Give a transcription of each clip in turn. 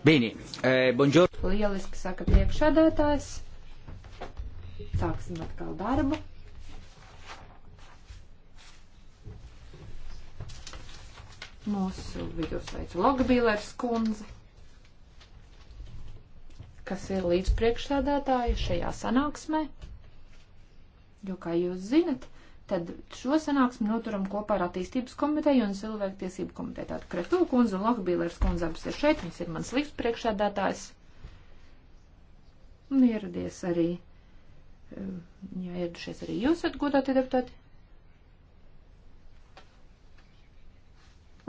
Bīni, e, eh, bonžur. Lieliski saka priekšādātājs. Sāksim atkal darbu. Mūsu vidū sveic Logbīlers kundze, kas ir līdz priekšsēdētāja šajā sanāksmē. Jo, kā jūs zinat, tad šo sanāksmi noturam kopā ar attīstības komiteju un cilvēktiesību komiteju. Tātad Kretū kundze un Lokbīlers kundze abas ir šeit, viņas ir mans līdz priekšādātājs. Un ieradies arī, um, jā, ieradušies arī jūs, atgodātie deputāti.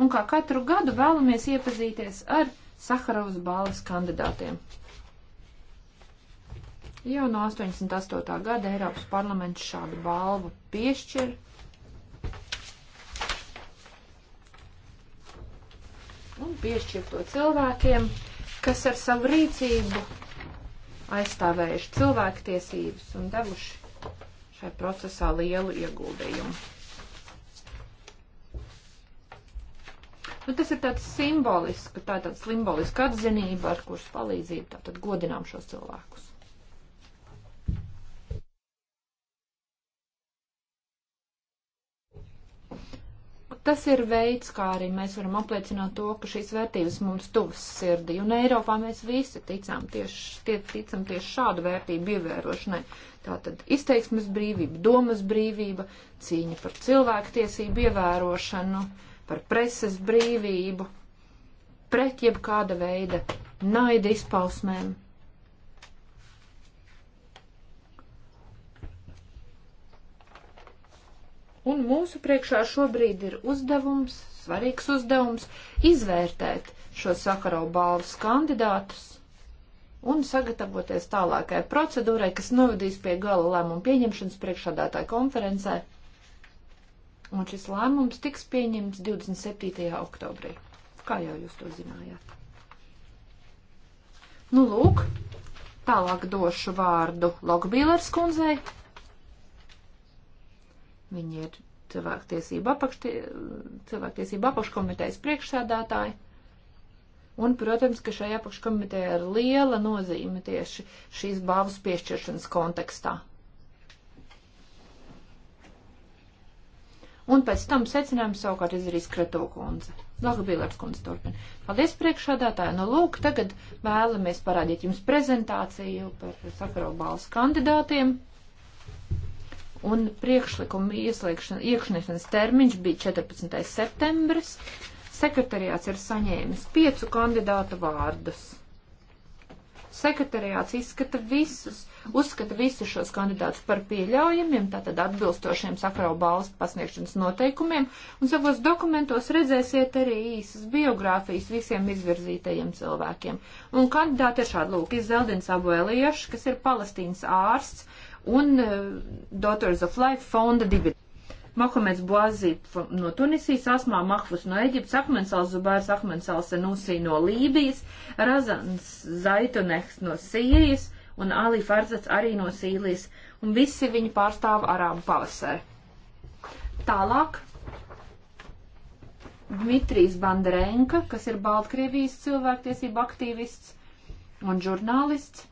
Un kā katru gadu vēlamies iepazīties ar Saharovas balvas kandidātiem. Jau no 88. gada Eiropas parlaments šādu balvu piešķir. Un piešķir to cilvēkiem, kas ar savu rīcību aizstāvējuši cilvēktiesības un devuši šai procesā lielu ieguldījumu. Nu, tas ir tāds simbolisks, tā ir tāds simbolisks atzinība, ar kuras palīdzību tātad godinām šos cilvēkus. Tas ir veids, kā arī mēs varam apliecināt to, ka šīs vērtības mums tuvas sirdī. Un Eiropā mēs visi ticām tieši, tie, ticam tieši šādu vērtību ievērošanai. Tātad izteiksmes brīvība, domas brīvība, cīņa par cilvēktiesību ievērošanu, par preses brīvību, pret jebkāda veida naida izpausmēm. Un mūsu priekšā šobrīd ir uzdevums, svarīgs uzdevums, izvērtēt šo Sakarau balvas kandidātus un sagatavoties tālākai procedūrai, kas novadīs pie gala lēmumu pieņemšanas priekšādātāja konferencē. Un šis lēmums tiks pieņemts 27. oktobrī. Kā jau jūs to zinājāt? Nu, lūk, tālāk došu vārdu Logbīlers kundzei. Viņi ir cilvēktiesība apakšti, cilvēktiesība apakškomitejas priekšsēdātāji. Un, protams, ka šajā apakškomitejā ir liela nozīme tieši šīs balvas piešķiršanas kontekstā. Un pēc tam secinājumu savukārt izdarīs Kreto kundze. Laga Bīlērs kundze turpina. Paldies priekšādātāji. Nu, lūk, tagad vēlamies parādīt jums prezentāciju par Sakaro balvas kandidātiem un priekšlikuma iekšniešanas termiņš bija 14. septembris. Sekretariāts ir saņēmis piecu kandidātu vārdus. Sekretariāts izskata visus, uzskata visus šos kandidātus par pieļaujamiem, tātad atbilstošiem sakrau balstu pasniegšanas noteikumiem, un savos dokumentos redzēsiet arī īsas biogrāfijas visiem izvirzītajiem cilvēkiem. Un kandidāti ir šādi lūk, Izeldins Abuelieši, kas ir Palestīnas ārsts, un uh, Daughters of Life fonda dividendiem. Mahomets Boazī no Tunisijas, Asmā Mahfus no Eģiptes, Ahmens Alzubārs, Ahmens Alsenusī no Lībijas, Razans Zaituneks no Sīrijas un Ali Farzats arī no Sīrijas. Un visi viņi pārstāv Arābu pavasari. Tālāk Dmitrijs Banderenka, kas ir Baltkrievijas cilvēktiesība aktīvists un žurnālists.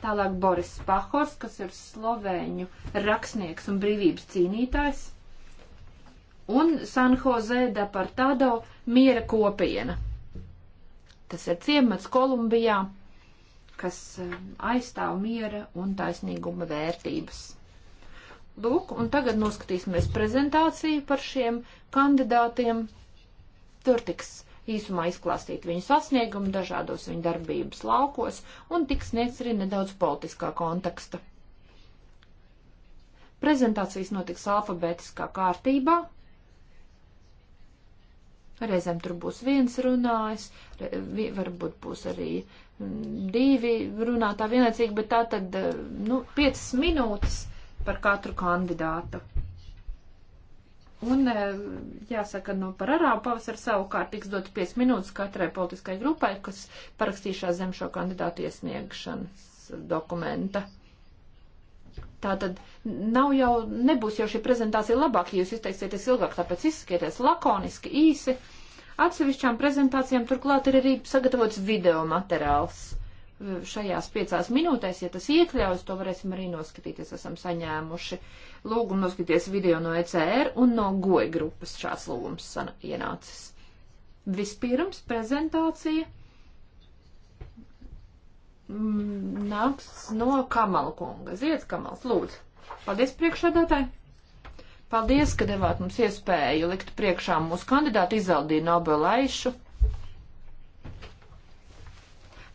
Tālāk Boris Pahors, kas ir slovēņu rakstnieks un brīvības cīnītājs. Un San Jose de Partado miera kopiena. Tas ir ciemats Kolumbijā, kas eh, aizstāv miera un taisnīguma vērtības. Lūk, un tagad noskatīsimies prezentāciju par šiem kandidātiem. Tur tiks īsumā izklāstīt viņu sasniegumu dažādos viņa darbības laukos un tiks sniegts arī nedaudz politiskā konteksta. Prezentācijas notiks alfabētiskā kārtībā. Reizēm tur būs viens runājs, varbūt būs arī mm, divi runātā vienlaicīgi, bet tā tad, eh, nu, piecas minūtes par katru kandidātu. Un eh, jāsaka, nu, par arābu pavasaru savukārt tiks dot 5 minūtes katrai politiskai grupai, kas parakstīšās zem šo kandidātu iesniegšanas dokumenta. Tātad nav jau, nebūs jau šī prezentācija labāk, ja jūs izteiksieties ilgāk, tāpēc izskieties lakoniski, īsi. Atsevišķām prezentācijām turklāt ir arī sagatavots video materiāls šajās piecās minūtēs, ja tas iekļaujas, to varēsim arī noskatīties, esam saņēmuši Lūgumu noskaties video no ECR un no goja grupas šāds lūgums ienācis. Vispirms prezentācija mm, nāks no Kamala kunga. Ziedz Kamals, lūdzu. Paldies priekšādātāji. Paldies, ka devāt mums iespēju likt priekšā mūsu kandidātu izaldīju Nobelaišu.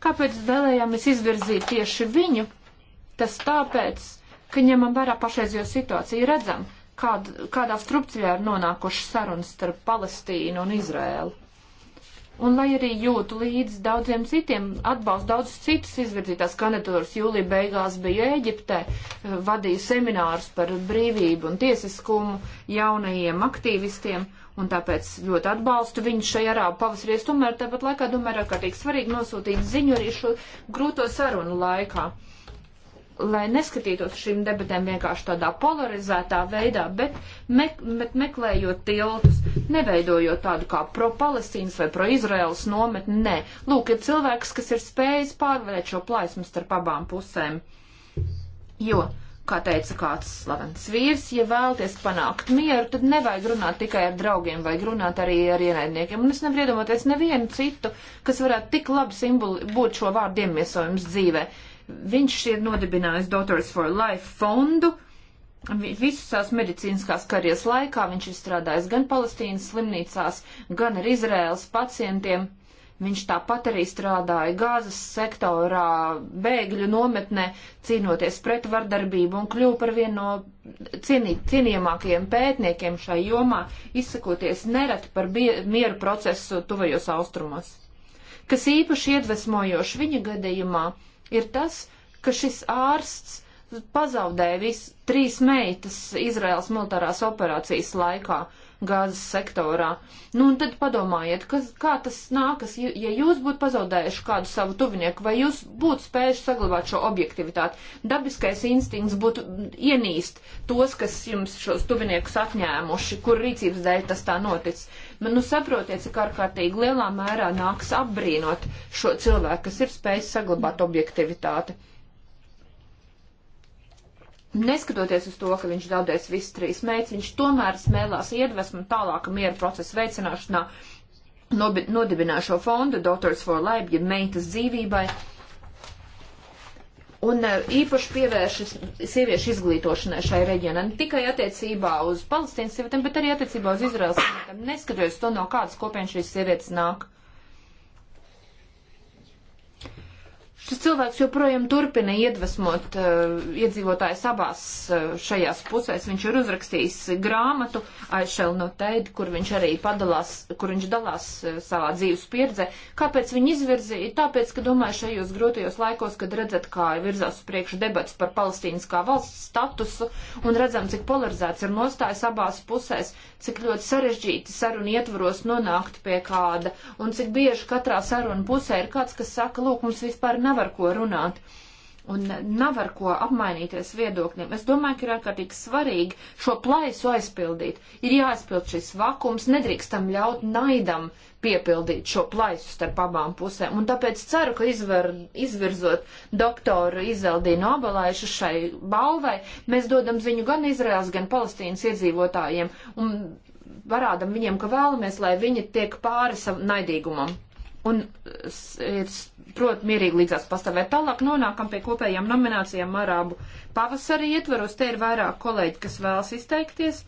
Kāpēc vēlējāmies izvirzīt tieši viņu? Tas tāpēc, ka ņemam vērā pašreizējo situāciju, redzam, kād, kādā strupceļā ir nonākušas sarunas starp Palestīnu un Izrēlu. Un lai arī jūtu līdz daudziem citiem, atbalstu daudzas citas izvirzītās kandidatūras, jūlija beigās bija Ēģiptē, vadīja seminārus par brīvību un tiesiskumu jaunajiem aktīvistiem, un tāpēc ļoti atbalstu viņu šajā arābu pavasarī. Es tomēr tāpat laikā domāju, ārkārtīgi svarīgi nosūtīt ziņu arī šo grūto sarunu laikā lai neskatītos šīm debatēm vienkārši tādā polarizētā veidā, bet, me, bet meklējot tiltus, neveidojot tādu kā pro-Palestīnas vai pro-Izraels nometni, nē. Lūk, ir cilvēks, kas ir spējis pārvarēt šo plaismu starp abām pusēm. Jo, kā teica kāds slavens vīrs, ja vēlties panākt mieru, tad nevajag runāt tikai ar draugiem, vajag runāt arī ar ienaidniekiem. Un es nevaru iedomāties nevienu citu, kas varētu tik labi simboli, būt šo vārdu iemiesojums dzīvē. Viņš ir nodibinājis Daughters for Life fondu. Visu savas medicīniskās karjeras laikā viņš ir strādājis gan Palestīnas slimnīcās, gan ar Izraēlas pacientiem. Viņš tāpat arī strādāja gāzes sektorā, bēgļu nometnē, cīnoties pret vardarbību un kļuva par vienu no cienī, cienījamākajiem pētniekiem šai jomā, izsakoties nereti par mieru procesu tuvajos austrumos. Kas īpaši iedvesmojoši viņa gadījumā ir tas, ka šis ārsts pazaudēja vis, trīs meitas Izraels militārās operācijas laikā gāzes sektorā. Nu, un tad padomājiet, kas, kā tas nākas, ja jūs būtu pazaudējuši kādu savu tuvinieku, vai jūs būtu spējuši saglabāt šo objektivitāti. Dabiskais instinkts būtu ienīst tos, kas jums šos tuviniekus atņēmuši, kur rīcības dēļ tas tā noticis. Man nu saprotiet, cik ārkārtīgi lielā mērā nāks apbrīnot šo cilvēku, kas ir spējis saglabāt objektivitāti. Neskatoties uz to, ka viņš zaudēs visas trīs meitas, viņš tomēr smēlās iedvesmu tālāka miera procesa veicināšanā, nodibināja šo fondu Daughters for Life, ja meitas dzīvībai un e, īpaši pievēršas sieviešu izglītošanai šai reģionā, ne tikai attiecībā uz palestīnas sievietēm, bet arī attiecībā uz Izraels sievietēm, neskatoties to, no kādas kopienas šīs sievietes nāk. Šis cilvēks joprojām turpina iedvesmot uh, eh, iedzīvotājus abās uh, šajās pusēs. Viņš ir uzrakstījis grāmatu Aišel no Teid, kur viņš arī padalās, kur viņš dalās uh, savā dzīves pieredzē. Kāpēc viņi izvirzīja? Tāpēc, ka domāju šajos grotajos laikos, kad redzat, kā virzās uz priekšu debats par Palestīnas kā valsts statusu un redzam, cik polarizēts ir nostājs abās pusēs, cik ļoti sarežģīti sarunu ietvaros nonākt pie kāda un cik bieži katrā sarunu pusē ir kāds, kas saka, lūk, mums vispār nav nav ar ko runāt. Un nav ar ko apmainīties viedokļiem. Es domāju, ka ir ārkārtīgi svarīgi šo plaisu aizpildīt. Ir jāaizpild šis vakums, nedrīkstam ļaut naidam piepildīt šo plaisu starp abām pusēm. Un tāpēc ceru, ka izver, izvirzot doktoru Izeldīnu Abalaišu šai balvai, mēs dodam ziņu gan Izraels, gan Palestīnas iedzīvotājiem un parādam viņiem, ka vēlamies, lai viņi tiek pāri savam naidīgumam un prot mierīgi līdzās pastāvēt. Tālāk nonākam pie kopējām nominācijām Arābu pavasarī ietvaros. Te ir vairāk kolēģi, kas vēlas izteikties.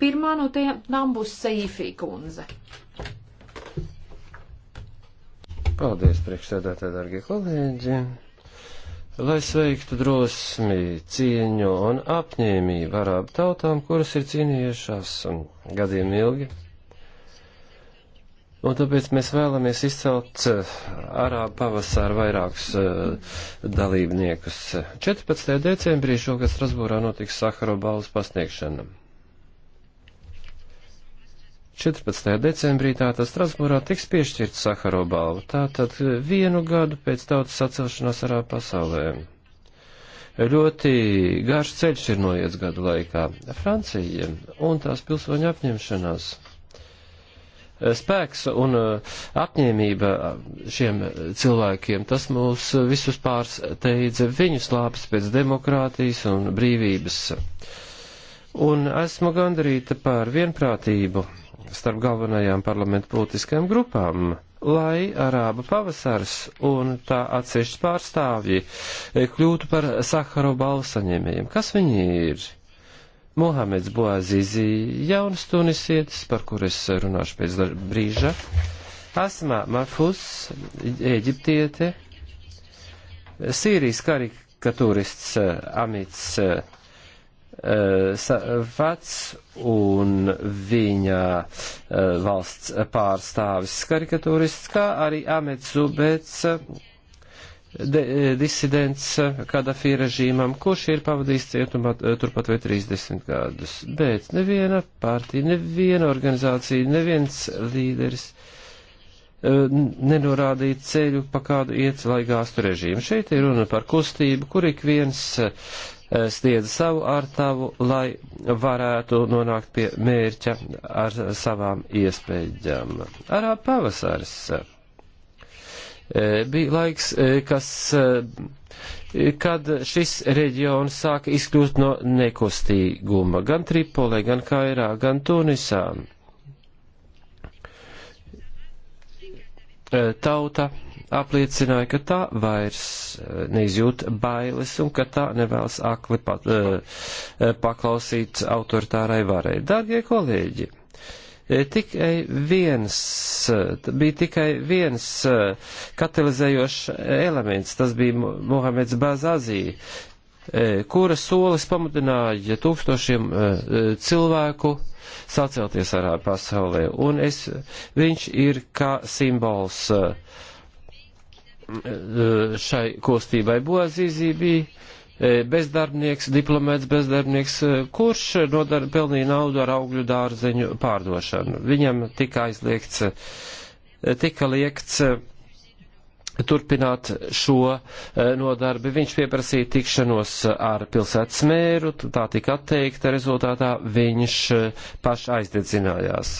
Pirmā no tām būs Seifī kundze. Paldies, priekšsēdētāji, darbie kolēģi! Lai sveiktu drosmi, cieņu un apņēmību arābu tautām, kuras ir cīnījušās gadiem ilgi Un tāpēc mēs vēlamies izcelt eh, arābu pavasāru vairākus eh, dalībniekus. 14. decembrī šogad Strasbūrā notiks Sakaro balvas pasniegšana. 14. decembrī tātad Strasbūrā tiks piešķirta Sakaro balva, tātad vienu gadu pēc tautas sacelšanās arā pasaulē. Ļoti garš ceļš ir noiets gadu laikā. Francija un tās pilsoņu apņemšanās spēks un eh, apņēmība šiem cilvēkiem, tas mūs visus pārsteidza viņu slāpes pēc demokrātijas un brīvības. Un esmu gandarīta par vienprātību starp galvenajām parlamentu politiskajām grupām, lai Arāba pavasars un tā atsevišķi pārstāvji kļūtu par Saharo balsaņēmējiem. Kas viņi ir? Mohameds Boazizi, jauns tunisietis, par kur es runāšu pēc brīža. Asmā Mafus, Eģiptiete, Sīrijas karikatūrists eh, Amits eh, Fats un viņa eh, valsts pārstāvis karikatūrists, kā arī Amits Zubets de, disidents Kadafī režīmam, kurš ir pavadījis cietumā eh, turpat vai 30 gadus. Bet neviena partija, neviena organizācija, neviens līderis eh, nenorādīja ceļu, pa kādu iet, lai gāstu režīmu. Šeit ir runa par kustību, kur ik viens eh, sniedz savu ārtavu, lai varētu nonākt pie mērķa ar savām iespējām. Arā pavasars Eh, bija laiks, eh, kas, eh, kad šis reģions sāka izkļūt no nekostīguma gan Tripolē, gan Kairā, gan Tunisā. Tauta apliecināja, ka tā vairs neizjūt bailes un ka tā nevēlas akli pat, paklausīt autoritārai varai. Dārgie kolēģi! E, tikai viens, e, bija tikai viens e, katalizējošs elements, tas bija Mohameds Bazazī, kura solis pamudināja tūkstošiem cilvēku sacelties arā pasaulē. Un es, viņš ir kā simbols šai kustībai. Boazīzī bija E, bezdarbnieks, diplomēts bezdarbnieks, e, kurš nodar, pelnīja naudu ar augļu dārzeņu pārdošanu. Viņam tika aizliegts, e, tika liekts turpināt šo nodarbi. Viņš pieprasīja tikšanos ar pilsētas mēru, tā tika atteikta, rezultātā viņš paši aizdedzinājās.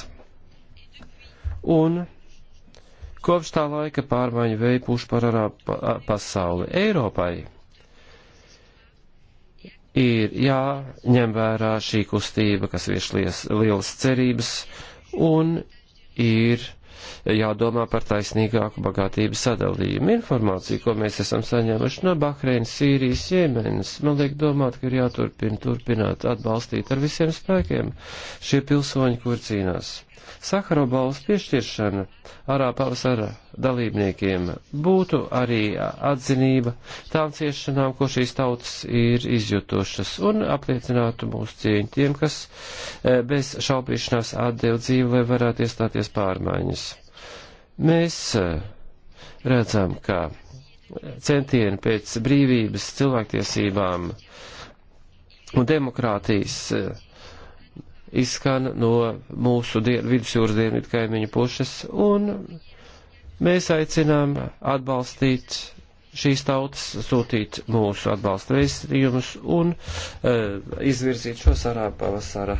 Un kopš tā laika pārmaiņu veipuši par arā pasauli Eiropai ir jāņem vērā šī kustība, kas vieš lielas cerības, un ir jādomā par taisnīgāku bagātību sadalījumu. Informāciju, ko mēs esam saņēmuši no Bahreinas, Sīrijas, Jemenas, man liek domāt, ka ir jāturpina turpināt atbalstīt ar visiem spēkiem šie pilsoņi, kur cīnās. Sakaro balvas piešķiršana arā pavasara dalībniekiem būtu arī atzinība tām ciešanām, ko šīs tautas ir izjutušas, un apliecinātu mūsu cieņu tiem, kas e, bez šaupīšanās atdeva dzīvi, lai varētu iestāties pārmaiņas. Mēs e, redzam, ka centieni pēc brīvības, cilvēktiesībām un demokrātijas e, izskan no mūsu dien, vidusjūras dienvidu kaimiņu pušas, un mēs aicinām atbalstīt šīs tautas, sūtīt mūsu atbalsta vēstījumus un e, izvirzīt šos arābu pavasara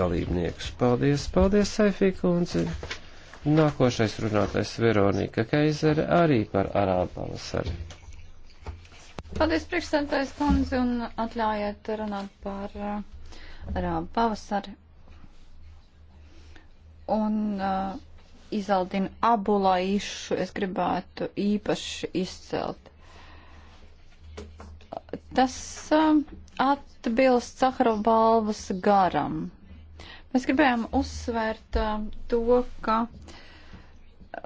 dalībniekus. Paldies, paldies, Saifī kundze! Nākošais runātais Veronika Keizere arī par arābu pavasaru. Paldies, priekšsēdētājs kundze, un atļaujiet runāt par eh, arābu pavasaru un uh, izaldina abulaišu, es gribētu īpaši izcelt. Tas uh, atbilst Saharov balvas garam. Mēs gribējām uzsvērt uh, to, ka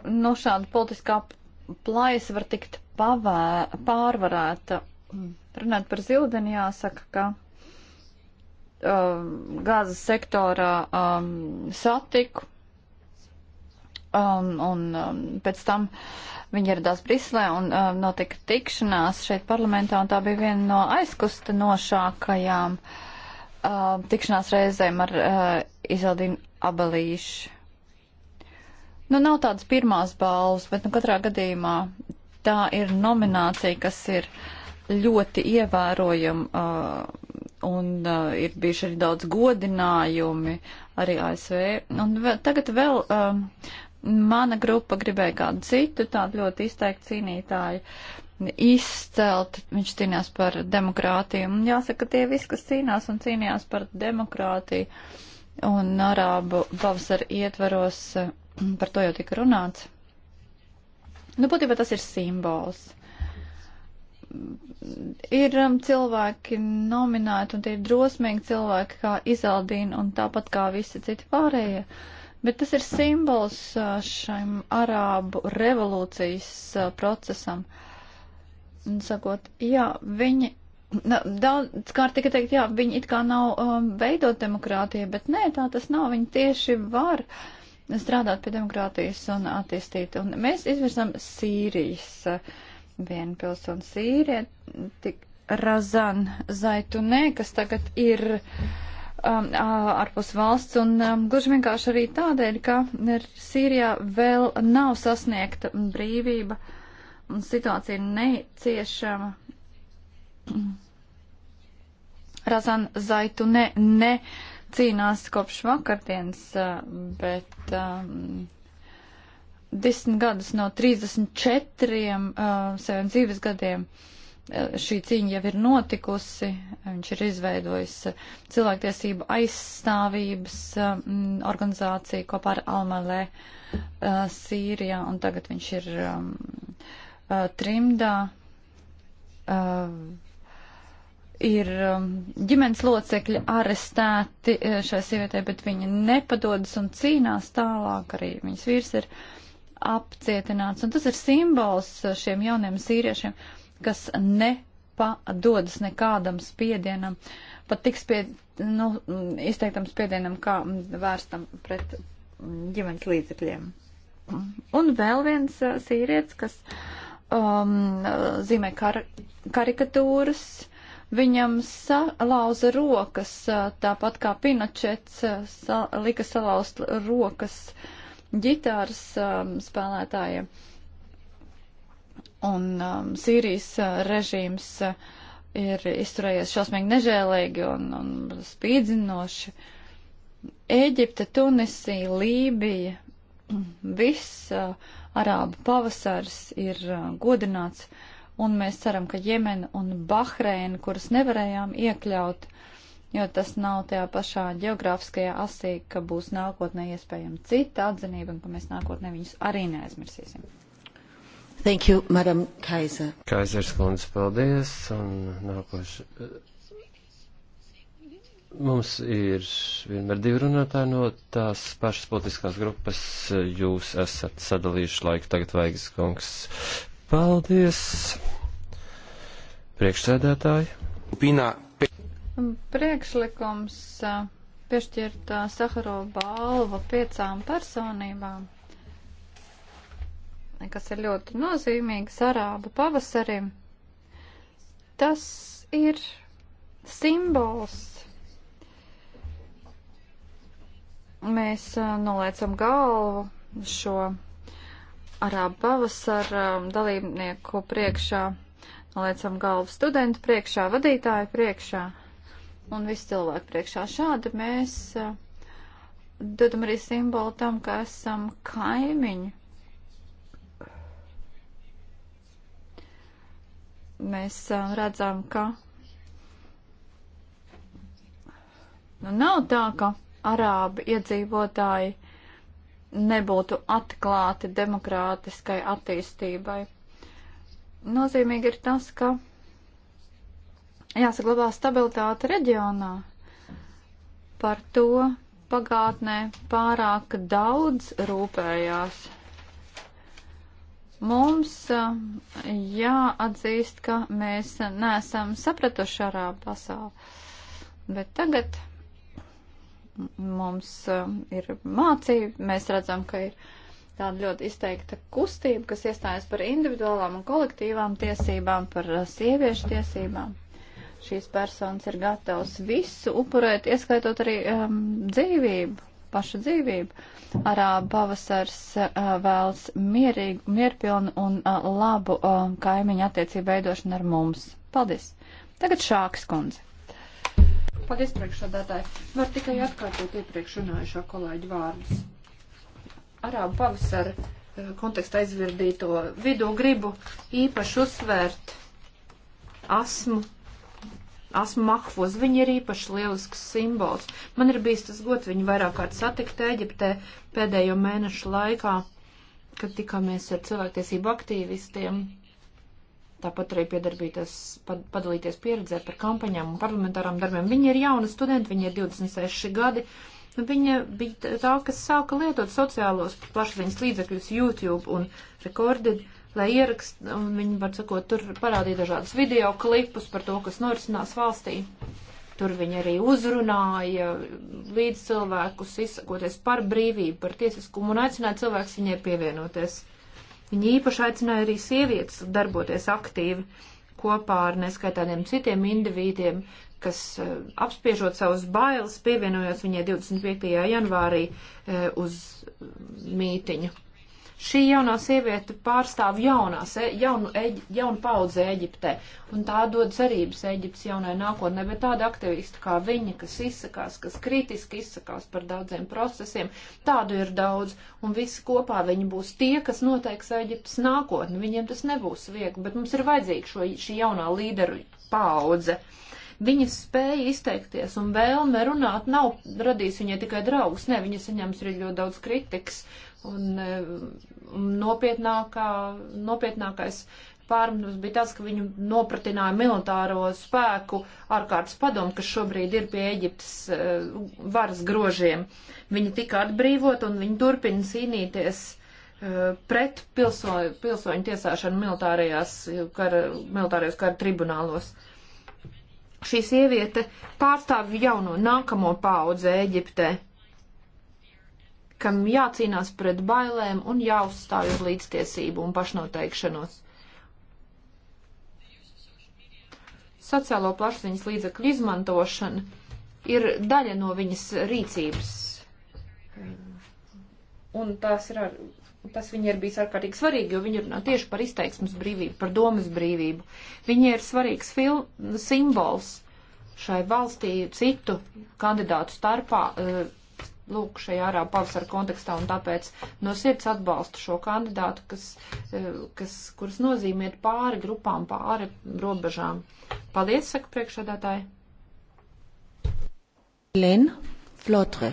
no nu, šāda politiskā plaisa var tikt pavē, pārvarēta. Runāt par zildeni jāsaka, ka uh, gāzes sektorā um, satiku. Um, un um, pēc tam viņi ieradās Briselē un um, notika tikšanās šeit parlamentā, un tā bija viena no aizkustinošākajām uh, tikšanās reizēm ar uh, Izaldinu Abelīšu. Nu, nav tādas pirmās balvas, bet nu, katrā gadījumā tā ir nominācija, kas ir uh, ļoti ievērojama uh, un uh, ir bijuši arī daudz godinājumi arī ASV. Un vēl, tagad vēl uh, mana grupa gribēja kādu citu tādu ļoti izteiktu cīnītāju izcelt. Viņš cīnās par demokrātiju. Un jāsaka, tie visi, kas cīnās un cīnījās par demokrātiju un arābu pavasara ietvaros, par to jau tika runāts. Nu, būtībā tas ir simbols ir um, cilvēki nominēti un tie ir drosmīgi cilvēki kā Izaldīna un tāpat kā visi citi pārējie. Bet tas ir simbols uh, šim arābu revolūcijas uh, procesam. Un sakot, jā, viņi, na, daudz kārt tika teikt, jā, viņi it kā nav um, veidot demokrātiju, bet nē, tā tas nav, viņi tieši var strādāt pie demokrātijas un attīstīt. Un mēs izvirzam Sīrijas. Uh, Viena pilsona Sīrija, tik Razan Zaitunē, kas tagad ir um, ārpus valsts, un um, gluži vienkārši arī tādēļ, ka Sīrijā vēl nav sasniegta brīvība, un situācija ir neciešama. Razan Zaitunē ne, ne cīnās kopš vakardienas, bet. Um, desmit gadus no 34 uh, saviem dzīves gadiem uh, šī cīņa jau ir notikusi, viņš ir izveidojis uh, cilvēktiesību aizstāvības uh, organizāciju kopā ar Almalē Sīrijā, un tagad viņš ir um, trimdā. Um, ir ģimenes locekļi arestēti šai sievietei, bet viņa nepadodas un cīnās tālāk arī. Viņas vīrs ir uh, apcietināts. Un tas ir simbols šiem jauniem sīriešiem, kas nepadodas nekādam spiedienam, pat tik spied, nu, izteiktam spiedienam, kā vērstam pret ģimenes līdzekļiem. Un vēl viens uh, sīrietis, kas um, zīmē kar karikatūras, viņam salauza rokas, uh, tāpat kā Pinočets uh, sa lika salauzt rokas uh, ģitāras um, spēlētājiem. Un um, Sīrijas uh, režīms uh, ir izturējies šausmīgi nežēlīgi un, un spīdzinoši. Ēģipte, Tunisija, Lībija, viss uh, arābu pavasars ir uh, godināts, un mēs ceram, ka Jemena un Bahreina, kuras nevarējām iekļaut, uh, jo tas nav tajā pašā geogrāfiskajā asī, ka būs nākotnē iespējama cita atzinība un ka mēs nākotnē viņus arī neaizmirsīsim. Thank you, Madam Kaiser. Kaisers kundze, paldies. Un nākoši. Mums ir vienmēr divi runātāji no tās pašas politiskās grupas. Jūs esat sadalījuši laiku tagad vaigas kungs. Paldies. Priekšsēdētāji. Upīnā Priekšlikums eh, piešķirt eh, Saharo balvu piecām personībām, kas ir ļoti nozīmīgs arābu pavasarim, tas ir simbols. Mēs eh, noliecam galvu šo arābu pavasara dalībnieku priekšā, noliecam galvu studentu priekšā, vadītāju priekšā un visu cilvēku priekšā. Šādi mēs dodam arī simbolu tam, ka esam kaimiņi. Mēs redzam, ka nu, nav tā, ka arābi iedzīvotāji nebūtu atklāti demokrātiskai attīstībai. Nozīmīgi ir tas, ka jāsaglabā stabilitāte reģionā. Par to pagātnē pārāk daudz rūpējās. Mums eh, jāatzīst, ka mēs neesam sapratuši arābu pasauli, bet tagad mums eh, ir mācība, mēs redzam, ka ir tāda ļoti izteikta kustība, kas iestājas par individuālām un kolektīvām tiesībām, par eh, sieviešu tiesībām šīs personas ir gatavs visu upurēt, ieskaitot arī um, dzīvību, pašu dzīvību. Arābu pavasars uh, vēlas mierīgu, mierpilnu un uh, labu uh, kaimiņu attiecību veidošanu ar mums. Paldies! Tagad šāks kundze. Paldies, priekšsādātāji. Var tikai atkārtot iepriekš runājušā kolēģa vārdus. Arābu pavasara uh, konteksta aizvirdīto vidū gribu īpaši uzsvērt asmu Asma Mahfuz, viņa ir īpaši lielisks simbols. Man ir bijis tas gods viņu vairāk kārt satikt Eģiptē pēdējo mēnešu laikā, kad tikāmies ar cilvēktiesību aktīvistiem. Tāpat arī piedarbīties, padalīties pieredzē par kampaņām un parlamentārām darbiem. Viņa ir jauna studenta, viņa ir 26 gadi. Viņa bija tā, kas sāka lietot sociālos plašsaziņas līdzekļus YouTube un Recorded lai ierakst, un viņi, var sakot, tur parādīja dažādus video klipus par to, kas norisinās valstī. Tur viņi arī uzrunāja līdz cilvēkus, izsakoties par brīvību, par tiesiskumu un aicināja cilvēkus viņai pievienoties. Viņi īpaši aicināja arī sievietes darboties aktīvi kopā ar neskaitādiem citiem individiem, kas eh, apspiežot savus bailes, pievienojās viņai 25. janvārī eh, uz eh, mītiņu. Šī jaunā sieviete pārstāv jaunās, e, jaunu, eģi, jaunu paudzi Eģiptē, un tā dod cerības Eģiptes jaunai nākotnē, bet tāda aktivista kā viņa, kas izsakās, kas kritiski izsakās par daudziem procesiem, tādu ir daudz, un visi kopā viņi būs tie, kas noteiks Eģiptes nākotni. Viņiem tas nebūs viegli, bet mums ir vajadzīga šo, šī jaunā līderu paudze viņas spēja izteikties un vēlme runāt nav radījis viņai tikai draugus, ne, viņa saņems arī ļoti daudz kritikas Un, un um, nopietnākā, nopietnākais pārmetums bija tas, ka viņu nopratināja militāro spēku ārkārtas padomu, kas šobrīd ir pie Eģiptes uh, varas grožiem. Viņi tika atbrīvot un viņi turpina cīnīties uh, pret pilso, pilsoņu tiesāšanu militārajās kara, militārajos kara tribunālos. Šī sieviete pārstāv jauno nākamo paudze Eģiptē kam jācīnās pret bailēm un jāuzstāj uz līdztiesību un pašnoteikšanos. Sociālo plašsaziņas līdzekļu izmantošana ir daļa no viņas rīcības. Un tas, ir, tas viņai ir bijis ārkārtīgi svarīgi, jo viņa runā tieši par izteiksmes brīvību, par domas brīvību. Viņai ir svarīgs fil, simbols šai valstī citu kandidātu starpā eh, lūk, šajā ārā pavasara kontekstā, un tāpēc no sirds atbalstu šo kandidātu, kas, eh, kas, kuras nozīmē ir pāri grupām, pāri robežām. Paldies, saka priekšsēdētāji. Len Flotre.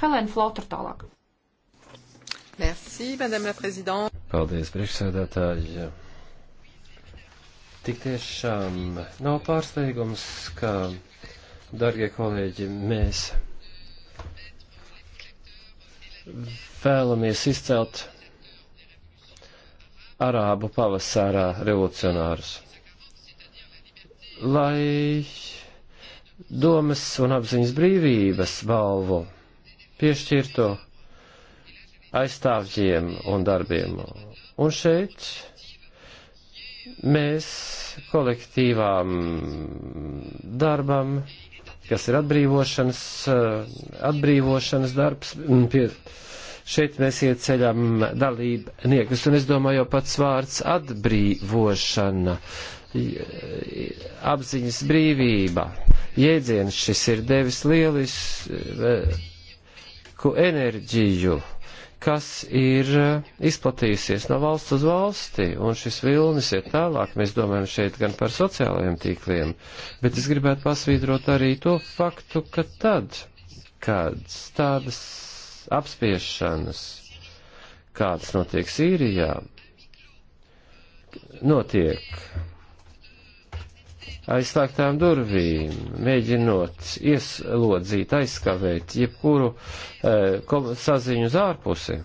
Helēna Flotre tālāk. Merci, madame la présidente. Paldies, priekšsēdētāji. Tik tiešām nav pārsteigums, ka, darbie kolēģi, mēs vēlamies izcelt arābu pavasarā revolucionārus, lai domas un apziņas brīvības balvu piešķirto aizstāvjiem un darbiem. Un šeit mēs kolektīvām darbam kas ir atbrīvošanas, eh, atbrīvošanas darbs. Pie, šeit mēs ieceļam dalībniekus, un es domāju, jau pats vārds atbrīvošana, apziņas brīvība, jēdziens šis ir devis lielisku eh, enerģiju kas ir eh, izplatījusies no valsts uz valsti, un šis vilnis iet tālāk. Mēs domājam šeit gan par sociālajiem tīkliem, bet es gribētu pasvītrot arī to faktu, ka tad, kad tādas apspiešanas, kādas notiek Sīrijā, notiek aizslēgtām durvīm, mēģinot ieslodzīt, aizskavēt jebkuru e, saziņu uz ārpusi,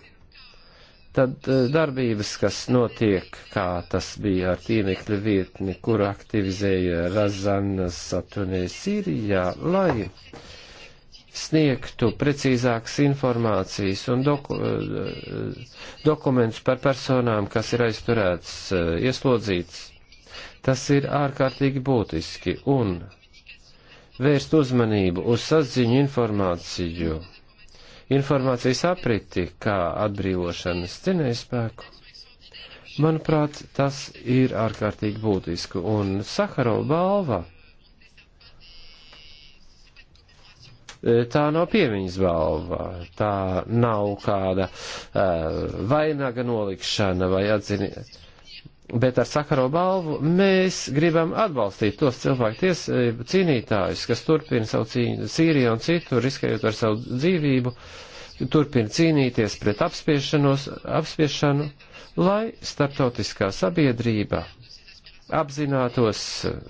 tad e, darbības, kas notiek, kā tas bija ar tīmekļa vietni, kuru aktivizēja Razanas atunē Sīrijā, lai sniegtu precīzākas informācijas un doku, eh, dokumentus par personām, kas ir aizturēts, ieslodzīts Tas ir ārkārtīgi būtiski un vērst uzmanību uz saziņu informāciju, informācijas apriti kā atbrīvošanas cenējspēku. Manuprāt, tas ir ārkārtīgi būtiski, un Sakarova balva e, tā nav piemiņas balva, tā nav kāda uh, vainaga nolikšana vai atziniet Bet ar Sakaro balvu mēs gribam atbalstīt tos cilvēku tiesību cīnītājus, kas turpina savu cīņu Sīrijā un citur, riskējot ar savu dzīvību, turpina cīnīties pret apspiešanu, lai starptautiskā sabiedrība apzinātos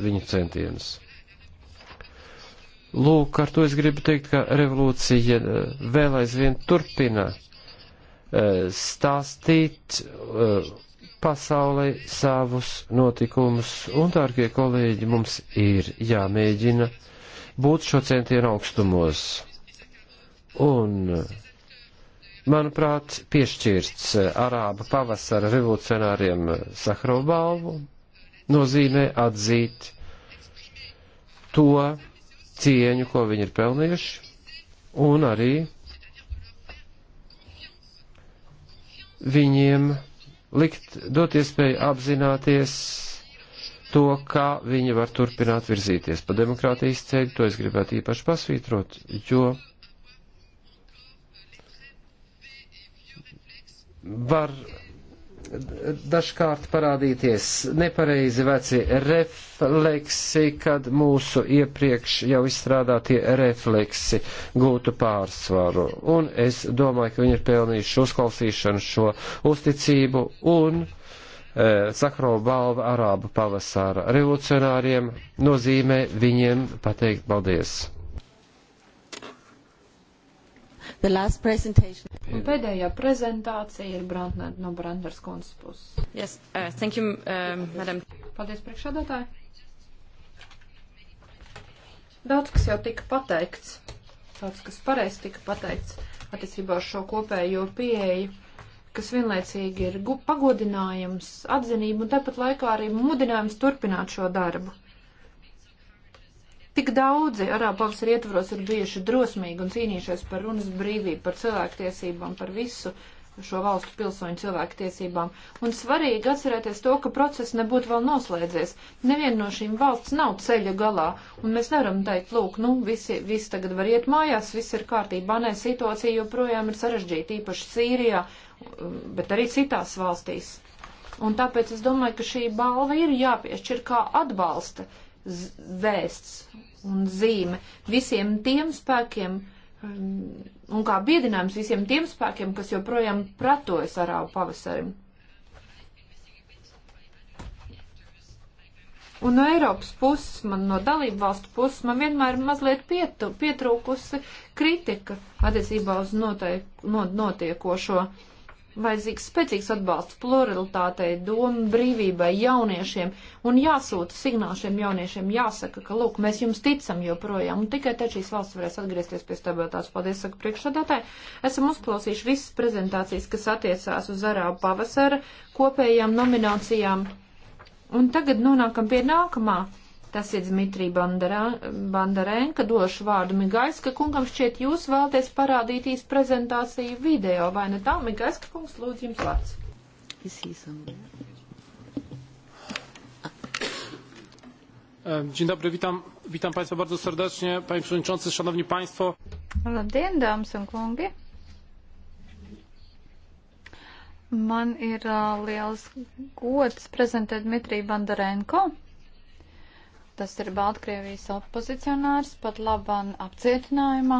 viņu centienus. Lūk, ar to es gribu teikt, ka revolūcija eh, vēl aizvien turpina eh, stāstīt eh, pasaulē savus notikumus, un, dārgie kolēģi, mums ir jāmēģina būt šo centienu augstumos. Un, manuprāt, piešķirts Arāba pavasara revolucionāriem Sahrovu balvu nozīmē atzīt to cieņu, ko viņi ir pelnījuši, un arī viņiem likt, dot iespēju apzināties to, kā viņi var turpināt virzīties pa demokrātijas ceļu, to es gribētu īpaši pasvītrot, jo var dažkārt parādīties nepareizi veci refleksi, kad mūsu iepriekš jau izstrādātie refleksi gūtu pārsvaru. Un es domāju, ka viņi ir pelnījuši uzklausīšanu šo uzticību un e, Sakrova balva Arābu pavasāra revolucionāriem nozīmē viņiem pateikt paldies. Un pēdējā prezentācija ir Brantner, no Brantners kundzes puses. Yes, uh, thank you, uh, madam. Paldies, priekšādātāji. Daudz, kas jau tika pateikts, daudz, kas pareizi tika pateikts attiecībā ar šo kopējo pieeju, kas vienlaicīgi ir pagodinājums, atzinība un tāpat laikā arī mudinājums turpināt šo darbu. Tik daudzi Arābavas ietvaros ir bijuši drosmīgi un cīnījušies par runas brīvību, par cilvēktiesībām, par visu šo valstu pilsoņu cilvēktiesībām. Un svarīgi atcerēties to, ka process nebūtu vēl noslēdzies. Neviena no šīm valsts nav ceļa galā, un mēs nevaram teikt, lūk, nu, visi, visi tagad var iet mājās, viss ir kārtībā. Nē, situācija joprojām ir sarežģīta, īpaši Sīrijā, bet arī citās valstīs. Un tāpēc es domāju, ka šī balva ir jāpiešķir kā atbalsta vēsts un zīme visiem tiem spēkiem, um, un kā biedinājums visiem tiem spēkiem, kas joprojām pratojas arābu pavasarim. Un no Eiropas puses, man no dalību valstu puses, man vienmēr mazliet pietu, pietrūkusi kritika attiecībā uz noteik, not, notiekošo. Uh, Vajadzīgs spēcīgs atbalsts pluralitātei, domu brīvībai, jauniešiem un jāsūta signāls šiem jauniešiem, jāsaka, ka, lūk, mēs jums ticam joprojām, un tikai te šīs valsts varēs atgriezties pie stabilitātes. Paldies, saka priekšsādātāji. Esam uzklausījuši visas prezentācijas, kas attiecās uz arābu pavasara kopējām nominācijām. Un tagad nonākam pie nākamā Tas ir Dmitrija Bandarenka, došu vārdu Migaiska kungam, šķiet jūs vēlties parādīt īstu prezentāciju video, vai ne tā? Migaiska kungs, lūdzu jums vārds. E, dzień dobry, witam, witam Państwa bardzo serdecznie. Panie Przewodniczący, Szanowni Państwo. Labdien, dāmas un kungi. Man ir uh, liels gods prezentēt Dmitriju Bandarenko, Tas ir Baltkrievijas opozicionārs, pat labam apcietinājumā.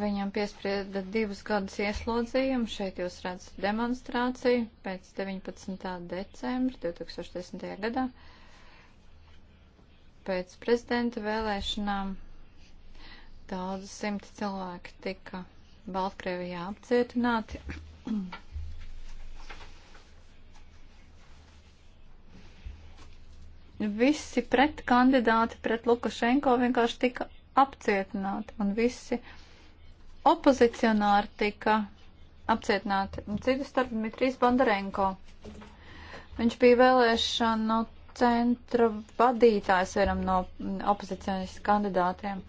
Viņam piesprieda divus gadus ieslodzījumu. Šeit jūs redzat demonstrāciju pēc 19. decembra 2010. gadā. Pēc prezidenta vēlēšanām daudz simti cilvēki tika Baltkrievijā apcietināti. visi pret kandidāti pret Lukašenko vienkārši tika apcietināti un visi opozicionāri tika apcietināti. Un citu starp Dmitrijs Bandarenko. Viņš bija vēlēšanu centra vadītājs vienam no opozicionālais kandidātiem.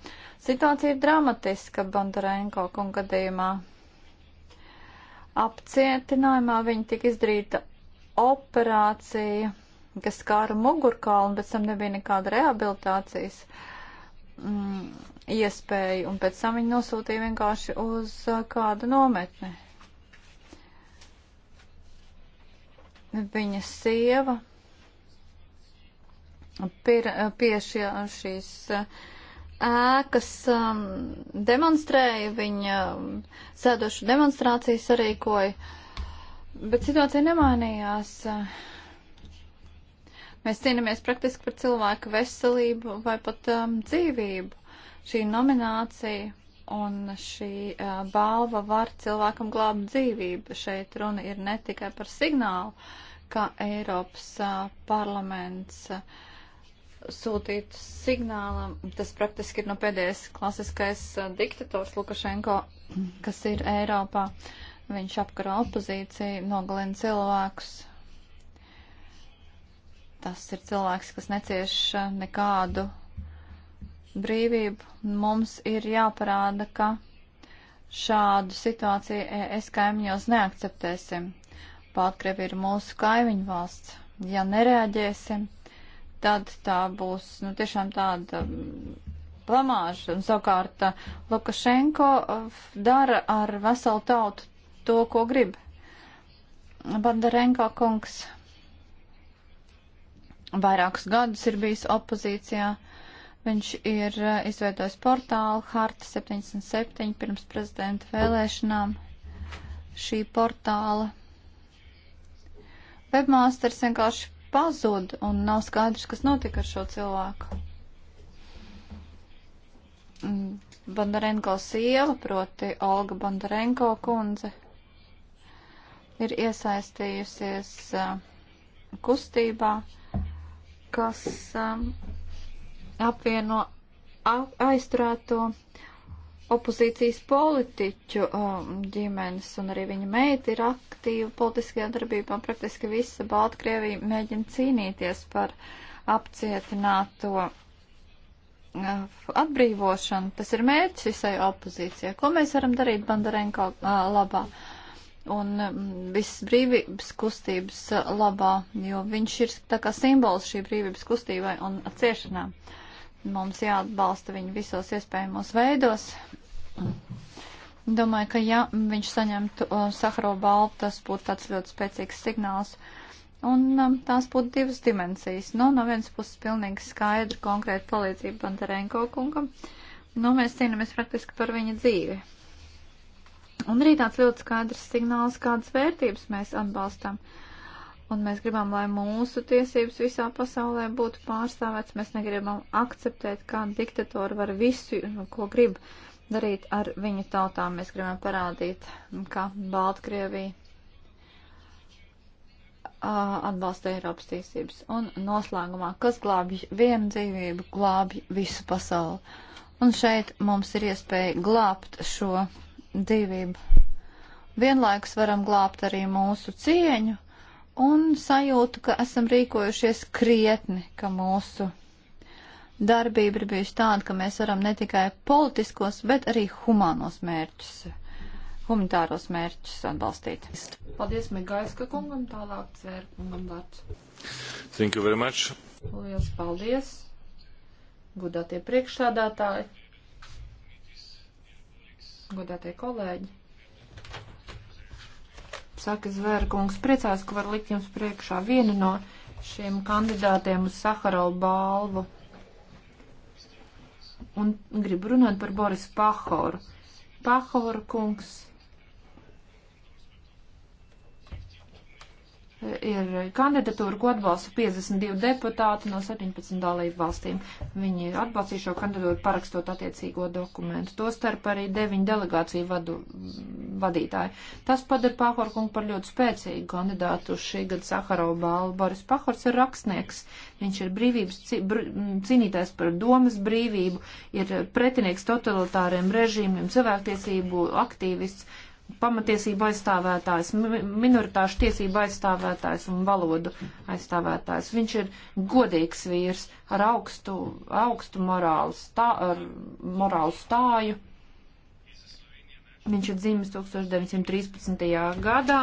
Situācija ir dramatiska Bandarenko kungadījumā. Apcietinājumā viņa tika izdarīta operācija kas skāra mugurkaulu, bet tam nebija nekāda rehabilitācijas mm, iespēja, un pēc tam viņi nosūtīja vienkārši uz uh, kādu nometni. Viņa sieva pir, pie šie, šīs ēkas um, demonstrēja, viņa sēdošu demonstrācijas arī koja, bet situācija nemainījās. Uh, Mēs cīnāmies praktiski par cilvēku veselību vai pat um, dzīvību. Šī nominācija un šī uh, balva var cilvēkam glābt dzīvību. Šeit runa ir ne tikai par signālu, ka Eiropas uh, parlaments uh, sūtītu signālam, tas praktiski ir no nu, pēdējais klasiskais uh, diktators Lukašenko, kas ir Eiropā. Viņš apkaro opozīciju, nogalina cilvēkus, Tas ir cilvēks, kas necieš eh, nekādu brīvību. Mums ir jāparāda, ka šādu situāciju es kaimiņos neakceptēsim. Baltkrievi ir mūsu kaimiņu valsts. Ja nereaģēsim, tad tā būs nu, tiešām tāda plamāža. Mm, Un savukārt eh, Lukašenko eh, dara ar veselu tautu to, ko grib. Bandarenko kungs vairākus gadus ir bijis opozīcijā. Viņš ir eh, izveidojis portālu Harta 77 pirms prezidenta vēlēšanām. Šī portāla webmasters vienkārši pazuda un nav skaidrs, kas notika ar šo cilvēku. Mm, Bandarenko sieva, proti Olga Bandarenko kundze, ir iesaistījusies eh, kustībā, kas um, apvieno aizturēto opozīcijas politiķu um, ģimenes un arī viņa meita ir aktīva politiskajā darbībā. Praktiski visa Baltkrievija mēģina cīnīties par apcietināto uh, atbrīvošanu. Tas ir mērķis visai opozīcijai. Ko mēs varam darīt Bandarenko uh, labā? Uh, un mm, viss brīvības kustības eh, labā, jo viņš ir tā kā simbols šī brīvības kustībai un ciešanām. Mums jāatbalsta viņu visos iespējamos veidos. Domāju, ka ja viņš saņemtu uh, eh, Saharo balvu, tas būtu tāds ļoti spēcīgs signāls. Un um, tās būtu divas dimensijas. Nu, no vienas puses pilnīgi skaidra konkrēta palīdzība Bandarenko kungam. Nu, mēs cīnāmies praktiski par viņa dzīvi Un arī tāds ļoti skaidrs signāls, kādas vērtības mēs atbalstam. Un mēs gribam, lai mūsu tiesības visā pasaulē būtu pārstāvēts. Mēs negribam akceptēt, kā diktatori var visu, ko grib darīt ar viņu tautām. Mēs gribam parādīt, ka Baltkrievija atbalsta Eiropas tiesības. Un noslēgumā, kas glābj vienu dzīvību, glābj visu pasauli. Un šeit mums ir iespēja glābt šo dzīvību. Vienlaikus varam glābt arī mūsu cieņu un sajūtu, ka esam rīkojušies krietni, ka mūsu darbība ir bijusi tāda, ka mēs varam ne tikai politiskos, bet arī humānos mērķus, humanitāros mērķus atbalstīt. Paldies Migaiska kungam, tālāk cvērkungam vārds. Thank you very much. Lielas paldies, gudātie priekšsādātāji godātie kolēģi. Saka Zvērkungs, priecās, ka var likt jums priekšā vienu no šiem kandidātiem uz Saharovu balvu. Un gribu runāt par Boris Pahoru. Pahoru kungs ir kandidatūra, ko atbalsta 52 deputāti no 17 dalību valstīm. Viņi atbalstīja šo kandidatūru parakstot attiecīgo dokumentu. Tostarp arī deviņu delegāciju vadu, vadītāji. Tas padara Pahorkungu par ļoti spēcīgu kandidātu uz šī gada Saharova balvu. Boris Pahors ir rakstnieks. Viņš ir brīvības cīnītājs par domas brīvību, ir pretinieks totalitāriem režīmiem, cilvēktiesību aktīvists pamatiesību aizstāvētājs, minoritāšu tiesību aizstāvētājs un valodu aizstāvētājs. Viņš ir godīgs vīrs ar augstu, augstu morālu, stā, ar morālu stāju. Viņš ir dzimis 1913. gadā.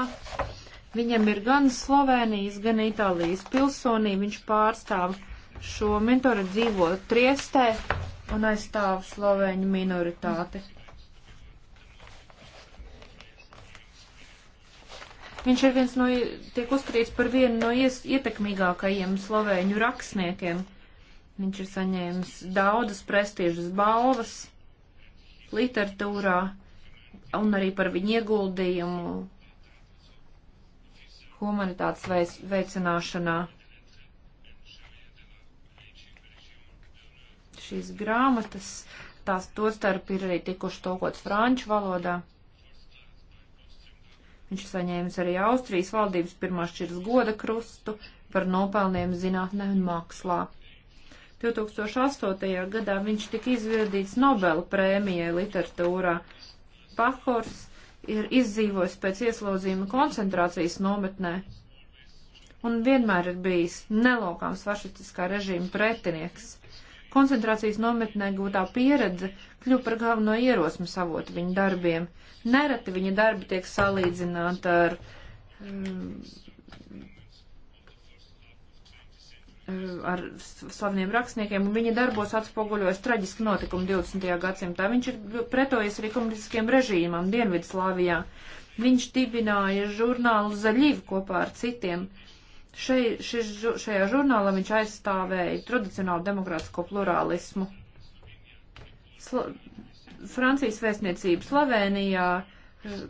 Viņam ir gan Slovenijas, gan Itālijas pilsonība. Viņš pārstāv šo mentoru dzīvo Triestē un aizstāv slovēņu minoritāti. Mm. Viņš ir viens no, tiek uzskatīts par vienu no ies, ietekmīgākajiem slovēņu rakstniekiem. Viņš ir saņēmis daudzas prestižas balvas literatūrā un arī par viņu ieguldījumu humanitātes veicināšanā. Šīs grāmatas, tās tostarp ir arī tikuši tulkots franču valodā. Viņš saņēmis arī Austrijas valdības pirmā šķiras goda krustu par nopelniem zinātnē un mākslā. 2008. gadā viņš tika izvirdīts Nobela prēmijai literatūrā. Pahors ir izdzīvojis pēc ieslodzījuma koncentrācijas nometnē un vienmēr ir bijis nelokāms fašistiskā režīma pretinieks. Koncentrācijas nometnē gūtā pieredze kļuva par galveno ierosmi savot viņu darbiem. Nereti viņa darbi tiek salīdzināta ar um, ar slaviem rakstniekiem, un viņa darbos atspoguļojas traģiski notikumi 20. gadsimtā. Viņš ir pretojies arī komunistiskiem režīmam Dienvidslāvijā. Viņš dibināja žurnālu Zaļīvu kopā ar citiem. Uh, Šai, šis, šajā žurnālā viņš aizstāvēja tradicionālu demokrātisko plurālismu. Sla, Francijas vēstniecība Slovenijā eh,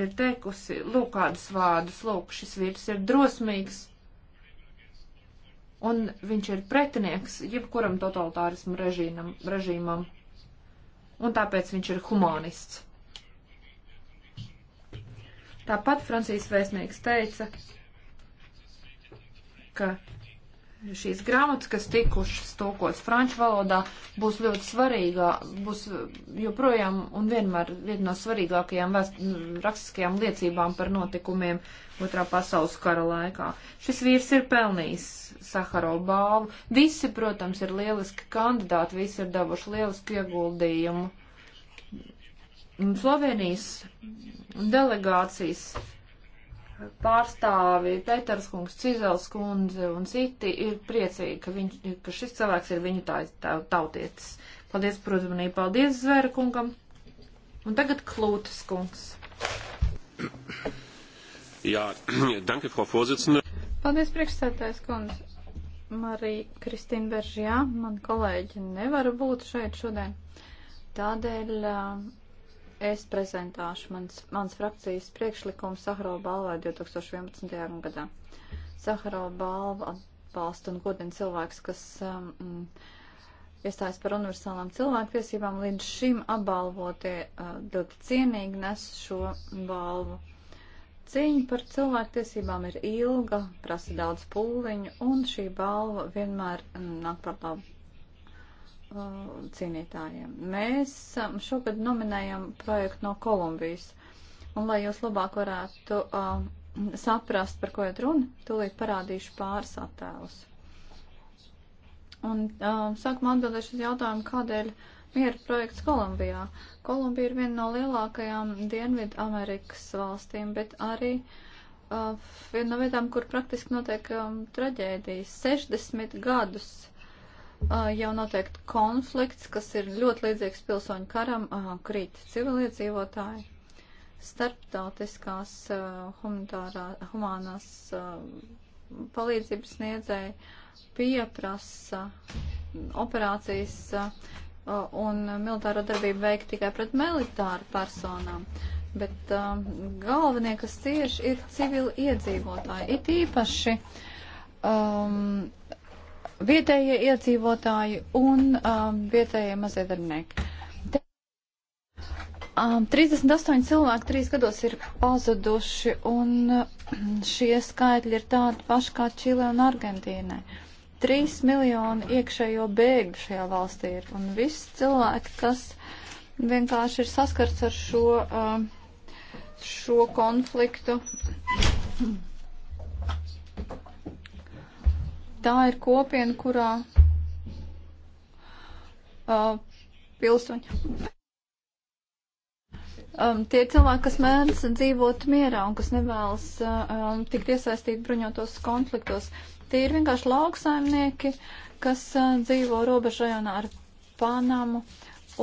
ir teikusi, lūk, kādus vārdus, lūk, šis vīrs ir drosmīgs, un viņš ir pretinieks jebkuram totalitārismu režīnam, režīmam, un tāpēc viņš ir humanists. Tāpat Francijas vēstnieks teica, ka šīs grāmatas, kas tikušas tulkots franču valodā, būs ļoti svarīgā, būs joprojām un vienmēr viena no svarīgākajām vēst, rakstiskajām liecībām par notikumiem otrā pasaules kara laikā. Šis vīrs ir pelnījis Saharo balvu. Visi, protams, ir lieliski kandidāti, visi ir devuši lielisku ieguldījumu. Slovenijas delegācijas pārstāvi Pēters kungs, Cizels kundze un citi ir priecīgi, ka, viņ, ka šis cilvēks ir viņu tā, tā, tautietis. Paldies par uzmanību, paldies Zvēra kungam. Un tagad Klūtas kungs. Jā, danke, Frau Vorsitzende. Paldies, priekšstādājs kundze. Marija Kristīna Beržjā, man kolēģi nevar būt šeit šodien. Tādēļ uh, es prezentāšu mans, mans frakcijas priekšlikumu Saharova balvai 2011. gadā. Saharova balva atbalsta un godina cilvēks, kas um, mm, iestājas par universālām cilvēktiesībām. Līdz šim apbalvotie uh, ļoti cienīgi nes šo balvu. Cīņa par cilvēktiesībām ir ilga, prasa daudz pūliņu, un šī balva vienmēr mm, nāk par labu Uh, cīnītājiem. Mēs um, šogad nominējam projektu no Kolumbijas. Un, lai jūs labāk varētu uh, saprast, par ko iet runa, tūlīt parādīšu pāris attēlus. Un uh, sākumā atbildēšu uz jautājumu, kādēļ miera projekts Kolumbijā. Kolumbija ir viena no lielākajām Dienvidu Amerikas valstīm, bet arī uh, viena no vietām, kur praktiski notiek um, traģēdijas. 60 gadus uh, jau noteikti konflikts, kas ir ļoti līdzīgs pilsoņu karam, krīt civiliedzīvotāji. Starptautiskās humanās palīdzības sniedzēji pieprasa operācijas un militāro darbību veikt tikai pret militāru personām. Bet um, galvenie, kas cieši, ir civili iedzīvotāji. It īpaši um, vietējie iedzīvotāji un um, vietējie mazie darbinieki. Te, um, 38 cilvēki trīs gados ir pazuduši, un um, šie skaitļi ir tādi paši kā Čile un Argentīnai. 3 miljoni iekšējo bēgļu šajā valstī ir, un viss cilvēki, kas vienkārši ir saskars ar šo, um, šo konfliktu. Tā ir kopiena, kurā uh, pilsoņi. Um, tie cilvēki, kas mēdz dzīvot mierā un kas nevēlas um, tikt iesaistīt bruņotos konfliktos, tie ir vienkārši lauksaimnieki, kas uh, dzīvo robežajonā ar Panamu.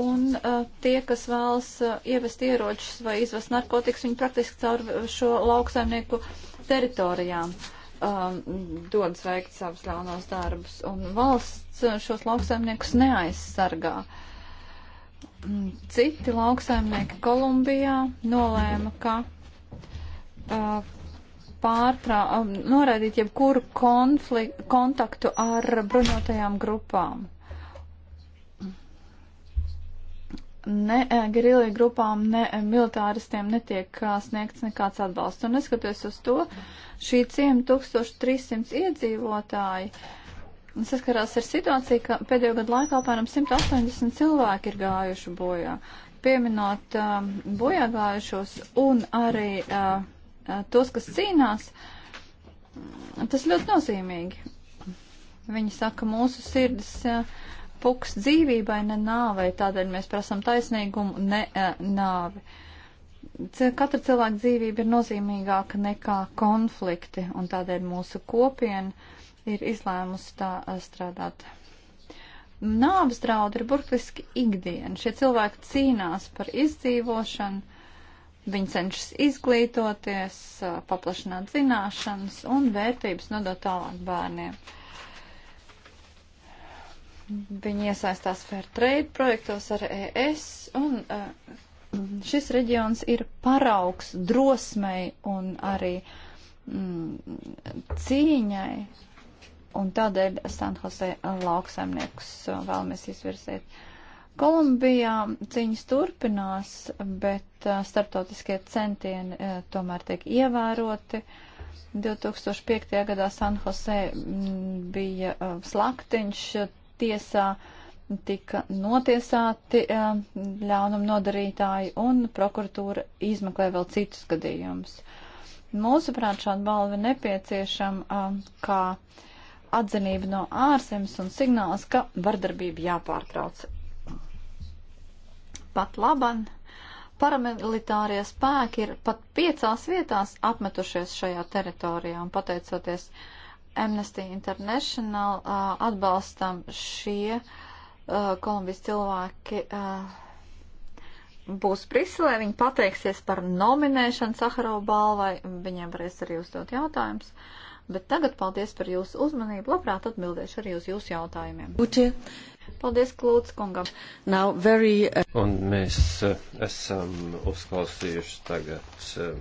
Un uh, tie, kas vēlas uh, ievest ieročus vai izvest narkotikas, viņi praktiski caur šo lauksaimnieku teritorijām. Uh, um, dodas veikt savus ļaunos darbus, un valsts šos lauksaimniekus neaizsargā. Mm, Citi lauksaimnieki Kolumbijā nolēma, ka uh, pārtrā, um, noraidīt jebkuru konflikt, kontaktu ar bruņotajām grupām. ne eh, gerilija grupām, ne eh, militāristiem netiek eh, sniegts nekāds atbalsts. Un neskatoties uz to, šī ciema 1300 iedzīvotāji saskarās ar situāciju, ka pēdējo gadu laikā apmēram 180 cilvēki ir gājuši bojā. Pieminot uh, bojā gājušos un arī uh, tos, kas cīnās, tas ļoti nozīmīgi. Viņi saka, mūsu sirds. Uh, puks dzīvībai, ne nāvei. Tādēļ mēs prasam taisnīgumu, ne eh, nāvi. Katra cilvēka dzīvība ir nozīmīgāka nekā konflikti, un tādēļ mūsu kopiena ir izlēmusi tā eh, strādāt. Nāves draudi ir burtiski ikdiena. Šie cilvēki cīnās par izdzīvošanu. Viņi cenšas izglītoties, eh, paplašināt zināšanas un vērtības nodot tālāk bērniem. Viņi iesaistās fair trade projektos ar ES, un uh, šis reģions ir paraugs drosmei un arī mm, cīņai, un tādēļ San Jose lauksaimniekus uh, vēlamies izvirzīt. Kolumbijā cīņas turpinās, bet uh, starptautiskie centieni uh, tomēr tiek ievēroti. Uh, 2005. gadā San Jose mm, bija uh, slaktiņš, tiesā tika notiesāti e, ļaunam nodarītāji un prokuratūra izmeklē vēl citus gadījumus. Mūsuprāt, šāda balva nepieciešama e, kā atzinība no ārzemes un signāls, ka vardarbība jāpārtrauc. Pat laban paramilitārie spēki ir pat piecās vietās apmetušies šajā teritorijā un pateicoties uh, Amnesty International uh, atbalstam šie uh, Kolumbijas cilvēki. Uh, Būs Briselē, viņi pateiksies par nominēšanu Saharau balvai, viņiem varēs arī uzdot jautājumus. Bet tagad paldies par jūsu uzmanību, labprāt atbildēšu arī uz jūsu jautājumiem. Uči. Paldies, Klūts kungam. Now very, uh... Un mēs uh, esam uzklausījuši tagad. Uh,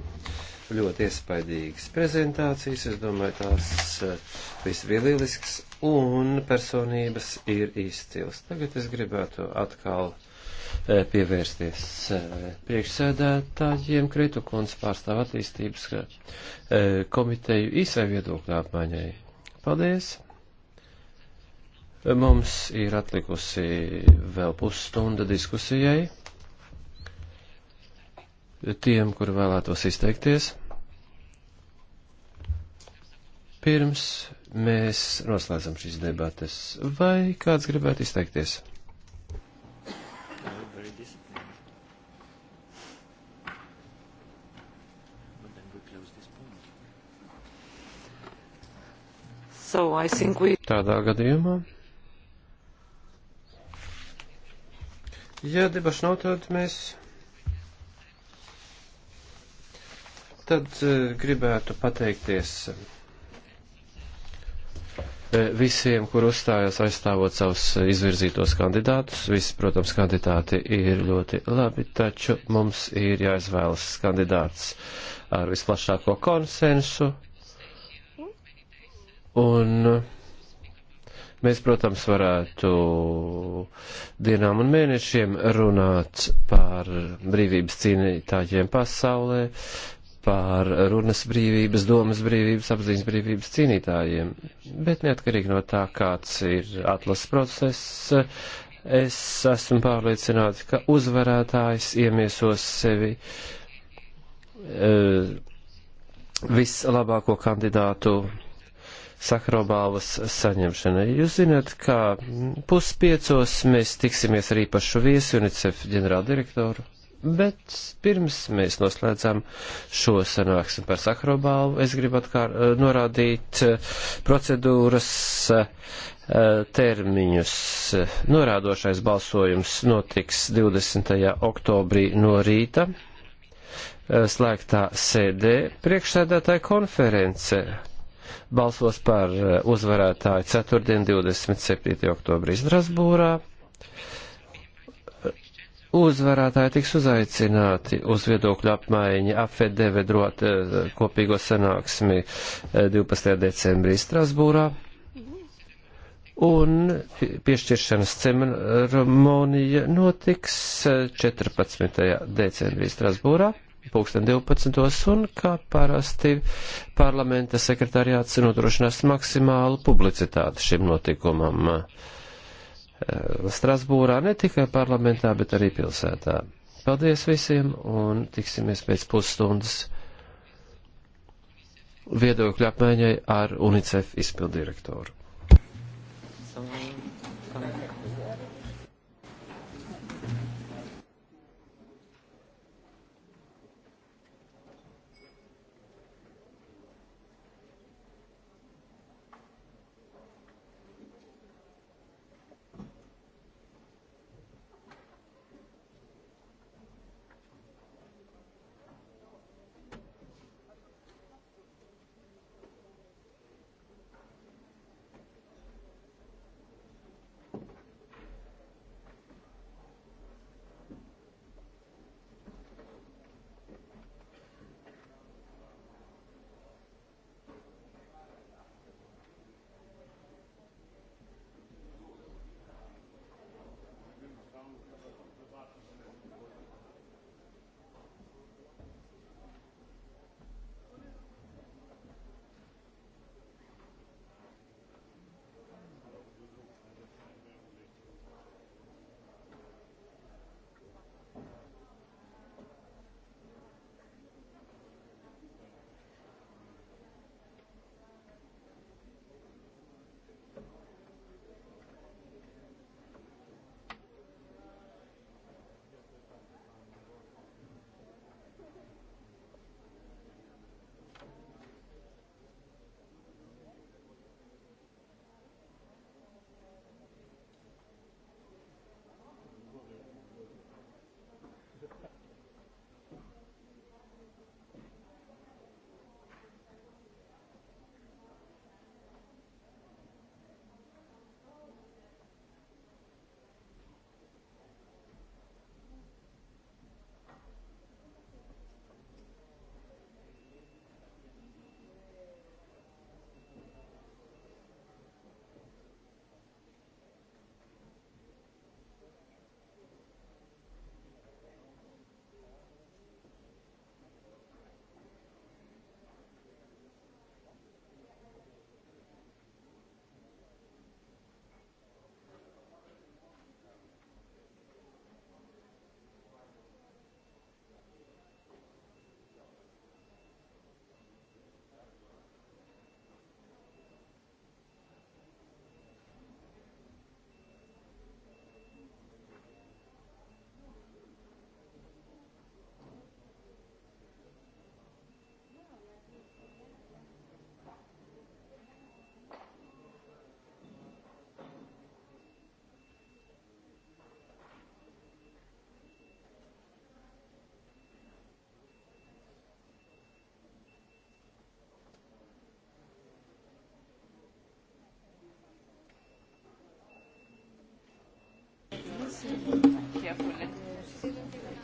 ļoti iespaidīgas prezentācijas, es domāju, tās eh, visvilīlisks un personības ir izcils. Tagad es gribētu atkal eh, pievērsties eh, priekšsēdētājiem, Kritukons pārstāv attīstības komiteju īsai viedokļu apmaiņai. Paldies! Mums ir atlikusi vēl pusstunda diskusijai tiem, kur vēlētos izteikties. Pirms mēs noslēdzam šīs debates, vai kāds gribētu izteikties? So we... Tādā gadījumā. Ja debašu nav, tad mēs. Tad uh, gribētu pateikties. Uh, E, visiem, kur uzstājās aizstāvot savus izvirzītos kandidātus. Visi, protams, kandidāti ir ļoti labi, taču mums ir jāizvēlas kandidāts ar visplašāko konsensu. Un mēs, protams, varētu dienām un mēnešiem runāt par brīvības cīnītājiem pasaulē, par runas brīvības, domas brīvības, apziņas brīvības cīnītājiem. Bet neatkarīgi no tā, kāds ir atlases process, es esmu pārliecināts, ka uzvarētājs iemiesos sevi e, vislabāko kandidātu Sakrobāvas saņemšanai. Jūs zināt, ka puspiecos mēs tiksimies ar īpašu viesi UNICEF ģenerāldirektoru Bet pirms mēs noslēdzam šo sanāksmi par sakrobālu, es gribu atkār, eh, norādīt eh, procedūras eh, termiņus. Norādošais balsojums notiks 20. oktobrī no rīta slēgtā sēdē priekšsēdētāja konference balsos par uzvarētāju ceturtdien 27. oktobrī Strasbūrā uzvarētāji tiks uzaicināti uz viedokļu apmaiņu apfedēvedrot eh, kopīgo sanāksmi 12. Eh, decembrī Strasbūrā. Un piešķiršanas ceremonija notiks 14. Eh, decembrī Strasbūrā pulksten 12. un, kā parasti, parlamenta sekretariāts nodrošinās maksimālu publicitāti šim notikumam. Uh, Eh, Strasbūrā, ne tikai parlamentā, bet arī pilsētā. Paldies visiem un tiksimies pēc pusstundas viedokļu apmaiņai ar UNICEF izpildirektoru. Salam, salam.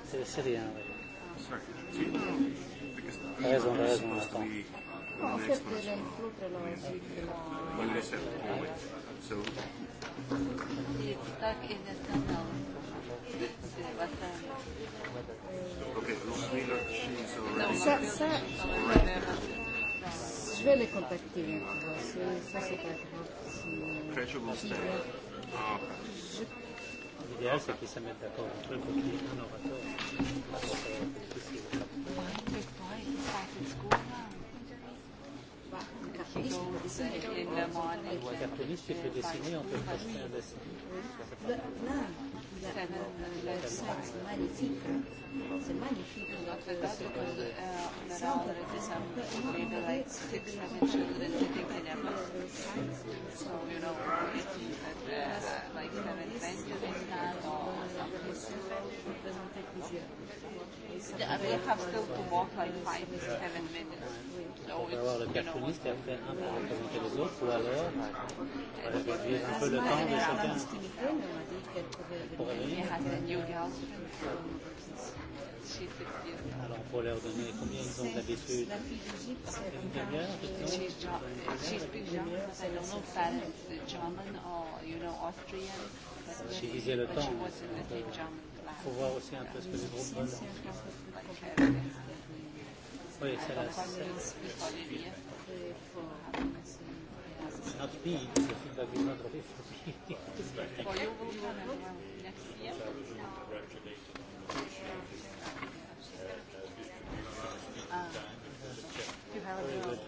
C'est syrien, oui. T'as raison, t'as raison, attends. En fait, So. It's stuck in the tunnel. Okay, Lois Wheeler, she's already. Ça, ça, je vais les contacter. Ça, c'est pas grave. Rachel will stay. Ah, okay l'idéal, c'est qu'ils se mettent d'accord un truc où qu'il y ait un orateur. Parce que c'est difficile. Ou un cartooniste, tu peux dessiner, on peut projeter un dessin. Ça, c'est pas mal la, la, la science magnifică, este magnifică, semnă că nu trebuie science, so, you know, it's like an adventure in time or commission représentée plusieurs. We have still to walk like five, seven minutes. So on va avoir le cartooniste et après un pour représenter les autres ou alors on va réduire un peu le temps de chacun. Elle pourrait venir. Alors pour leur donner combien ils ont d'habitude Une demi-heure She's big German, but I don't know if that's German or you know Austrian. J'ai visé le temps. Il faut voir aussi un peu ce que les groupes veulent. Oui, c'est la. Not me, the feedback is not really for me. For you, we'll do next year. Uh, you have a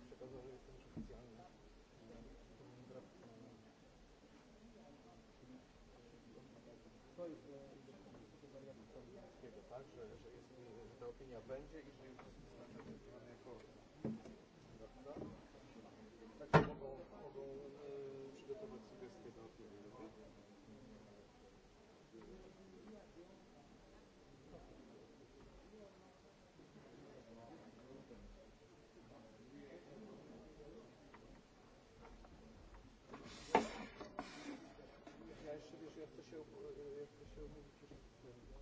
wystąpienia będzie i że jutro zostanie zaakceptowane jako prawda? Także mogą, mogą e, przygotować sugestie do opinii. Ja jeszcze wiesz, jak to się, e, jak to się umówić jeszcze z tym.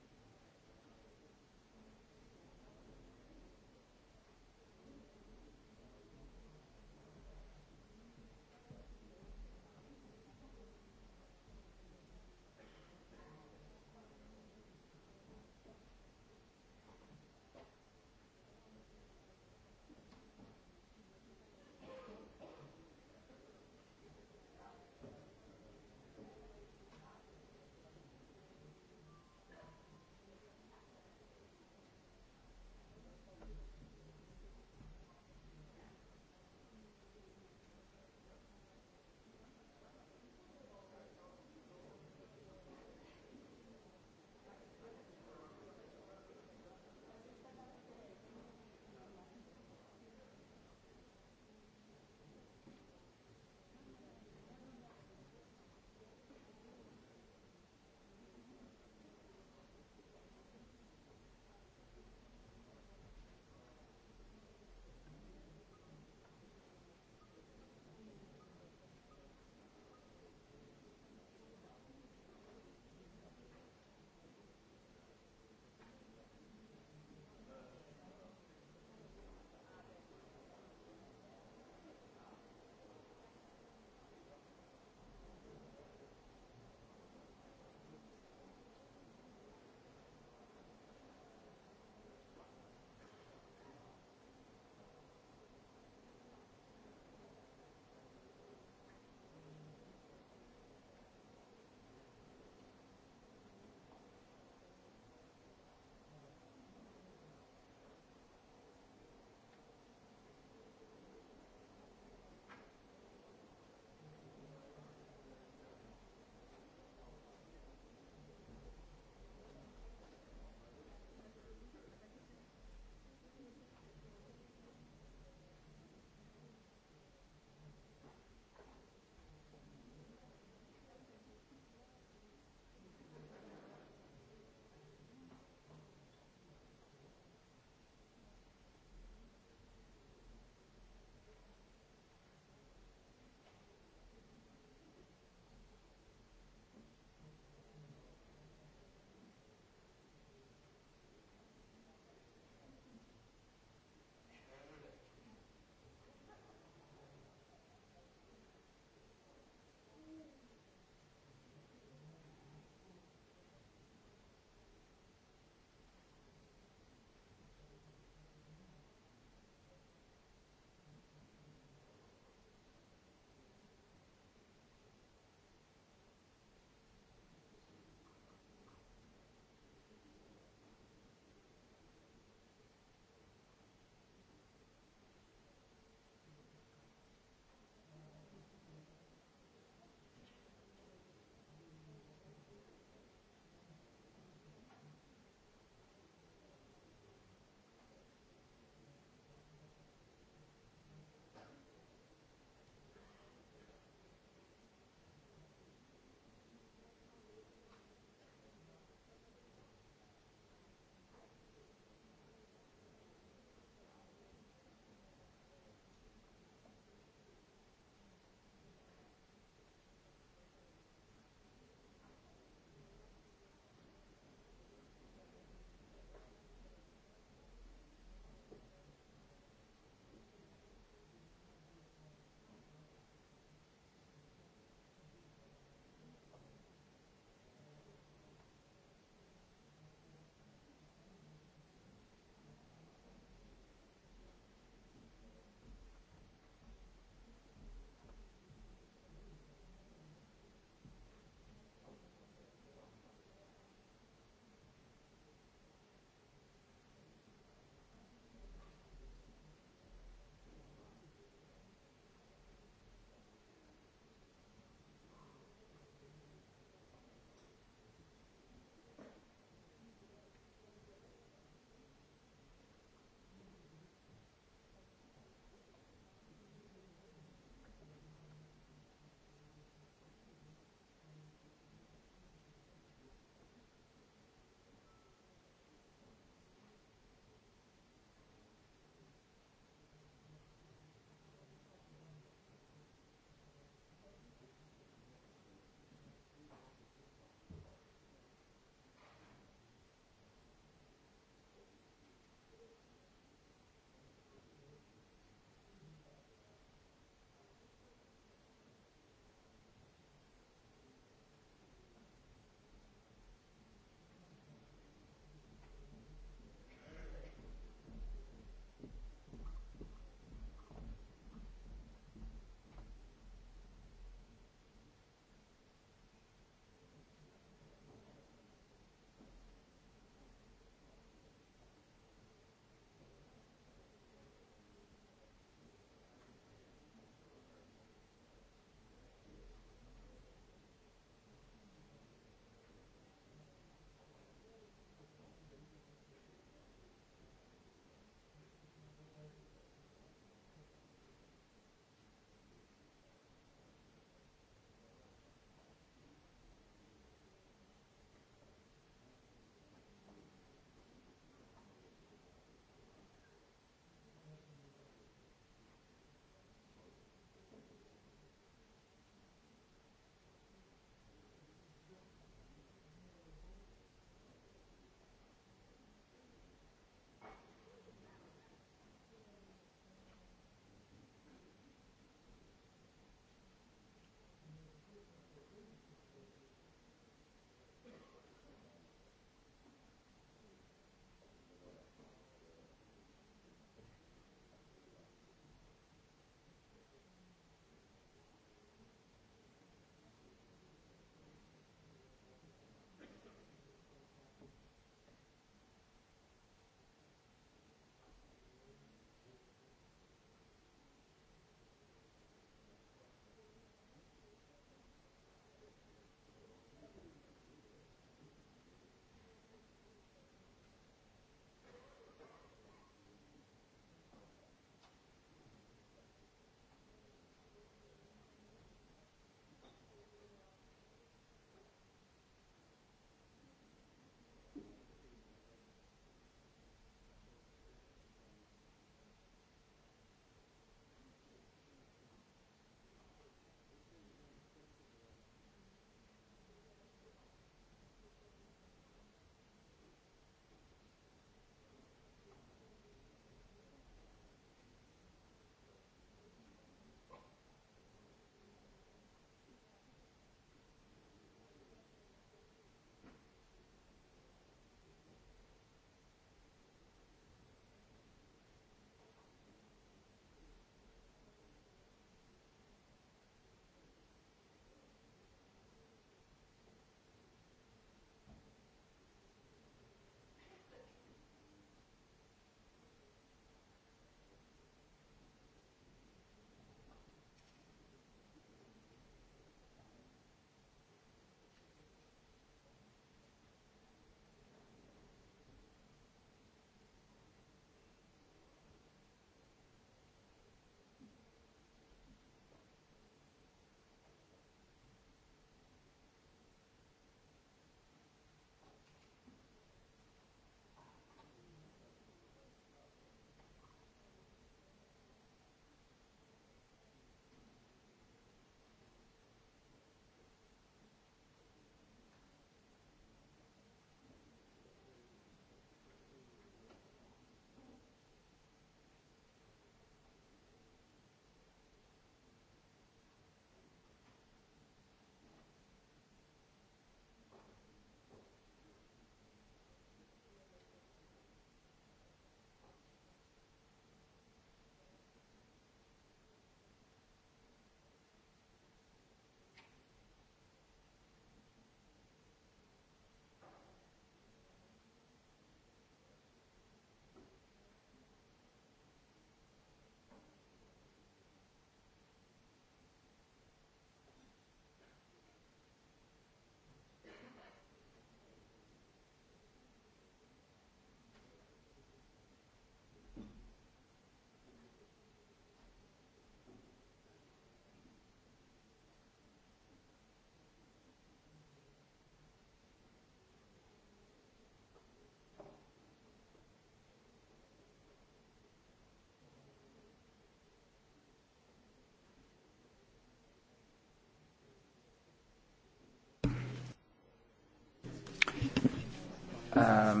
Um,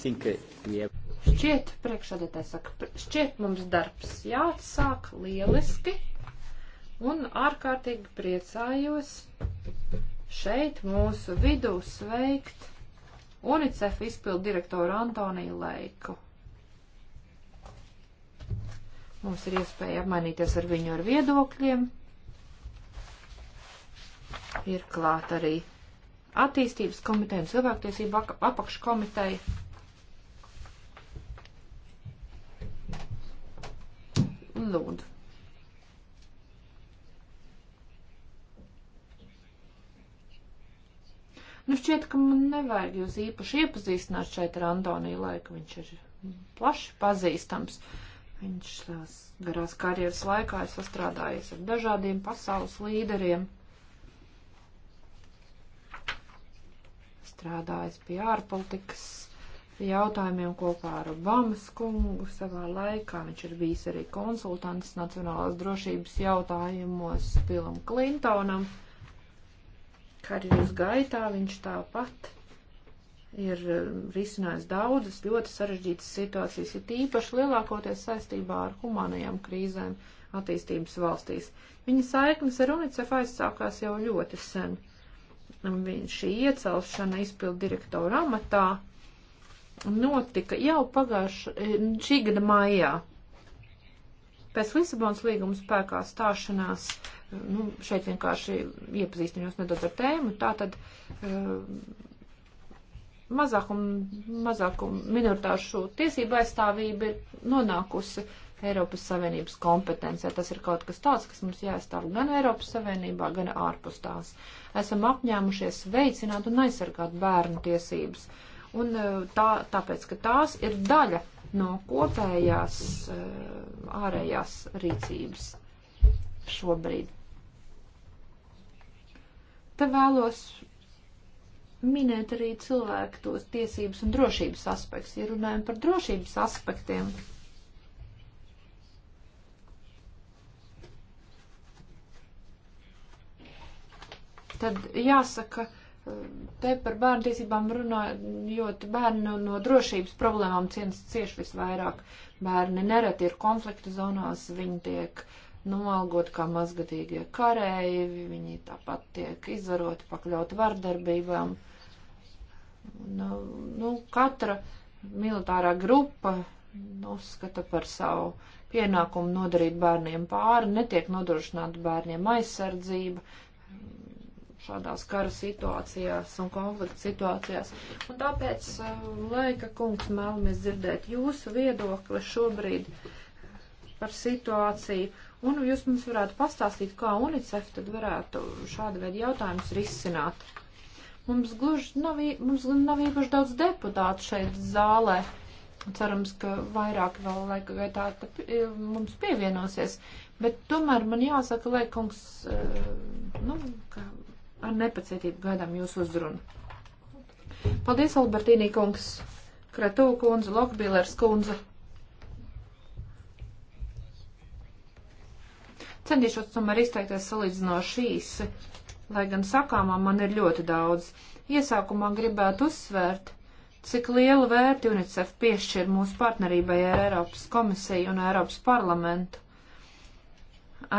think, uh, have... Šķiet, priekšsēdētāji saka, šķiet mums darbs jāatsāk lieliski un ārkārtīgi priecājos šeit mūsu vidū sveikt UNICEF izpildu direktoru Antoniju Leiku. Mums ir iespēja apmainīties ar viņu ar viedokļiem. Ir klāt arī attīstības komiteja un cilvēktiesību apakškomiteja. Lūdzu. Nu, šķiet, ka man nevajag jūs īpaši iepazīstināt šeit ar Antoniju laiku. Viņš ir plaši pazīstams. Viņš tās garās karjeras laikā ir sastrādājies ar dažādiem pasaules līderiem. strādājis pie ārpolitikas jautājumiem kopā ar Obamas kungu savā laikā. Viņš ir bijis arī konsultants nacionālās drošības jautājumos Bilam Klintonam. Karjeras gaitā viņš tāpat ir um, risinājis daudzas ļoti sarežģītas situācijas, ir tīpaši lielākoties saistībā ar humanajām krīzēm attīstības valstīs. Viņa saiknes ar UNICEF aizsākās jau ļoti sen. Uh, šī iecelšana izpildu direktora amatā notika jau pagājušā e, šī gada maijā. Pēc Lisabonas līguma spēkā stāšanās, e, nu, šeit vienkārši iepazīstināšos nedaudz ar tēmu, tā tad e, mazākumu mazākum minoritāšu tiesība aizstāvība ir nonākusi uh, Eiropas Savienības kompetencijā. Tas ir kaut kas tāds, kas mums jāizstāv gan Eiropas Savienībā, gan ārpus tās. Esam apņēmušies veicināt un aizsargāt bērnu tiesības. Un e, tā, tāpēc, ka tās ir daļa no kopējās e, ārējās rīcības šobrīd. Te vēlos minēt arī cilvēku tos tiesības un drošības aspekts. Ja runājam par drošības aspektiem, tad jāsaka, te par bērnu tiesībām runājot, bērni no drošības problēmām cieš visvairāk. Bērni nereti ir konfliktu zonās, viņi tiek noalgot kā mazgadīgie karēji, viņi tāpat tiek izvaroti, pakļauti vardarbībām. Nu, nu, katra militārā grupa uzskata par savu pienākumu nodarīt bērniem pāri, netiek nodrošināta bērniem aizsardzība, šādās kara situācijās un konflikta situācijās. Un tāpēc, uh, Laika kungs, vēlamies dzirdēt jūsu viedokli šobrīd par situāciju. Un jūs mums varētu pastāstīt, kā UNICEF tad varētu šāda veida jautājumus risināt. Mums gluži nav, mums nav īpaši daudz deputātu šeit zālē. Cerams, ka vairāk vēl laika gaitā e, mums pievienosies. Bet tomēr man jāsaka, lai kungs, e, nu, ka ar nepacietību gaidām jūsu uzrunu. Paldies, Albertīnī kungs, Kretū kundze, Lokbīlērs kundze. Centīšos tomēr izteikties salīdzinoši īsi, lai gan sakāmā man ir ļoti daudz. Iesākumā gribētu uzsvērt, cik lielu vērti UNICEF piešķir mūsu partnerībai ar Eiropas komisiju un Eiropas parlamentu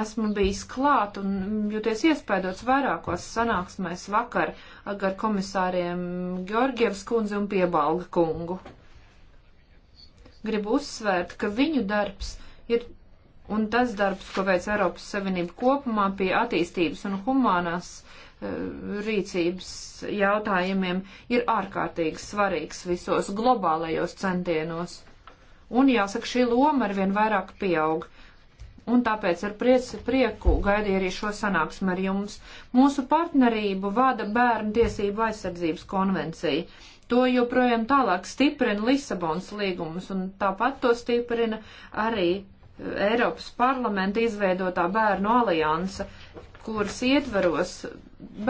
esmu bijis klāt un jūties iespēdots vairākos sanāksmēs vakar ar komisāriem Georgievs kundzi un Piebalga kungu. Gribu uzsvērt, ka viņu darbs ir un tas darbs, ko veic Eiropas Savienība kopumā pie attīstības un humānās e, rīcības jautājumiem, ir ārkārtīgi svarīgs visos globālajos centienos. Un jāsaka, šī loma arvien vairāk pieaug un tāpēc ar priec, prieku gaidīju arī šo sanāksmu ar jums. Mūsu partnerību vada Bērnu tiesību aizsardzības konvencija. To joprojām tālāk stiprina Lisabonas līgumus, un tāpat to stiprina arī eh, Eiropas parlamenta izveidotā bērnu alianse, kuras ietvaros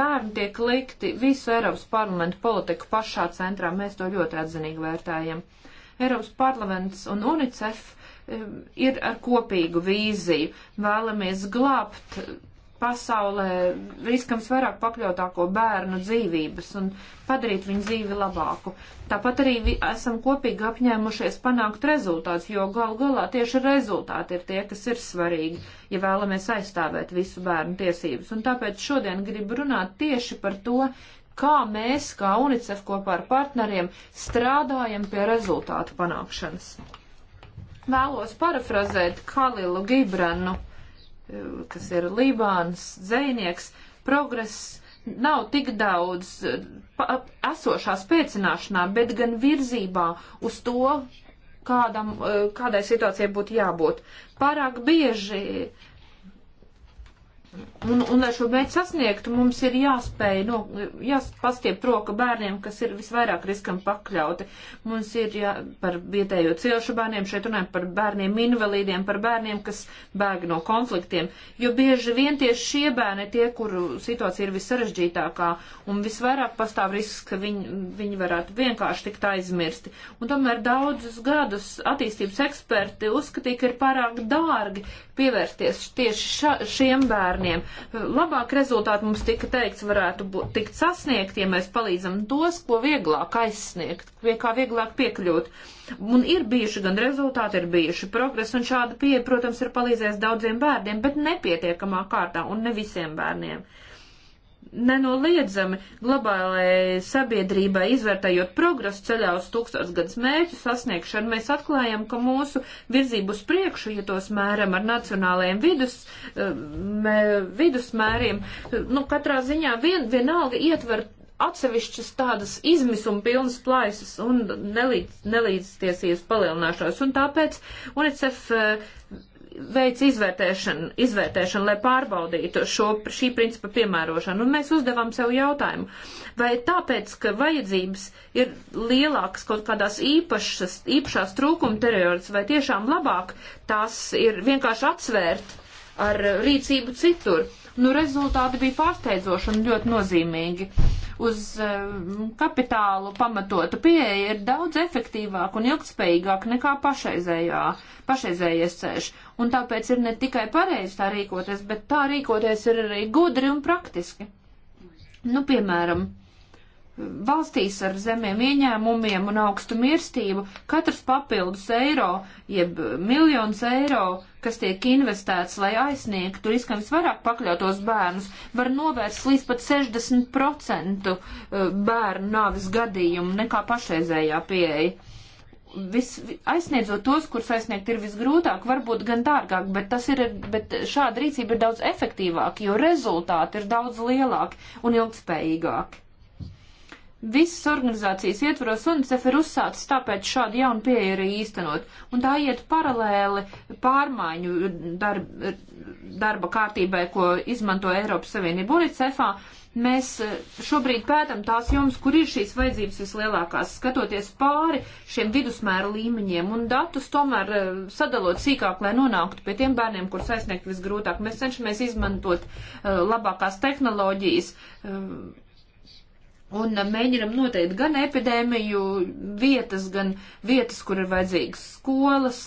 bērni tiek likti visu Eiropas parlamentu politiku pašā centrā. Mēs to ļoti atzinīgi vērtējam. Eiropas parlaments un UNICEF ir ar kopīgu vīziju. Vēlamies glābt pasaulē riskam vairāk pakļautāko bērnu dzīvības un padarīt viņu dzīvi labāku. Tāpat arī esam kopīgi apņēmušies panākt rezultāts, jo gal galā tieši rezultāti ir tie, kas ir svarīgi, ja vēlamies aizstāvēt visu bērnu tiesības. Un tāpēc šodien gribu runāt tieši par to, kā mēs, kā UNICEF kopā ar partneriem, strādājam pie rezultātu panākšanas vēlos parafrazēt Kalilu Gibranu, eh, kas ir Lībāns dzēnieks, progress nav tik daudz eh, esošā spēcināšanā, bet gan virzībā uz to, kādam, eh, kādai situācijai būtu jābūt. Pārāk bieži uh, Un, un lai šo mērķu sasniegtu, mums ir jāspēj, no, jāpastiep roka bērniem, kas ir visvairāk riskam pakļauti. Mums ir jā, par vietējo cilšu bērniem, šeit runājam par bērniem invalīdiem, par bērniem, kas bēg no konfliktiem. Jo bieži vien tieši šie bērni tie, kuru situācija ir visarežģītākā un visvairāk pastāv risks, ka viņi, viņi varētu vienkārši tikt aizmirsti. Un tomēr daudzus gadus attīstības eksperti uzskatīja, ka ir pārāk dārgi pievērsties tieši ša, šiem bērniem bērniem. Labāk rezultāti mums tika teikts varētu būt, tikt sasniegt, ja mēs palīdzam tos, ko vieglāk aizsniegt, kā vieglāk piekļūt. Un ir bijuši gan rezultāti, ir bijuši progress, un šāda pieeja, protams, ir palīdzējis daudziem bērniem, bet nepietiekamā kārtā un ne visiem bērniem. Uh, nenoliedzami globālajai sabiedrībai izvērtējot progresu ceļā uz tūkstošgadus mērķu sasniegšanu, mēs atklājam, ka mūsu virzību uz priekšu, ja tos mēram ar nacionālajiem vidus, eh, mē, vidusmēriem, nu katrā ziņā vien, vienalga ietver atsevišķas tādas izmisuma pilnas plaisas un nelīdz, nelīdztiesības palielināšanos. Un tāpēc UNICEF eh, veic izvērtēšanu, izvērtēšanu lai pārbaudītu šo, šī principa piemērošanu. Un mēs uzdevām sev jautājumu, vai tāpēc, ka vajadzības ir lielākas kaut kādās īpašas, īpašās trūkuma teritorijās, vai tiešām labāk tās ir vienkārši atsvērt ar rīcību citur. Nu, rezultāti bija pārsteidzoši un ļoti nozīmīgi. Uz eh, kapitālu pamatota pieeja ir daudz efektīvāk un ilgspējīgāk nekā pašreizējā, pašreizējais ceļš. Un tāpēc ir ne tikai pareizi tā rīkoties, bet tā rīkoties ir arī gudri un praktiski. Nu, piemēram, valstīs ar zemiem ieņēmumiem un augstu mirstību katrs papildus eiro, jeb miljons eiro, kas tiek investēts, lai aizsniegtu riskam visvairāk pakļautos bērnus, var novērst līdz pat 60% eh, bērnu nāvis gadījumu nekā pašreizējā pieeja. Vis, aizsniedzot tos, kurus aizsniegt ir visgrūtāk, varbūt gan dārgāk, bet, tas ir, bet šāda rīcība ir daudz efektīvāka, jo rezultāti ir daudz lielāki un ilgspējīgāki visas organizācijas ietvaros UNICEF ir uzsācis, tāpēc šādu jaunu pieeju arī īstenot. Un tā iet paralēli pārmaiņu darb, darba kārtībai, ko izmanto Eiropas Savienība UNICEFā. Mēs eh, šobrīd pētam tās jomas, kur ir šīs vajadzības vislielākās, skatoties pāri šiem vidusmēra līmeņiem un datus tomēr eh, sadalot sīkāk, lai nonāktu pie tiem bērniem, kur saisniegt visgrūtāk. Mēs cenšamies izmantot eh, labākās tehnoloģijas, Un uh, mēģinam noteikt gan epidēmiju vietas, gan vietas, kur ir vajadzīgas skolas.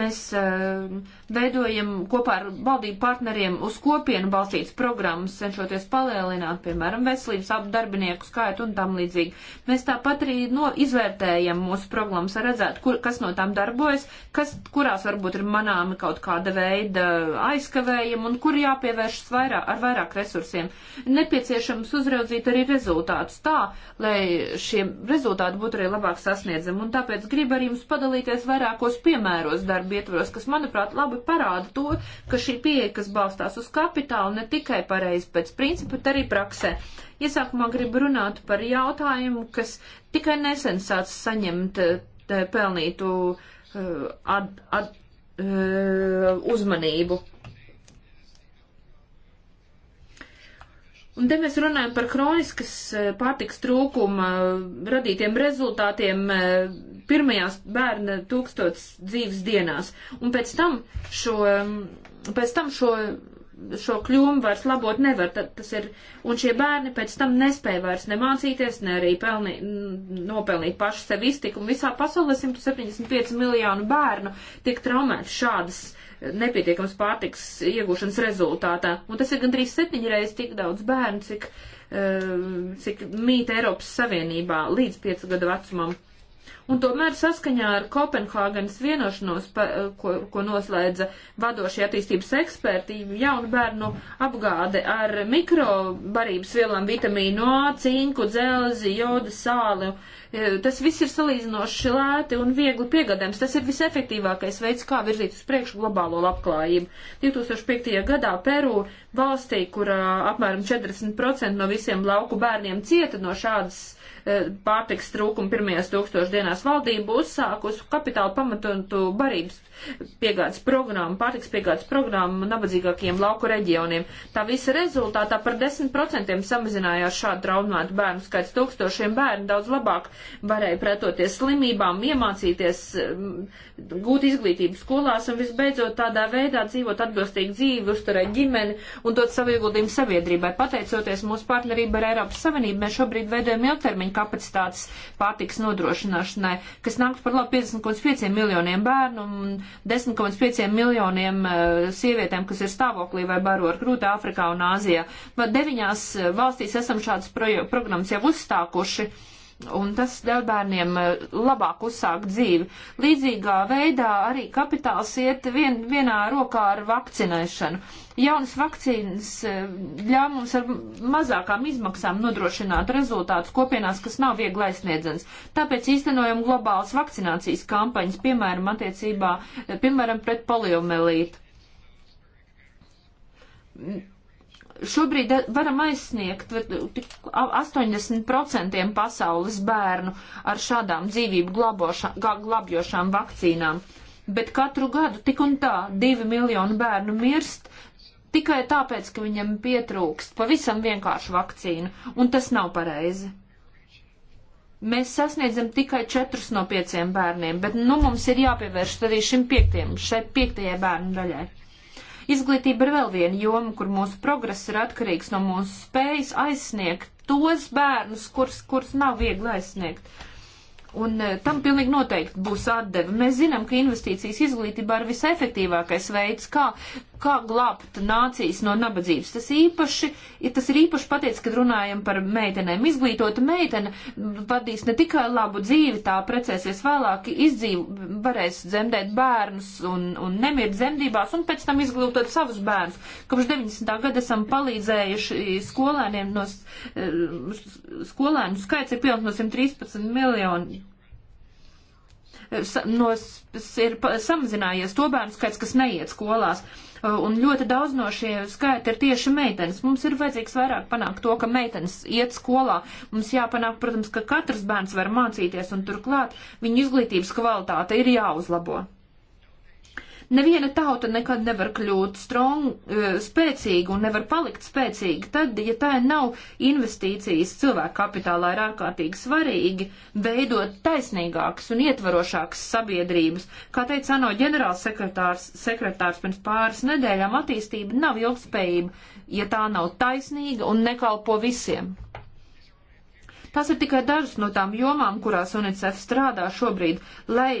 Mēs uh, veidojam kopā ar valdību partneriem uz kopienu balstītas programmas, cenšoties palielināt, piemēram, veselības apdarbinieku skaitu un tam līdzīgi. Mēs tāpat arī no, izvērtējam mūsu programmas, redzēt, kur, kas no tām darbojas, kas, kurās varbūt ir manāmi kaut kāda veida aizkavējumi un kur jāpievēršas vairāk, ar vairāk resursiem. Nepieciešams uzraudzīt arī rezultātus tā, lai šie rezultāti būtu arī labāk sasniedzami. Un tāpēc gribu ar jums padalīties vairākos piemēros darba ietvaros, kas, manuprāt, labi labi parāda to, ka šī pieeja, kas balstās uz kapitālu, ne tikai pareizi pēc principa, bet arī praksē. Iesākumā gribu runāt par jautājumu, kas tikai nesen sāc saņemt eh, pelnītu at, eh, at, eh, uzmanību. Un te mēs runājam par kroniskas e, pārtiks trūkuma e, radītiem rezultātiem e, pirmajās bērna tūkstots dzīves dienās. Un pēc tam šo, pēc tam šo, šo kļūmu vairs labot nevar. Tad, tas ir, un šie bērni pēc tam nespēja vairs nemācīties, ne arī pelni, nopelnīt pašu sev iztiku. Un visā pasaulē 175 miljonu bērnu tiek traumēti šādas uh, nepietiekams pārtiks iegūšanas rezultātā. Un tas ir gandrīz septiņreiz tik daudz bērnu, cik, eh, cik mīt Eiropas Savienībā līdz piecu gadu vecumam. Un tomēr saskaņā ar Kopenhāgenes vienošanos, pa, eh, ko, ko noslēdza vadošie attīstības eksperti, jaunu bērnu apgāde ar mikrobarības vielām, vitamīnu A, cinku, dzelzi, jodu, sāli, eh, tas viss ir salīdzinoši lēti un viegli piegādājams. Tas ir visefektīvākais veids, kā virzīt uz priekšu globālo labklājību. 2005. gadā Peru valstī, kur apmēram 40% no visiem lauku bērniem cieta no šādas pārtiks trūkumu pirmajās tūkstošu dienās valdību uzsākus kapitāla pamatotu barības piegādes programmu, pārtiks piegādes programmu nabadzīgākiem lauku reģioniem. Tā visa rezultātā par 10% samazinājās šādu traumētu bērnu skaits. Tūkstošiem bērnu daudz labāk varēja pretoties slimībām, iemācīties, mm, gūt izglītību skolās un visbeidzot tādā veidā dzīvot atbilstīgu dzīvi, uzturēt ģimeni un dot savu ieguldījumu sabiedrībai. Pateicoties mūsu partnerībai ar Eiropas Savienību, mēs šobrīd veidojam ilgtermiņu kapacitātes pārtiks nodrošināšanai, kas nāks par labu 50,5 miljoniem bērnu un 10,5 miljoniem eh, sievietēm, kas ir stāvoklī vai baro ar grūti Āfrikā un Āzijā. Bet deviņās eh, valstīs esam šādas programmas jau uzstākuši. Uh, un tas ļauj bērniem eh, labāk uzsākt dzīvi. Līdzīgā veidā arī kapitāls iet vien, vienā rokā ar vakcinēšanu. Jaunas vakcīnas eh, ļauj mums ar mazākām izmaksām nodrošināt rezultātus kopienās, kas nav viegli aizsniedzams. Tāpēc īstenojam globālas vakcinācijas kampaņas, piemēram, attiecībā, eh, piemēram, pret poliomelītu šobrīd varam aizsniegt 80% pasaules bērnu ar šādām dzīvību glabošā, glabjošām vakcīnām. Bet katru gadu tik un tā divi miljoni bērnu mirst tikai tāpēc, ka viņam pietrūkst pavisam vienkāršu vakcīnu, un tas nav pareizi. Mēs sasniedzam tikai četrus no pieciem bērniem, bet nu mums ir jāpievērš arī šim piektiem, šai piektajai bērnu daļai. Izglītība ir vēl viena joma, kur mūsu progress ir atkarīgs no mūsu spējas aizsniegt tos bērnus, kurus, kurus nav viegli aizsniegt. Un e, tam pilnīgi noteikti būs atdeve. Mēs zinām, ka investīcijas izglītībā ir visefektīvākais veids, kā kā glābt nācijas no nabadzības. Tas īpaši, ja tas ir īpaši pateicis, kad runājam par meitenēm. Izglītota meitene vadīs ne tikai labu dzīvi, tā precēsies vēlāk, izdzīv, varēs dzemdēt bērnus un, un nemirt dzemdībās un pēc tam izglītot savus bērnus. Kopš 90. gada esam palīdzējuši skolēniem no eh, skolēnu skaits ir pieaugt no 113 miljonu no, ir samazinājies to bērnu skaits, kas neiet skolās. Uh, un ļoti daudz no šie skaiti ir tieši meitenes. Mums ir vajadzīgs vairāk panākt to, ka meitenes iet skolā. Mums jāpanāk, protams, ka katrs bērns var mācīties, un turklāt viņa izglītības kvalitāte ir jāuzlabo. Neviena tauta nekad nevar kļūt strong, eh, spēcīga un nevar palikt spēcīga tad, ja tā nav investīcijas cilvēku kapitālā ir ārkārtīgi svarīgi veidot taisnīgākas un ietvarošākas sabiedrības. Kā teica ANO ģenerālsekretārs sekretārs pirms pāris nedēļām, attīstība nav ilgspējība, ja tā nav taisnīga un nekalpo visiem. Tās ir tikai dažas no tām jomām, kurās UNICEF strādā šobrīd, lai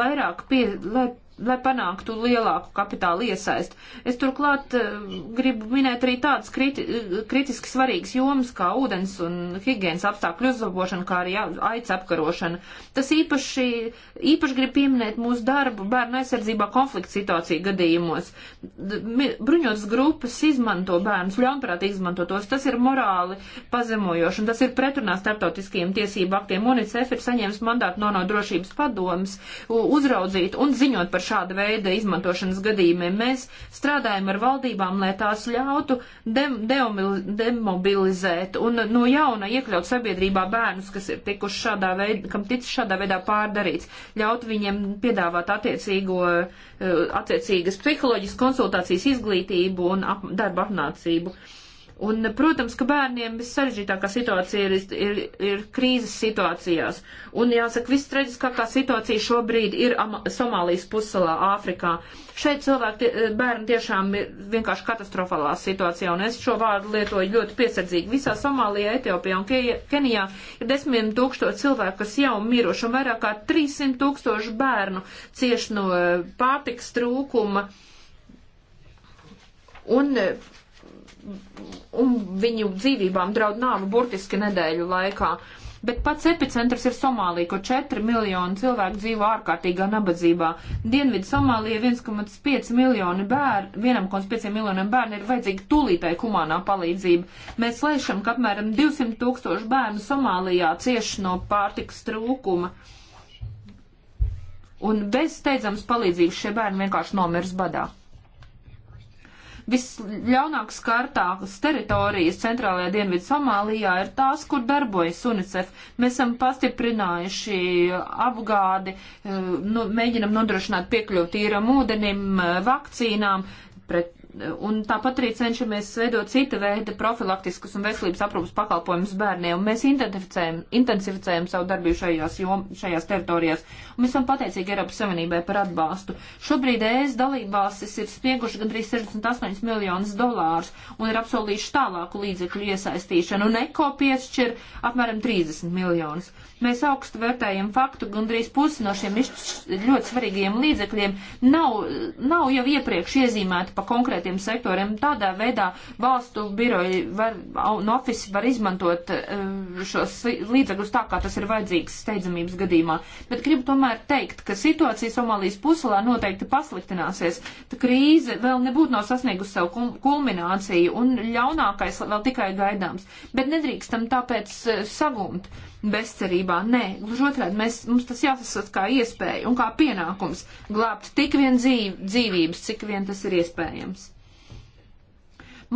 vairāk pie, lai lai panāktu lielāku kapitālu iesaistu. Es turklāt eh, gribu minēt arī tādas kriti, eh, kritiski svarīgas jomas kā ūdens un higienas apstākļu uzlabošana, kā arī aids apkarošana. Tas īpaši, īpaši grib pieminēt mūsu darbu bērnu aizsardzībā konflikta situāciju gadījumos. Bruņotas grupas izmanto bērnus, ļaunprātīgi izmanto tos. Tas ir morāli pazemojoši un tas ir pretrunā starptautiskajiem tiesību aktiem. UNICEF ir saņēmis mandātu no no drošības padomas uzraudzīt un ziņot par šāda veida izmantošanas gadījumiem. Mēs strādājam ar valdībām, lai tās ļautu dem, deomil, demobilizēt un no jauna iekļaut sabiedrībā bērnus, kas ir tikuši šādā veidā, kam ticis šādā veidā pārdarīts, ļaut viņiem piedāvāt attiecīgo, eh, attiecīgas psiholoģiskas konsultācijas izglītību un ap, darba apnācību. Uh, Un, protams, ka bērniem vissarežģītākā situācija ir, ir, ir krīzes situācijās. Un, jāsaka, viss traģiskākā situācija šobrīd ir Ama Somālijas pussalā, Āfrikā. Šeit cilvēki, eh, bērni tiešām ir vienkārši katastrofālā situācijā, un es šo vārdu lietoju ļoti piesardzīgi. Visā Somālijā, Etiopijā un Kenijā ir desmit tūkstoši cilvēku, kas jau miruši, un vairāk kā 300 tūkstoši bērnu cieši no eh, pārtiks trūkuma. Un eh, un viņu dzīvībām draud nāvu burtiski nedēļu laikā. Bet pats epicentrs ir Somālija, kur 4 miljoni cilvēku dzīvo ārkārtīgā nabadzībā. Dienvidu Somālija 1,5 miljoni bērnu, 1,5 miljoniem bērnu ir vajadzīga tūlītai humānā palīdzība. Mēs lēšam, ka apmēram 200 tūkstoši bērnu Somālijā cieši no pārtikas trūkuma. Un bez steidzams palīdzības šie bērni vienkārši nomirs badā. Visļaunāk skartākas teritorijas centrālajā dienvidu Somālijā ir tās, kur darbojas UNICEF. Mēs esam pastiprinājuši apgādi, eh, nu, mēģinam nodrošināt piekļuvu tīram ūdenim, eh, vakcīnām pret un tāpat arī cenšamies veidot cita veida profilaktiskus un veselības aprūpas pakalpojumus bērniem. Mēs intensificējam, intensificējam savu darbību šajās, jom, šajās teritorijās, un mēs esam pateicīgi Eiropas Savienībai par atbalstu. Šobrīd ES dalībvalstis ir spieguši gandrīz 68 miljonus dolārus un ir apsolījuši tālāku līdzekļu iesaistīšanu, un ECO piešķir apmēram 30 miljonus. Mēs augstu vērtējam faktu, gandrīz pusi no šiem ļoti svarīgiem līdzekļiem nav, nav jau iepriekš iezīmēti pa konkrētu konkrētiem sektoriem. Tādā veidā valstu biroji var, un ofisi var izmantot eh, šos līdzekļus tā, kā tas ir vajadzīgs steidzamības gadījumā. Bet gribu tomēr teikt, ka situācija Somālijas puselā noteikti pasliktināsies. Tā krīze vēl nebūtu nav sasniegusi savu kulmināciju un ļaunākais vēl tikai gaidāms. Bet nedrīkstam tāpēc eh, sagumt bezcerībā. Nē, gluži otrādi, mēs, mums tas jāsaskat kā iespēja un kā pienākums glābt tik vien dzīv, dzīvības, cik vien tas ir iespējams.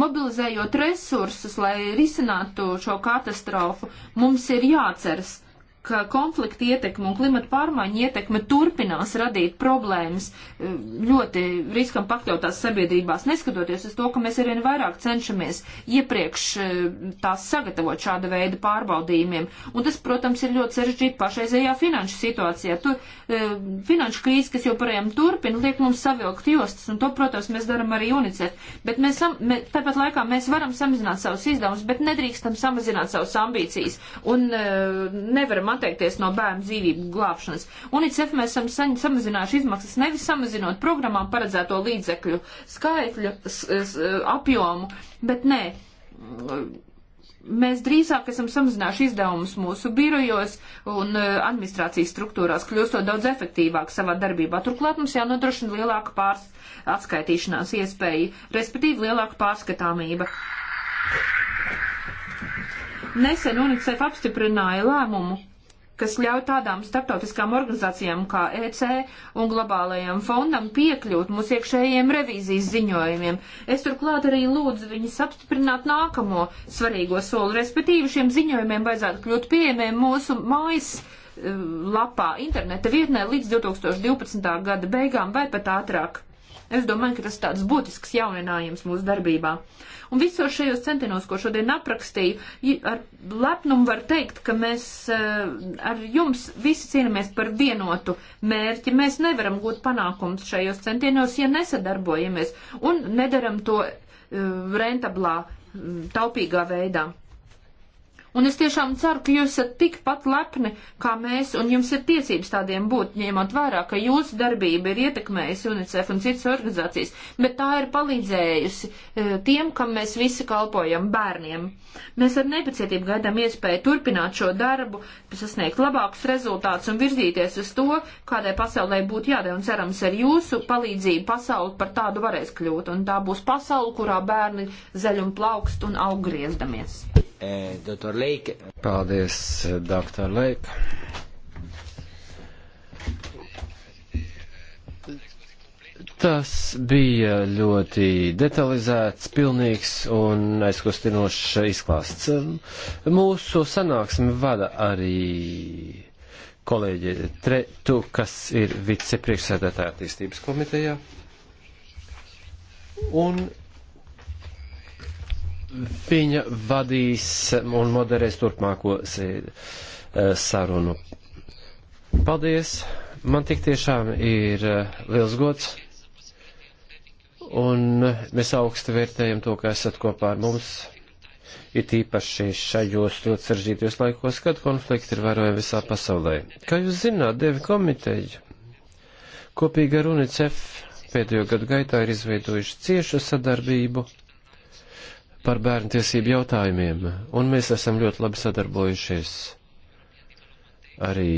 Mobilizējot resursus, lai risinātu šo katastrofu, mums ir jāceras ka konflikta ietekme un klimata pārmaiņa ietekme turpinās radīt problēmas e, ļoti riskam pakļautās sabiedrībās, neskatoties uz to, ka mēs arvien vairāk cenšamies iepriekš e, tās sagatavot šāda veida pārbaudījumiem. Un tas, protams, ir ļoti sarežģīti pašreizējā finanšu situācijā. Tur e, finanšu krīze, kas joprojām turpina, liek mums savilkt jostas, un to, protams, mēs daram arī UNICEF. Bet mēs, sam, mē, tāpat laikā mēs varam samazināt savus izdevumus, bet nedrīkstam samazināt savus ambīcijas un nevaram nevaram atteikties no bērnu dzīvību glābšanas. UNICEF mēs esam saņ, samazinājuši izmaksas nevis samazinot programmām paredzēto līdzekļu skaitļu s, s, apjomu, bet nē. Mēs drīzāk esam samazinājuši izdevumus mūsu birojos un e, administrācijas struktūrās, kļūstot daudz efektīvāk savā darbībā. Turklāt mums jānodrošina lielāka pārs atskaitīšanās iespēja, respektīvi lielāka pārskatāmība. Nesen UNICEF apstiprināja lēmumu kas ļauj tādām starptautiskām organizācijām kā EC un globālajiem fondam piekļūt mūsu iekšējiem revīzijas ziņojumiem. Es turklāt arī lūdzu viņus apstiprināt nākamo svarīgo soli, respektīvi šiem ziņojumiem vajadzētu kļūt pieejamiem mūsu mājas eh, lapā, interneta vietnē līdz 2012. gada beigām vai pat ātrāk. Es domāju, ka tas tāds būtisks jauninājums mūsu darbībā. Un visos šajos centienos, ko šodien aprakstīju, ar lepnumu var teikt, ka mēs eh, ar jums visi cīnāmies par vienotu mērķi. Mēs nevaram gūt panākums šajos centienos, ja nesadarbojamies un nedaram to eh, rentablā, taupīgā veidā. Un es tiešām ceru, ka jūs esat tikpat lepni kā mēs, un jums ir tiesības tādiem būt, ņemot vērā, ka jūsu darbība ir ietekmējusi UNICEF un citas organizācijas, bet tā ir palīdzējusi eh, tiem, kam mēs visi kalpojam bērniem. Mēs ar nepacietību gaidām iespēju turpināt šo darbu, sasniegt labākus rezultātus un virzīties uz to, kādai pasaulē būtu jādara, un cerams, ar jūsu palīdzību pasauli par tādu varēs kļūt, un tā būs pasauli, kurā bērni zaļumu plaukst un aug griezdamies. Eh, Dr. Leik. Paldies, eh, doktor Leik. Tas bija ļoti detalizēts, pilnīgs un aizkustinošs izklāsts. Eh, mūsu sanāksmi vada arī kolēģi Tretu, kas ir vicepriekšsēdētāja attīstības komitejā. Un viņa vadīs un moderēs turpmāko eh, sarunu. Paldies! Man tik tiešām ir eh, liels gods, un mēs augstu vērtējam to, ka esat kopā ar mums. Ir tīpaši šajos ļoti saržģītajos laikos, kad konflikti ir vērojami visā pasaulē. Kā jūs zināt, Dievi komiteja kopīgi ar UNICEF pēdējo gadu gaitā ir izveidojuši ciešu sadarbību par bērnu tiesību jautājumiem, un mēs esam ļoti labi sadarbojušies arī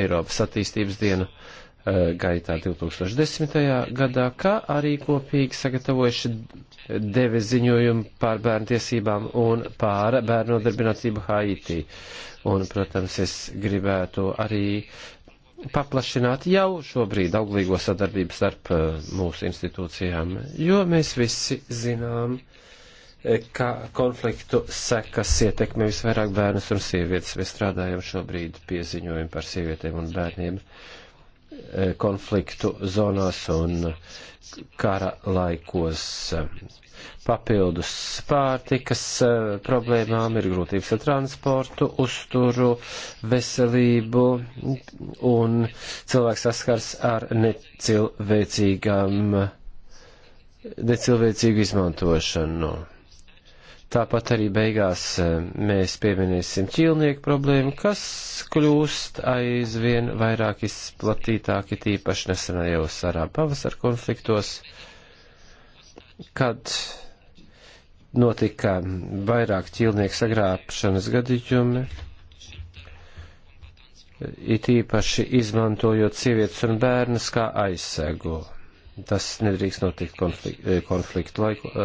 Eiropas attīstības diena eh, gaitā 2010. gadā, kā arī kopīgi sagatavojuši deve ziņojumu pār bērnu tiesībām un pār bērnu nodarbinātību Haiti. Un, protams, es gribētu arī paplašināt jau šobrīd auglīgo sadarbību starp eh, mūsu institūcijām, jo mēs visi zinām, uh, ka konfliktu sekas ietekmē visvairāk bērnus un sievietes. Mēs strādājam šobrīd pie ziņojuma par sievietēm un bērniem eh, konfliktu zonās un kara laikos. Papildus pārtikas eh, problēmām ir grūtības ar transportu, uzturu, veselību un cilvēks saskars ar necilvēcīgām, necilvēcīgu izmantošanu. Tāpat arī beigās e, mēs pieminēsim ķīlnieku problēmu, kas kļūst aizvien vairāk izplatītāki tīpaši nesenajos arā pavasar konfliktos, kad notika vairāk ķīlnieku sagrābšanas gadījumi, it īpaši izmantojot sievietes un bērnus kā aizsegu. Tas nedrīkst notikt konflikt, eh, konfliktu laiku, eh,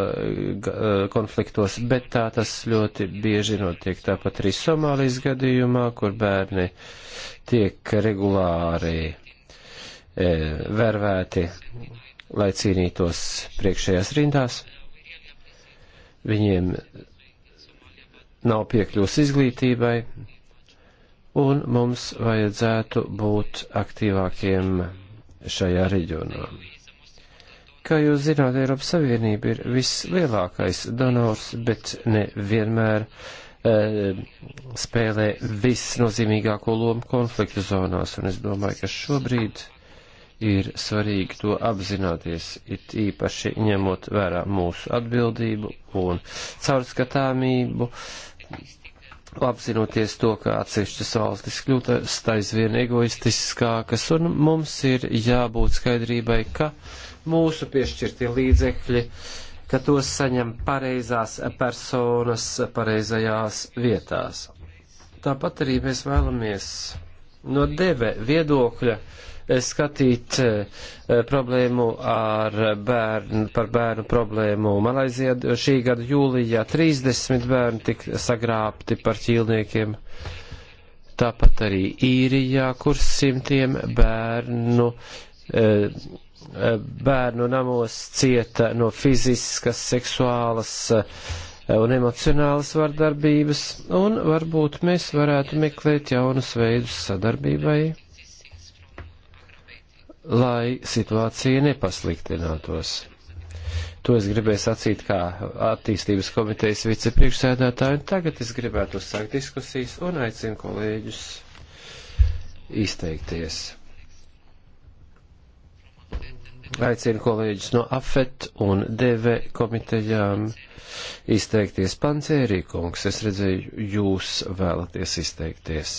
eh, konfliktos, bet tā tas ļoti bieži notiek. Tāpat arī Somālijas gadījumā, kur bērni tiek regulāri vērvēti, lai cīnītos priekšējās rindās. Viņiem nav piekļūs izglītībai, un mums vajadzētu būt aktīvākiem šajā reģionā. Kā jūs zināt, Eiropas Savienība ir vislielākais donors, bet ne vienmēr e, spēlē visnozīmīgāko lomu konfliktu zonās, un es domāju, ka šobrīd ir svarīgi to apzināties, it īpaši ņemot vērā mūsu atbildību un caurskatāmību apzinoties to, ka atsevišķas valstis kļūst aizvien egoistiskākas, un mums ir jābūt skaidrībai, ka mūsu piešķirtie līdzekļi, ka tos saņem pareizās personas pareizajās vietās. Tāpat arī mēs vēlamies no deve viedokļa uh, skatīt eh, eh, problēmu ar bērnu, par bērnu problēmu. Malaizijā šī gada jūlijā 30 bērni tika sagrābti par ķīlniekiem. Tāpat arī īrijā, kur simtiem bērnu, eh, bērnu namos cieta no fiziskas, seksuālas un emocionālas vardarbības, un varbūt mēs varētu meklēt jaunus veidus sadarbībai lai situācija nepasliktinātos. To es gribēju sacīt kā attīstības komitejas vicepriekšsēdētāju, un tagad es gribētu uzsākt diskusijas un aicinu kolēģus izteikties. Aicinu kolēģus no AFET un DV komitejām izteikties. Pancērī, kungs, es redzēju, jūs vēlaties izteikties.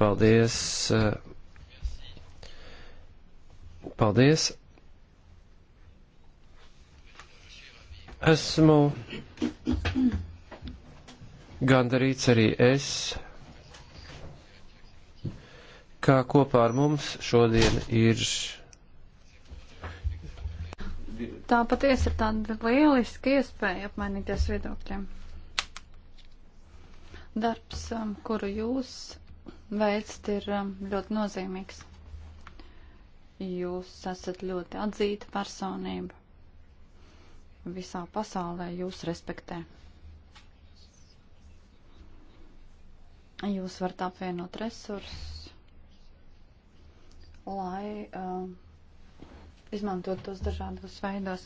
Paldies. Uh, Paldies! Esmu gandarīts arī es, kā kopā ar mums šodien ir. Tā patiesi ir tāda lieliska iespēja apmainīties viedokļiem. Darbs, um, kuru jūs veicat, ir um, ļoti nozīmīgs. Jūs esat ļoti atzīta personība. Visā pasaulē jūs respektē. Jūs varat apvienot resursus, lai uh, izmantot tos dažādos veidos.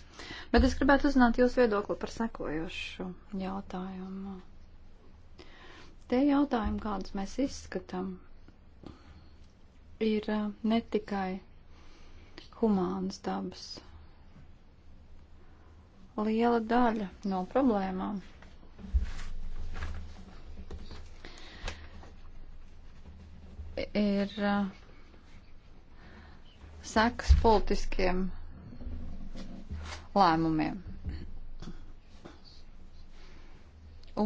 Bet es gribētu uzzināt jūsu viedokli par sekojošu jautājumu. Tie jautājumi, kādus mēs izskatām, ir uh, ne tikai humānas dabas. Liela daļa no problēmām ir uh, sekas politiskiem lēmumiem.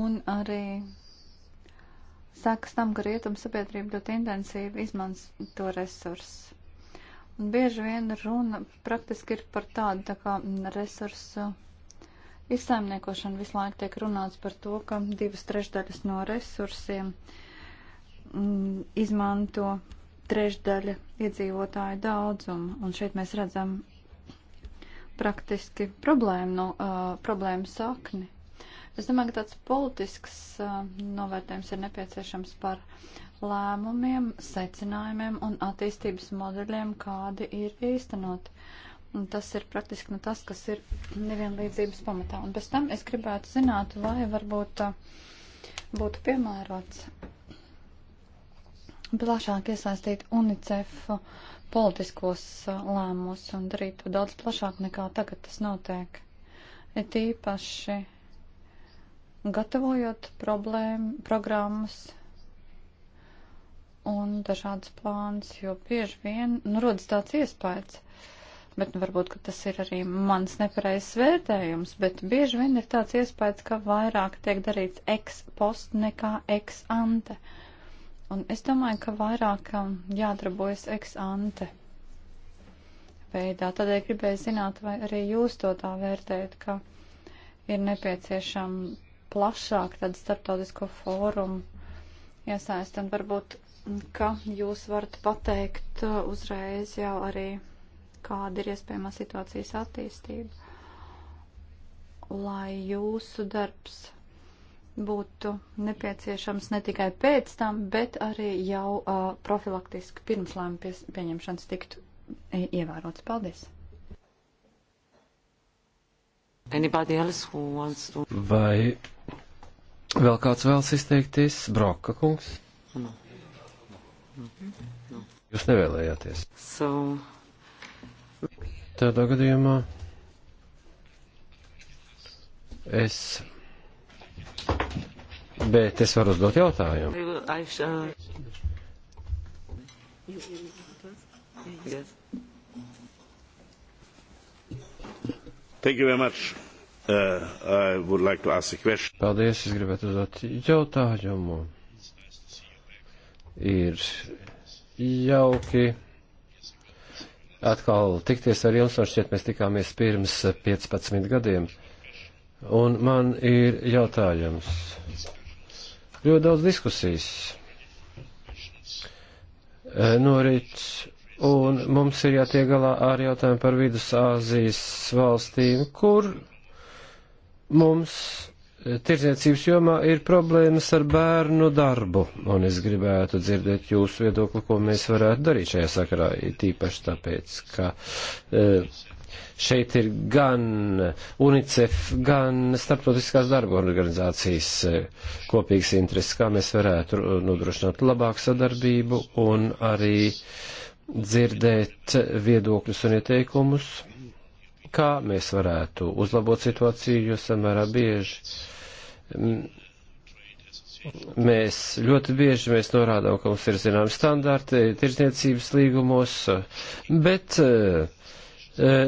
Un arī sekas tam, ka rietums sabiedrība ļoti intensīvi izmanto resursus. Un bieži vien runa praktiski ir par tādu tā kā mm, resursu izsaimniekošanu. Visu laiku tiek runāts par to, ka divas trešdaļas no resursiem m, mm, izmanto trešdaļa iedzīvotāju daudzumu. Un šeit mēs redzam praktiski problēmu, no, uh, problēmu sakni. Es domāju, ka tāds politisks uh, novērtējums ir nepieciešams par uh, lēmumiem, secinājumiem un attīstības modeļiem, kādi ir īstenoti. Un tas ir praktiski nu, tas, kas ir nevienlīdzības pamatā. Un bez tam es gribētu zināt, vai varbūt uh, būtu piemērots plašāk iesaistīt UNICEF uh, politiskos uh, lēmumus un darīt to daudz plašāk nekā tagad tas notiek. Ir tīpaši gatavojot problēmu, programmas un dažādas plānas, jo bieži vien nu, rodas tāds iespējas. Bet nu, varbūt tas ir arī mans nepareizs vērtējums, bet bieži vien ir tāds iespējas, ka vairāk tiek darīts ex post nekā ex ante. Un es domāju, ka vairāk um, jādarbojas ex ante veidā. Tādēļ gribēju zināt, vai arī jūs to tā vērtējat, ka ir nepieciešama plašāk tāda starptautisko fórumu iesaist, un varbūt ka jūs varat pateikt uh, uzreiz jau arī, kāda ir iespējamā situācijas attīstība, lai jūsu darbs būtu nepieciešams ne tikai pēc tam, bet arī jau uh, profilaktiski pirms lēma pieņemšanas tiktu ievērots. Paldies! To... Vai vēl kāds vēlas izteikties? Broka kungs? No. Jūs nevēlējāties. So... Tādā gadījumā es. Bet es varu uzdot jautājumu. Thank you very much. Uh, I would like to ask a question. Paldies, es gribētu uzdot jautājumu ir jauki atkal tikties ar jums, un šķiet mēs tikāmies pirms 15 gadiem. Un man ir jautājums. Ļoti daudz diskusijas eh, norit, un mums ir jātiek galā ar jautājumu par Vidusāzijas valstīm, kur mums tirdzniecības jomā ir problēmas ar bērnu darbu, un es gribētu dzirdēt jūsu viedokli, ko mēs varētu darīt šajā sakarā, tīpaši tāpēc, ka e, šeit ir gan UNICEF, gan starptautiskās darba organizācijas e, kopīgs intereses, kā mēs varētu nodrošināt labāku sadarbību un arī dzirdēt viedokļus un ieteikumus, kā mēs varētu uzlabot situāciju, jo samērā bieži Mēs ļoti bieži mēs norādām, ka mums ir zinām standarti tirzniecības līgumos, bet eh,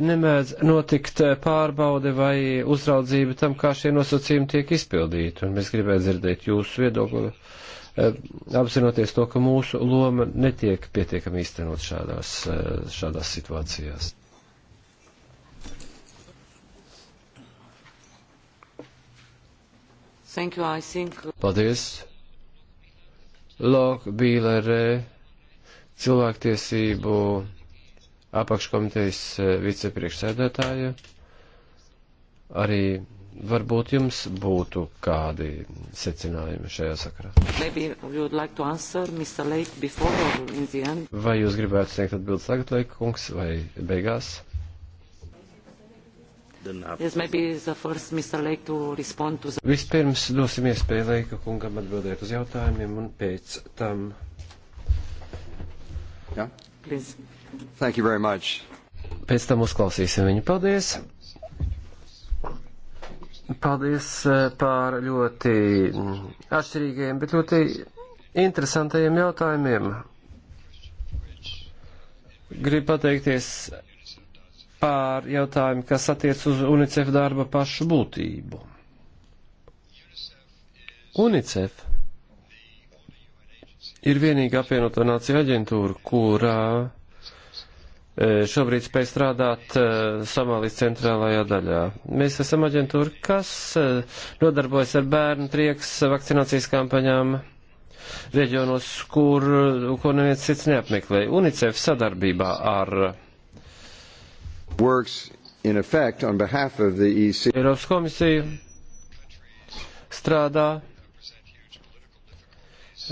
nemēdz notikt pārbaude vai uzraudzība tam, kā šie nosacījumi tiek izpildīti. Un mēs gribētu dzirdēt jūsu viedokli, eh, apzinoties to, ka mūsu loma netiek pietiekami īstenot šādās, eh, šādās situācijās. Thank you, I think. Uh, Paldies. Lok Bīlerē, cilvēktiesību apakškomitejas eh, vicepriekšsēdētāja. Arī varbūt jums būtu kādi secinājumi šajā sakarā. Like answer, Lake, Vai jūs gribētu sniegt atbildes tagad, Leika kungs, vai beigās? Vispirms dosim iespēju Leika kungam atbildēt uz jautājumiem un pēc tam. Yeah. Please. Thank you very much. Pēc tam uzklausīsim viņu. Paldies! Paldies eh, par ļoti atšķirīgiem, bet ļoti interesantajiem jautājumiem. Gribu pateikties pār jautājumu, kas attiec uz UNICEF darba pašu būtību. UNICEF ir vienīga apvienoto nāciju aģentūra, kurā e, šobrīd spēj strādāt e, Somālijas centrālajā daļā. Mēs esam aģentūra, kas e, nodarbojas ar bērnu trieks vakcinācijas kampaņām reģionos, kur, ko neviens cits neapmeklē. UNICEF sadarbībā ar works in effect on behalf of the EC. Eiropas komisija strādā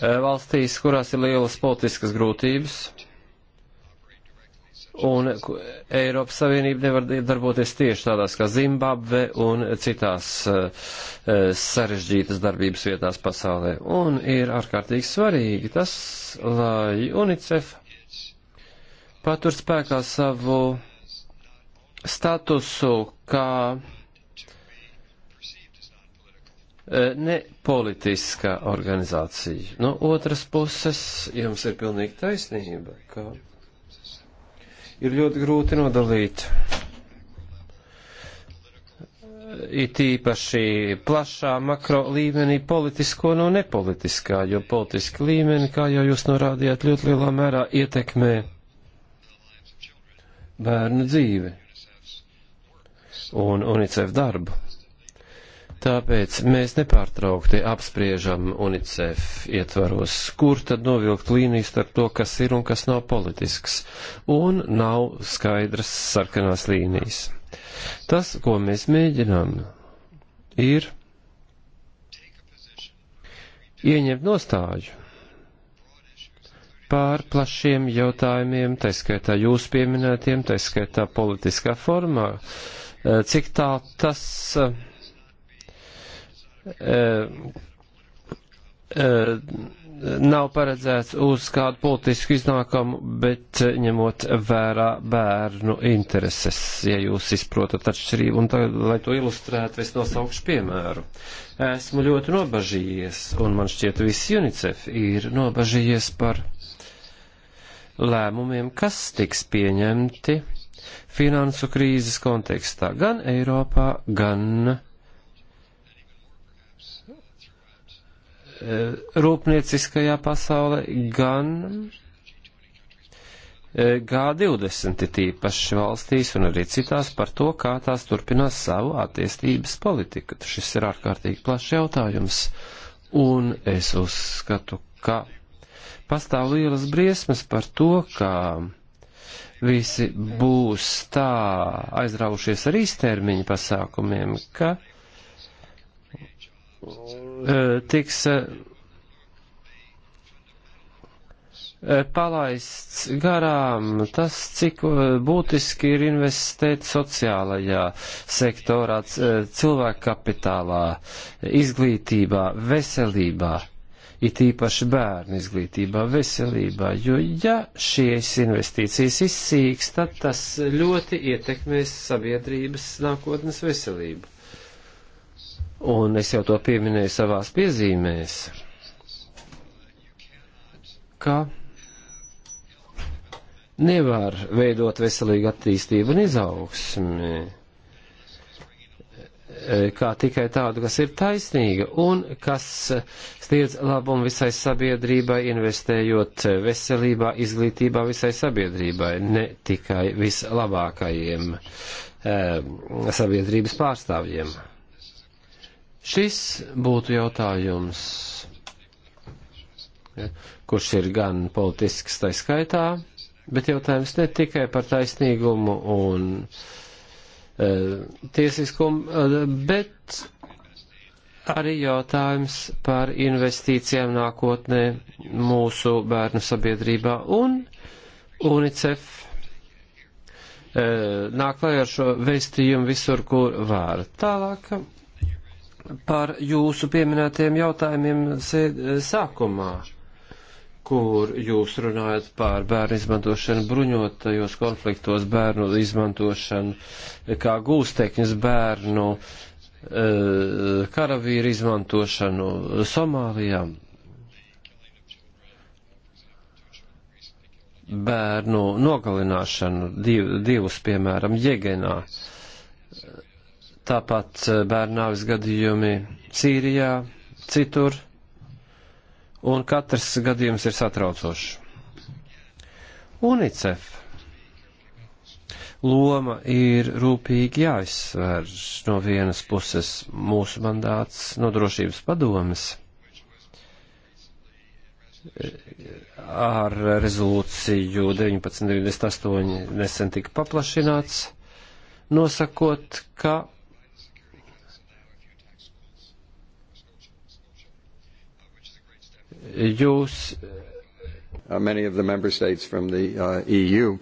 e, valstīs, kurās ir lielas politiskas grūtības, un Eiropas Savienība nevar darboties tieši tādās kā Zimbabve un citās e, e, sarežģītas darbības vietās pasaulē. Un ir ārkārtīgi svarīgi tas, lai UNICEF patur spēkā savu statusu kā e, nepolitiskā organizācija. No otras puses, jums ir pilnīgi taisnība, ka ir ļoti grūti nodalīt e, it īpaši plašā makro līmenī politisko no nepolitiskā, jo politiski līmeni, kā jau jūs norādījāt, ļoti lielā mērā ietekmē bērnu dzīvi un UNICEF darbu. Tāpēc mēs nepārtraukti apspriežam UNICEF ietvaros, kur tad novilkt līnijas starp to, kas ir un kas nav politisks, un nav skaidras sarkanās līnijas. Tas, ko mēs mēģinām, ir ieņemt nostāju pār plašiem jautājumiem, taiskaitā jūs pieminētiem, taiskaitā politiskā formā, uh, Eh, cik tā tas eh, eh, nav paredzēts uz kādu politisku iznākumu, bet ņemot vērā bērnu intereses, ja jūs izprotat atšķirību. Un, tagad, lai to ilustrētu, es nosaukšu piemēru. Esmu ļoti nobažījies, un man šķiet, viss UNICEF ir nobažījies par lēmumiem, kas tiks pieņemti finansu krīzes kontekstā gan Eiropā, gan e, rūpnieciskajā pasaulē, gan e, G20 tīpaši valstīs un arī citās par to, kā tās turpinās savu attīstības politiku. Šis ir ārkārtīgi plašs jautājums, un es uzskatu, ka pastāv lielas briesmas par to, ka visi būs tā aizraujušies ar īstermiņu pasākumiem, ka e, tiks e, e, palaists garām tas, cik būtiski ir investēt sociālajā sektorā, cilvēku kapitālā, izglītībā, veselībā it īpaši bērnu izglītībā, veselībā, jo ja šīs investīcijas izsīks, tad tas ļoti ietekmēs sabiedrības nākotnes veselību. Un es jau to pieminēju savās piezīmēs, ka nevar veidot veselīgu attīstību un izaugsmi Eh, kā tikai tādu, kas ir taisnīga un kas eh, sniedz labumu visai sabiedrībai, investējot eh, veselībā, izglītībā visai sabiedrībai, ne tikai vislabākajiem sabiedrības pārstāvjiem. Šis būtu jautājums, kurš ir gan politisks taiskaitā, bet jautājums ne tikai par taisnīgumu un uh, Eh, tiesiskumu, eh, bet arī jautājums par investīcijām nākotnē mūsu bērnu sabiedrībā un UNICEF eh, nāk klajā ar šo vēstījumu visur, kur var. Tālāk par jūsu pieminētiem jautājumiem sākumā kur jūs runājat par bērnu izmantošanu bruņotajos konfliktos, bērnu izmantošanu kā gūstekņus, bērnu eh, karavīru izmantošanu Somālijā, bērnu nogalināšanu div, divus, piemēram, Jegenā, tāpat bērnāvis gadījumi Sīrijā, citur un katrs gadījums ir satraucošs. UNICEF loma ir rūpīgi jāizsver no vienas puses mūsu mandāts no drošības padomes ar rezolūciju 1998 nesen tika paplašināts, nosakot, ka jūs. Uh, many of the member states from the uh, EU.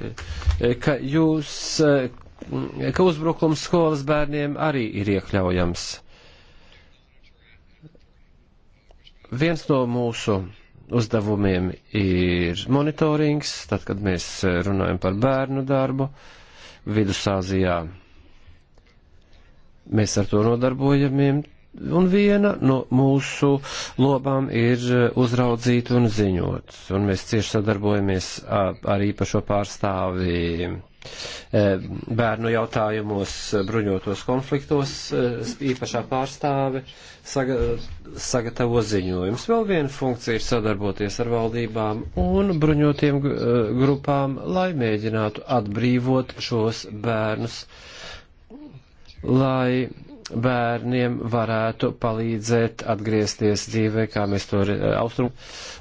Uh, ka jūs, uh, ka uzbrukums skolas bērniem arī ir iekļaujams. Viens no mūsu uzdevumiem ir monitorings, tad, kad mēs runājam par bērnu darbu Vidusāzijā. Mēs ar to nodarbojamies. Un viena no mūsu lobām ir eh, uzraudzīt un ziņot. Un mēs cieši sadarbojamies ar īpašo pārstāvi e, bērnu jautājumos, bruņotos konfliktos. E, īpašā pārstāve sagatavo ziņojums. Vēl viena funkcija ir sadarboties ar valdībām un bruņotiem e, grupām, lai mēģinātu atbrīvot šos bērnus, lai bērniem varētu palīdzēt atgriezties dzīvē, kā mēs to austrum,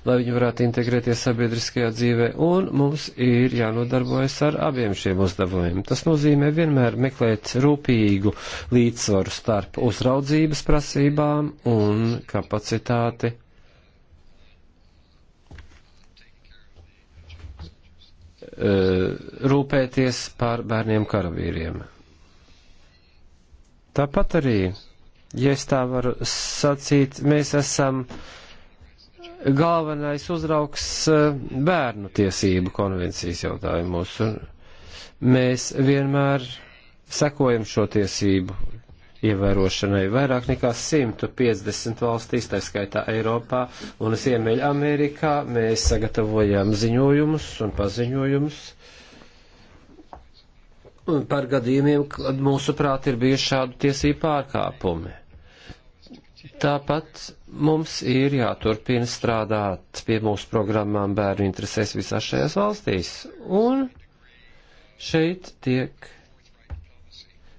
lai viņi varētu integrēties sabiedriskajā dzīvē, un mums ir jānodarbojas ar abiem šiem uzdevumiem. Tas nozīmē vienmēr meklēt rūpīgu līdzsvaru starp uzraudzības prasībām un kapacitāti. rūpēties par bērniem karavīriem. Tāpat arī, ja es tā varu sacīt, mēs esam galvenais uzrauks eh, bērnu tiesību konvencijas jautājumos, un mēs vienmēr sekojam šo tiesību ievērošanai vairāk nekā 150 valstīs, tā skaitā Eiropā un Ziemeļamerikā. Mēs sagatavojam ziņojumus un paziņojumus par gadījumiem, kad mūsuprāt ir bijuši šādu tiesību pārkāpumi. Tāpat mums ir jāturpina strādāt pie mūsu programmām bērnu interesēs visās šajās valstīs. Un šeit tiek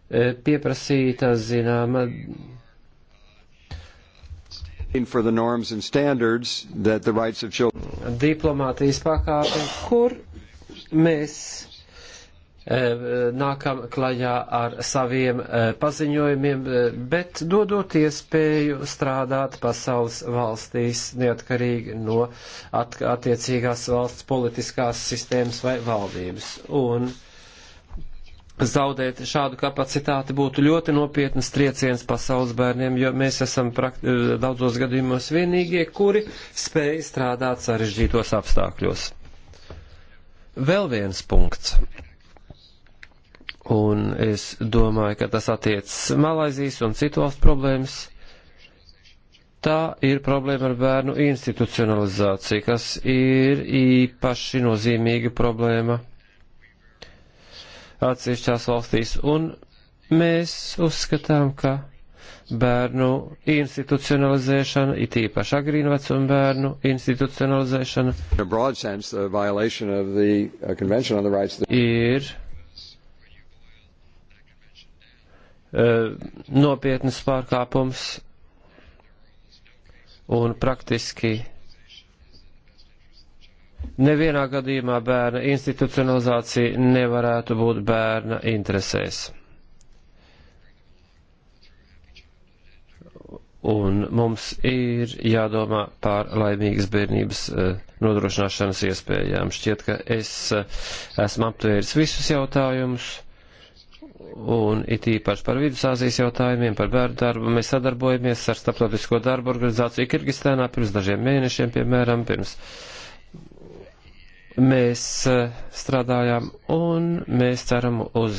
e, pieprasīta zināma diplomātijas pakāpe, kur mēs Eh, nākam klajā ar saviem eh, paziņojumiem, eh, bet dodot iespēju strādāt pasaules valstīs neatkarīgi no at attiecīgās valsts politiskās sistēmas vai valdības. Un zaudēt šādu kapacitāti būtu ļoti nopietnas trieciens pasaules bērniem, jo mēs esam daudzos gadījumos vienīgie, kuri spēj strādāt sarežģītos apstākļos. Vēl viens punkts Un es domāju, ka tas attiecas Malaizijas un citu valstu problēmas. Tā ir problēma ar bērnu institucionalizāciju, kas ir īpaši nozīmīga problēma atsevišķās valstīs. Un mēs uzskatām, ka bērnu institucionalizēšana, it īpaši agrīnu vecumu bērnu institucionalizēšana, sense, the, uh, the, uh, the... ir Eh, nopietnas pārkāpums un praktiski nevienā gadījumā bērna institucionalizācija nevarētu būt bērna interesēs. Un mums ir jādomā par laimīgas bērnības eh, nodrošināšanas iespējām. Šķiet, ka es eh, esmu aptvēris visus jautājumus un it īpaši par vidusāzijas jautājumiem, par bērnu darbu. Mēs sadarbojamies ar Starptautisko darbu organizāciju Kirgistānā pirms dažiem mēnešiem, piemēram, pirms mēs eh, strādājām un mēs ceram uz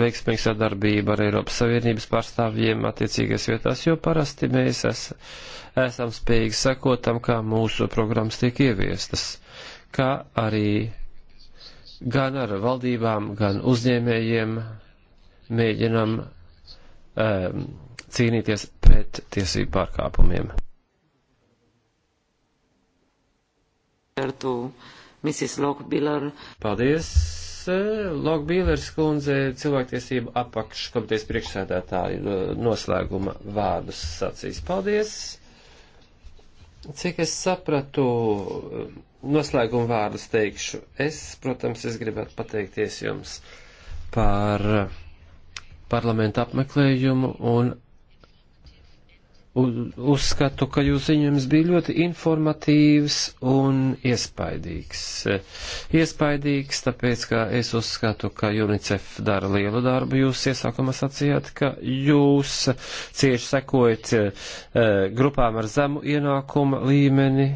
veiksmīgu sadarbību ar Eiropas Savienības pārstāvjiem attiecīgās vietās, jo parasti mēs es, esam spējīgi sekot tam, kā mūsu programmas tiek ieviestas, kā arī gan ar valdībām, gan uzņēmējiem mēģinam um, cīnīties pret tiesību pārkāpumiem. Paldies, eh, Lokbīlers kundze, cilvēktiesība apakškomitejas priekšsēdētāju eh, noslēguma vārdus sacīs. Paldies! Cik es sapratu, eh, noslēguma vārdus teikšu. Es, protams, es gribētu pateikties jums par parlamenta apmeklējumu un uzskatu, ka jūsu ziņojums bija ļoti informatīvs un iespaidīgs. Iespaidīgs, tāpēc, ka es uzskatu, ka UNICEF dara lielu darbu. Jūs iesākumā sacījāt, ka jūs cieši sekojat eh, grupām ar zemu ienākumu līmeni,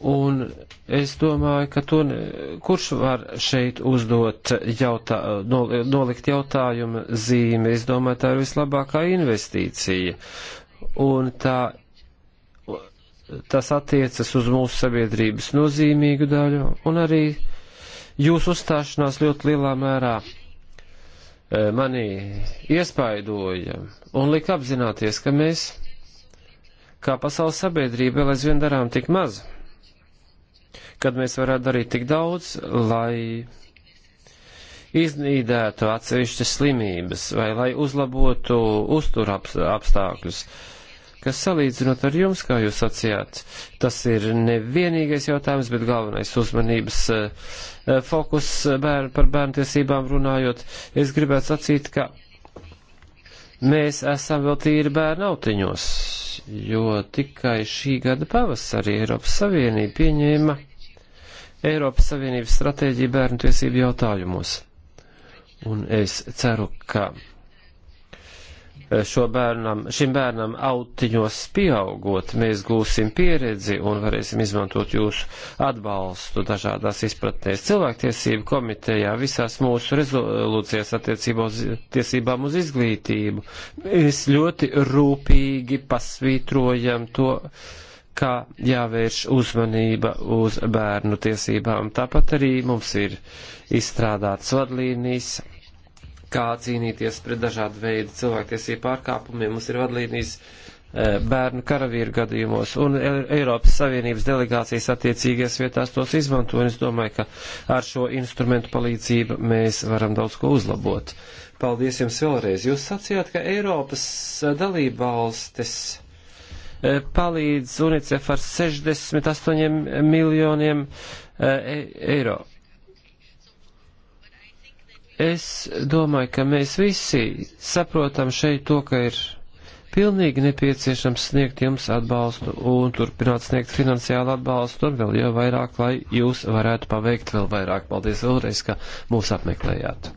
Un es domāju, ka to, kurš var šeit uzdot jautā, nolikt jautājumu zīmi, es domāju, tā ir vislabākā investīcija. Un tā, tas attiecas uz mūsu sabiedrības nozīmīgu daļu un arī jūsu uzstāšanās ļoti lielā mērā e, manī iespaidoja un lika apzināties, ka mēs, kā pasaules sabiedrība, vēl aizvien darām tik mazu kad mēs varētu darīt tik daudz, lai iznīdētu atsevišķas slimības vai lai uzlabotu uzturu apstākļus, kas salīdzinot ar jums, kā jūs sacījāt, tas ir nevienīgais jautājums, bet galvenais uzmanības eh, eh, fokus bērn, par bērntiesībām runājot. Es gribētu sacīt, ka mēs esam vēl tīri bērnu autiņos, jo tikai šī gada pavasarī Eiropas Savienība pieņēma Eiropas Savienības stratēģiju bērnu tiesību jautājumos. Un es ceru, ka eh, šo bērnam, šim bērnam autiņos pieaugot, mēs gūsim pieredzi un varēsim izmantot jūsu atbalstu dažādās izpratnēs. Cilvēktiesību komitejā visās mūsu rezolūcijās attiecībā uz tiesībām uz izglītību. Mēs ļoti rūpīgi pasvītrojam to kā jāvērš uzmanība uz bērnu tiesībām. Tāpat arī mums ir izstrādāts vadlīnijas, kā cīnīties pret dažādu veidu cilvēktiesību pārkāpumiem. Mums ir vadlīnijas e, bērnu karavīru gadījumos, un e, Eiropas Savienības delegācijas attiecīgajās vietās tos izmanto, un es domāju, ka ar šo instrumentu palīdzību mēs varam daudz ko uzlabot. Paldies jums vēlreiz. Jūs sacījāt, ka Eiropas dalībvalstis Eh, palīdz UNICEF ar 68 miljoniem eh, e, eiro. Es domāju, ka mēs visi saprotam šeit to, ka ir pilnīgi nepieciešams sniegt jums atbalstu un turpināt sniegt finansiālu atbalstu un vēl jau vairāk, lai jūs varētu paveikt vēl vairāk. Paldies vēlreiz, ka mūs apmeklējāt.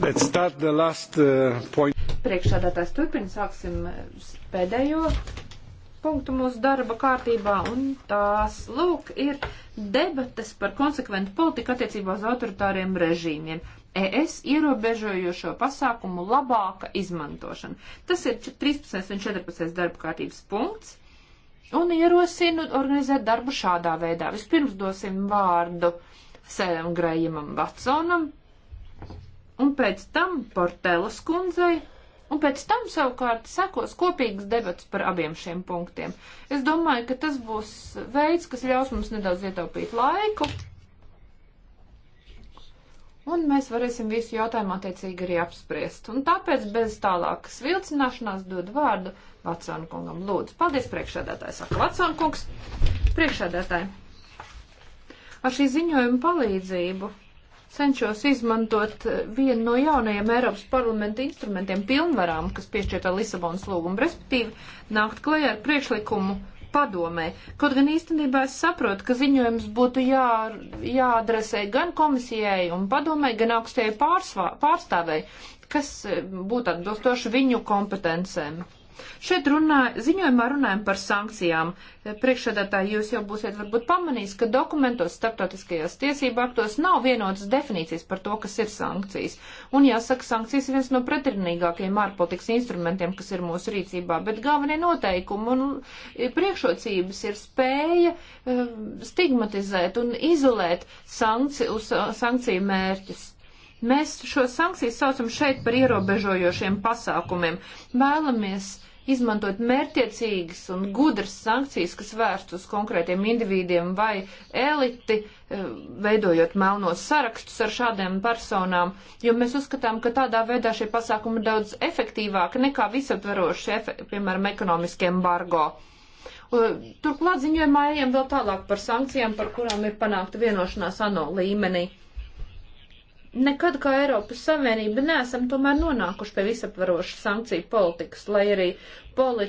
Let's start the last uh, point. Priekšādātājs turpina, sāksim uh, pēdējo punktu mūsu darba kārtībā, un tās, lūk, ir debatas par konsekventu politiku attiecībā uz autoritāriem režīmiem. ES ierobežojošo pasākumu labāka izmantošana. Tas ir 13. un 14. darba kārtības punkts, un ierosinu organizēt darbu šādā veidā. Vispirms dosim vārdu Sēram Grējumam Vatsonam, un pēc tam Portelas kundzei, un pēc tam savukārt sekos kopīgs debats par abiem šiem punktiem. Es domāju, ka tas būs veids, kas ļaus mums nedaudz ietaupīt laiku, un mēs varēsim visu jautājumu attiecīgi arī apspriest. Un tāpēc bez tālākas vilcināšanās dod vārdu Vatsona kungam. Lūdzu, paldies priekšādātāji, saka Vatsona kungs. Priekšādātāji, ar šī ziņojuma palīdzību cenšos izmantot eh, vienu no jaunajiem Eiropas parlamenta instrumentiem, pilnvarām, kas piešķirta Lisabonas lūgumu, respektīvi nākt klajā ar priekšlikumu padomē. Kaut gan īstenībā es saprotu, ka ziņojums būtu jā, jāadresē gan komisijai un padomē, gan augstajai pārstāvēji, kas eh, būtu atbilstoši viņu kompetencēm. Šeit runā, ziņojumā runājam par sankcijām. Priekšsēdētāji, jūs jau būsiet varbūt pamanījis, ka dokumentos starptautiskajās tiesību aktos nav vienotas definīcijas par to, kas ir sankcijas. Un jāsaka, sankcijas ir viens no pretrinīgākajiem ārpolitikas instrumentiem, kas ir mūsu rīcībā, bet galvenie noteikumi un priekšrocības ir spēja eh, stigmatizēt un izolēt sankci, uz eh, sankciju mērķus. Mēs šo sankciju saucam šeit par ierobežojošiem pasākumiem. Vēlamies uh, izmantot mērķiecīgas un gudras sankcijas, kas vērst uz konkrētiem individiem vai eliti, eh, veidojot melnos sarakstus ar šādiem personām, jo mēs uzskatām, ka tādā veidā šie pasākumi daudz efektīvāki nekā visaptveroši, piemēram, ekonomiskie embargo. Turklāt ziņojumā ejam vēl tālāk par sankcijām, par kurām ir panākta vienošanās ANO līmenī nekad kā Eiropas Savienība neesam tomēr nonākuši pie visapvarošas sankciju politikas, lai arī poli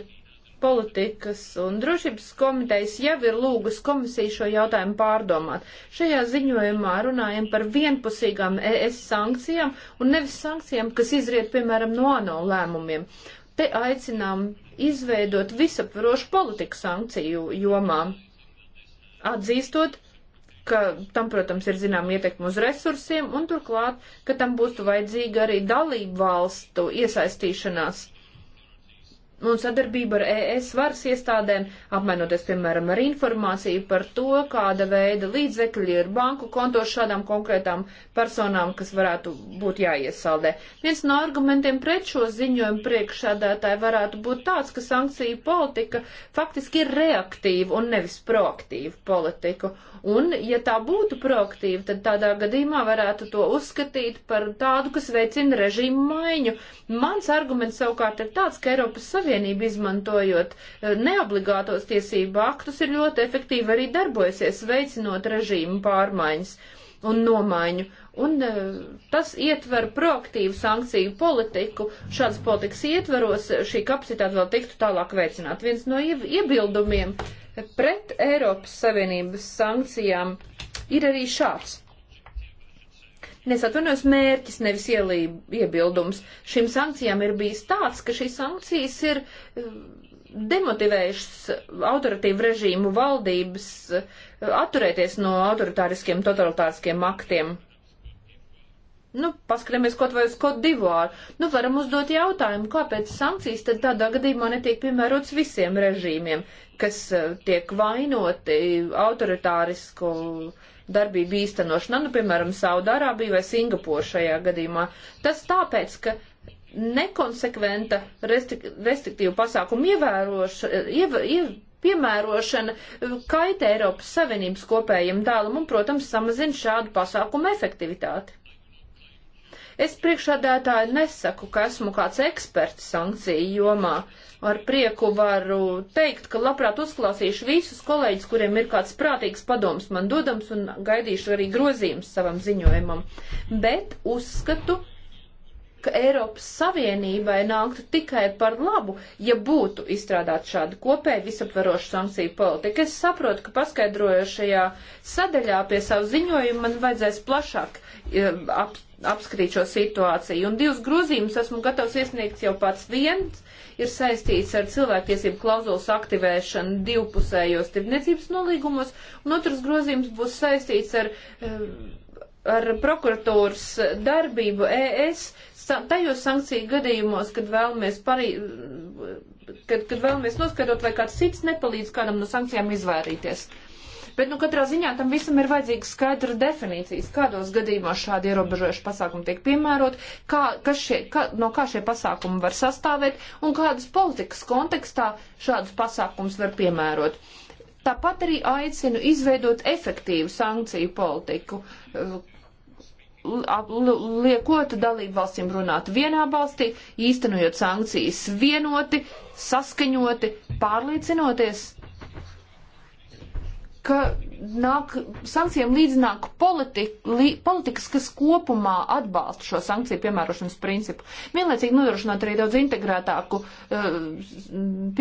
politikas un drošības komitejas jau ir lūgus komisiju šo jautājumu pārdomāt. Šajā ziņojumā runājam par vienpusīgām ES sankcijām un nevis sankcijām, kas izriet, piemēram, no ANO lēmumiem. Te aicinām izveidot visapvarošu politiku sankciju jomā, atzīstot, ka tam, protams, ir zinām ietekmi uz resursiem un turklāt, ka tam būtu vajadzīga arī dalību valstu iesaistīšanās un sadarbība ar ES varas iestādēm, apmainoties, piemēram, ar informāciju par to, kāda veida līdzekļi ir banku kontos šādām konkrētām personām, kas varētu būt jāiesaldē. Viens no argumentiem pret šo ziņojumu priekšsādātāji varētu būt tāds, ka sankciju politika faktiski ir reaktīva un nevis proaktīva politika. Un, ja tā būtu proaktīva, tad tādā gadījumā varētu to uzskatīt par tādu, kas veicina režīmu maiņu. Mans arguments savukārt ir tāds, ka Eiropas Savienība izmantojot eh, neobligātos tiesību aktus ir ļoti efektīvi arī darbojasies, veicinot režīmu pārmaiņas un nomaiņu. Un eh, tas ietver proaktīvu sankciju politiku. Šādas politikas ietveros šī kapacitāte vēl tiktu tālāk veicināt. Viens no iebildumiem uh, pret Eiropas Savienības sankcijām ir arī šāds. Nesatvainojos mērķis, nevis ielība, iebildums. Šīm sankcijām ir bijis tāds, ka šīs sankcijas ir eh, demotivējušas autoritīvu režīmu valdības eh, atturēties no autoritāriskiem, totalitāriskiem aktiem. Nu, paskatāmies kaut vai uz kaut divāru. Nu, varam uzdot jautājumu, kāpēc sankcijas tad tādā gadījumā netiek piemērots visiem režīmiem kas eh, tiek vainoti autoritārisku darbību īstenošanā, nu, piemēram, Saudārābija vai Singapūra šajā gadījumā. Tas tāpēc, ka nekonsekventa restrik restriktīva pasākuma ievērošana, iev, iev, piemērošana kaitē Eiropas Savienības kopējiem tālumam un, protams, samazina šādu pasākumu efektivitāti. Es priekšādētāji nesaku, ka esmu kāds eksperts sankciju jomā. Ar prieku varu teikt, ka labprāt uzklausīšu visus kolēģis, kuriem ir kāds prātīgs padoms man dodams un gaidīšu arī grozījums savam ziņojumam. Bet uzskatu, ka Eiropas Savienībai nāktu tikai par labu, ja būtu izstrādāt šādu kopēju visaptverošu sankciju politiku. Es saprotu, ka paskaidrojušajā sadaļā pie savu ziņojumu man vajadzēs plašāk eh, ap, apskatīt šo situāciju. Un divus grozījumus esmu gatavs iesniegt jau pats viens ir saistīts ar cilvēktiesību klauzulas aktivēšanu divpusējos tirdzniecības nolīgumos, un otrs grozījums būs saistīts ar, eh, ar prokuratūras darbību ES tajos sankciju gadījumos, kad vēlamies, parī, kad, kad vēlamies noskatot, vai kāds cits nepalīdz kādam no sankcijām izvairīties. Bet, nu, katrā ziņā tam visam ir vajadzīga skaidra definīcijas, kādos gadījumos šādi ierobežojuši pasākumi tiek piemērot, kā, šie, kā, no kā šie pasākumi var sastāvēt un kādas politikas kontekstā šādus pasākumus var piemērot. Tāpat arī aicinu izveidot efektīvu sankciju politiku, liekot dalību valstīm runāt vienā balstī, īstenojot sankcijas vienoti, saskaņoti, pārliecinoties, ka nāk, sankcijām līdz nāk politika, li, politikas, kas kopumā atbalsta šo sankciju piemērošanas principu. Vienlaicīgi nodrošināt arī daudz integrētāku uh,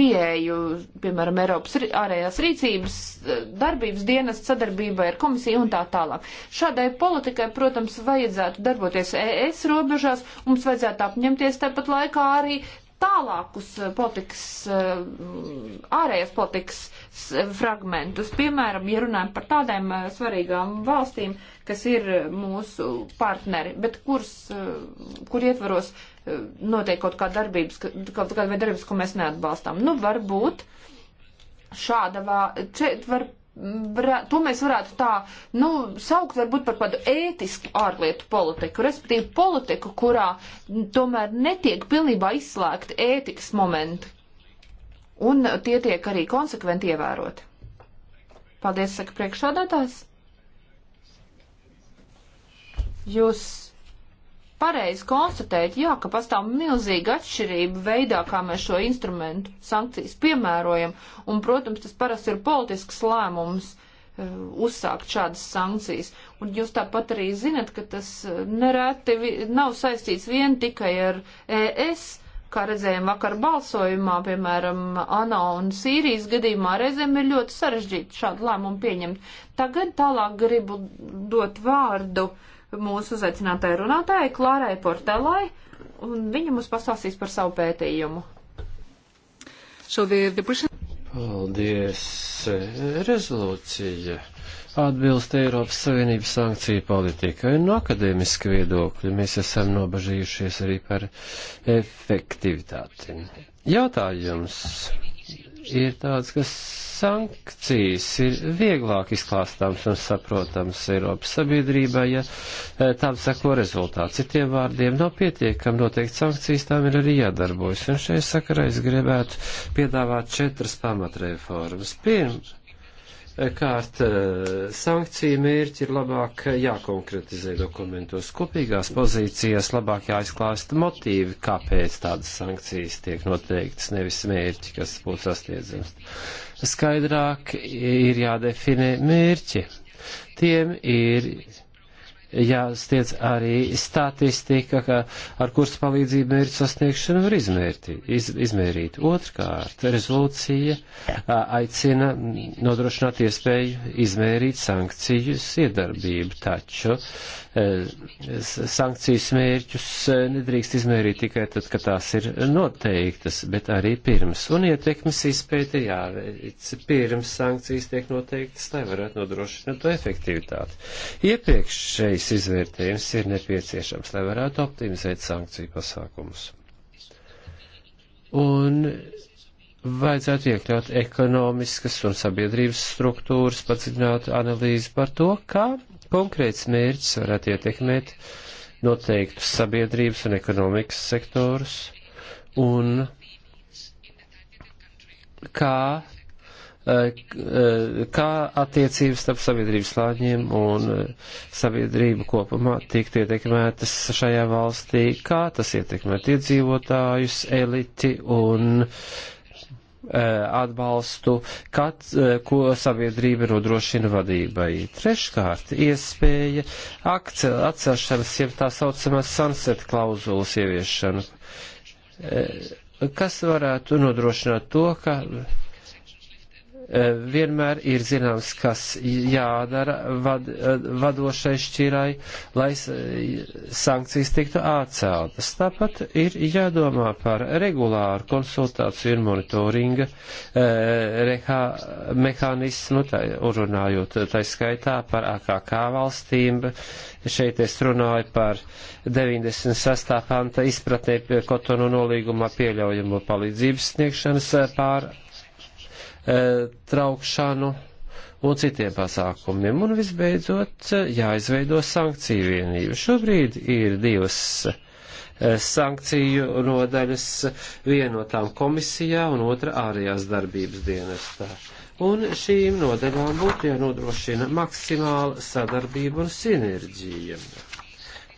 pieeju, piemēram, Eiropas ārējās rīcības, eh, darbības dienas sadarbībai ar komisiju un tā tālāk. Šādai politikai, protams, vajadzētu darboties ES robežās, mums vajadzētu apņemties tāpat laikā arī tālākus eh, politikas, ārējās politikas fragmentus. Piemēram, ja runājam par tādām eh, svarīgām valstīm, kas ir eh, mūsu partneri, bet kurs, eh, kur ietvaros notiek kaut kāda darbības, kaut kāda vai darbības, ko mēs neatbalstām. Nu, varbūt šāda vā, šeit var to mēs varētu tā, nu, saukt varbūt par kādu ētisku ārlietu politiku, respektīvi politiku, kurā tomēr netiek pilnībā izslēgti ētikas momenti un tie tiek arī konsekventi ievēroti. Paldies, saka priekšādātājs. Jūs pareizi konstatējat, jā, ka pastāv milzīga atšķirība veidā, kā mēs šo instrumentu sankcijas piemērojam, un, protams, tas parasti ir politisks lēmums eh, uzsākt šādas sankcijas. Un jūs tāpat arī zinat, ka tas eh, nereti nav saistīts vien tikai ar ES kā redzējām vakar balsojumā, piemēram, ANO un Sīrijas gadījumā, reizēm ir ļoti sarežģīti šādu lēmumu pieņemt. Tagad tālāk gribu dot vārdu mūsu uzaicinātāju runātāju Klārai Portelai, un viņa mums pastāstīs par savu pētījumu. Paldies! Rezolūcija atbilst Eiropas Savienības sankciju politikai. No akadēmiska viedokļa mēs esam nobažījušies arī par efektivitāti. Jautājums ir tāds, ka sankcijas ir vieglāk izklāstāms un saprotams Eiropas sabiedrībā, ja e, tām sako rezultāts. Citiem vārdiem nav pietiekami noteikti sankcijas, tām ir arī jādarbojas. Un šajā sakarā es gribētu piedāvāt četras pamatreformas. Pirms kārt eh, sankciju mērķi ir labāk jākonkretizē dokumentos, kopīgās pozīcijās labāk jāizklāst motīvi, kāpēc tādas sankcijas tiek noteiktas, nevis mērķi, kas būtu sasniedzams. Skaidrāk ir jādefinē mērķi. Tiem ir jāsniedz arī statistika, ka, ar kuras palīdzību mērķu sasniegšanu var izmērti, iz, izmērīt. Otrkārt, rezolūcija aicina nodrošināt iespēju izmērīt sankcijas iedarbību, taču Eh, sankcijas mērķus eh, nedrīkst izmērīt tikai tad, kad tās ir noteiktas, bet arī pirms. Un ietekmes izpēte jāveic pirms sankcijas tiek noteiktas, lai varētu nodrošināt to efektivitāti. Iepriekšējais izvērtējums ir nepieciešams, lai varētu optimizēt sankciju pasākumus. Un vajadzētu iekļaut ekonomiskas un sabiedrības struktūras, padziļinātu analīzi par to, kā konkrēts mērķis varētu ietekmēt noteiktus sabiedrības un ekonomikas sektorus un kā, eh, eh, kā attiecības starp sabiedrības slāņiem un eh, sabiedrību kopumā tiktu ietekmētas šajā valstī, kā tas ietekmē iedzīvotājus, eliti un uh, Eh, atbalstu, kat, eh, ko sabiedrība nodrošina vadībai. Treškārt, iespēja atcelšanas, jeb tā saucamās sunset klauzulas ieviešana, eh, kas varētu nodrošināt to, ka Eh, vienmēr ir zināms, kas jādara vad, eh, vadošai šķirai, lai eh, sankcijas tiktu atceltas. Tāpat ir jādomā par regulāru konsultāciju un monitoringa rehā, mehānismu, tā, runājot tā skaitā par AKK valstīm. Šeit es runāju par 96. panta izpratnē Kotonu nolīgumā pieļaujamo palīdzības sniegšanas pār E, traukšanu un citiem pasākumiem. Un visbeidzot, e, jāizveido sankciju vienība. Šobrīd ir divas e, sankciju nodaļas, viena no tām komisijā un otra ārējās darbības dienestā. Un šīm nodaļām būtu jānodrošina maksimāla sadarbība un sinerģija,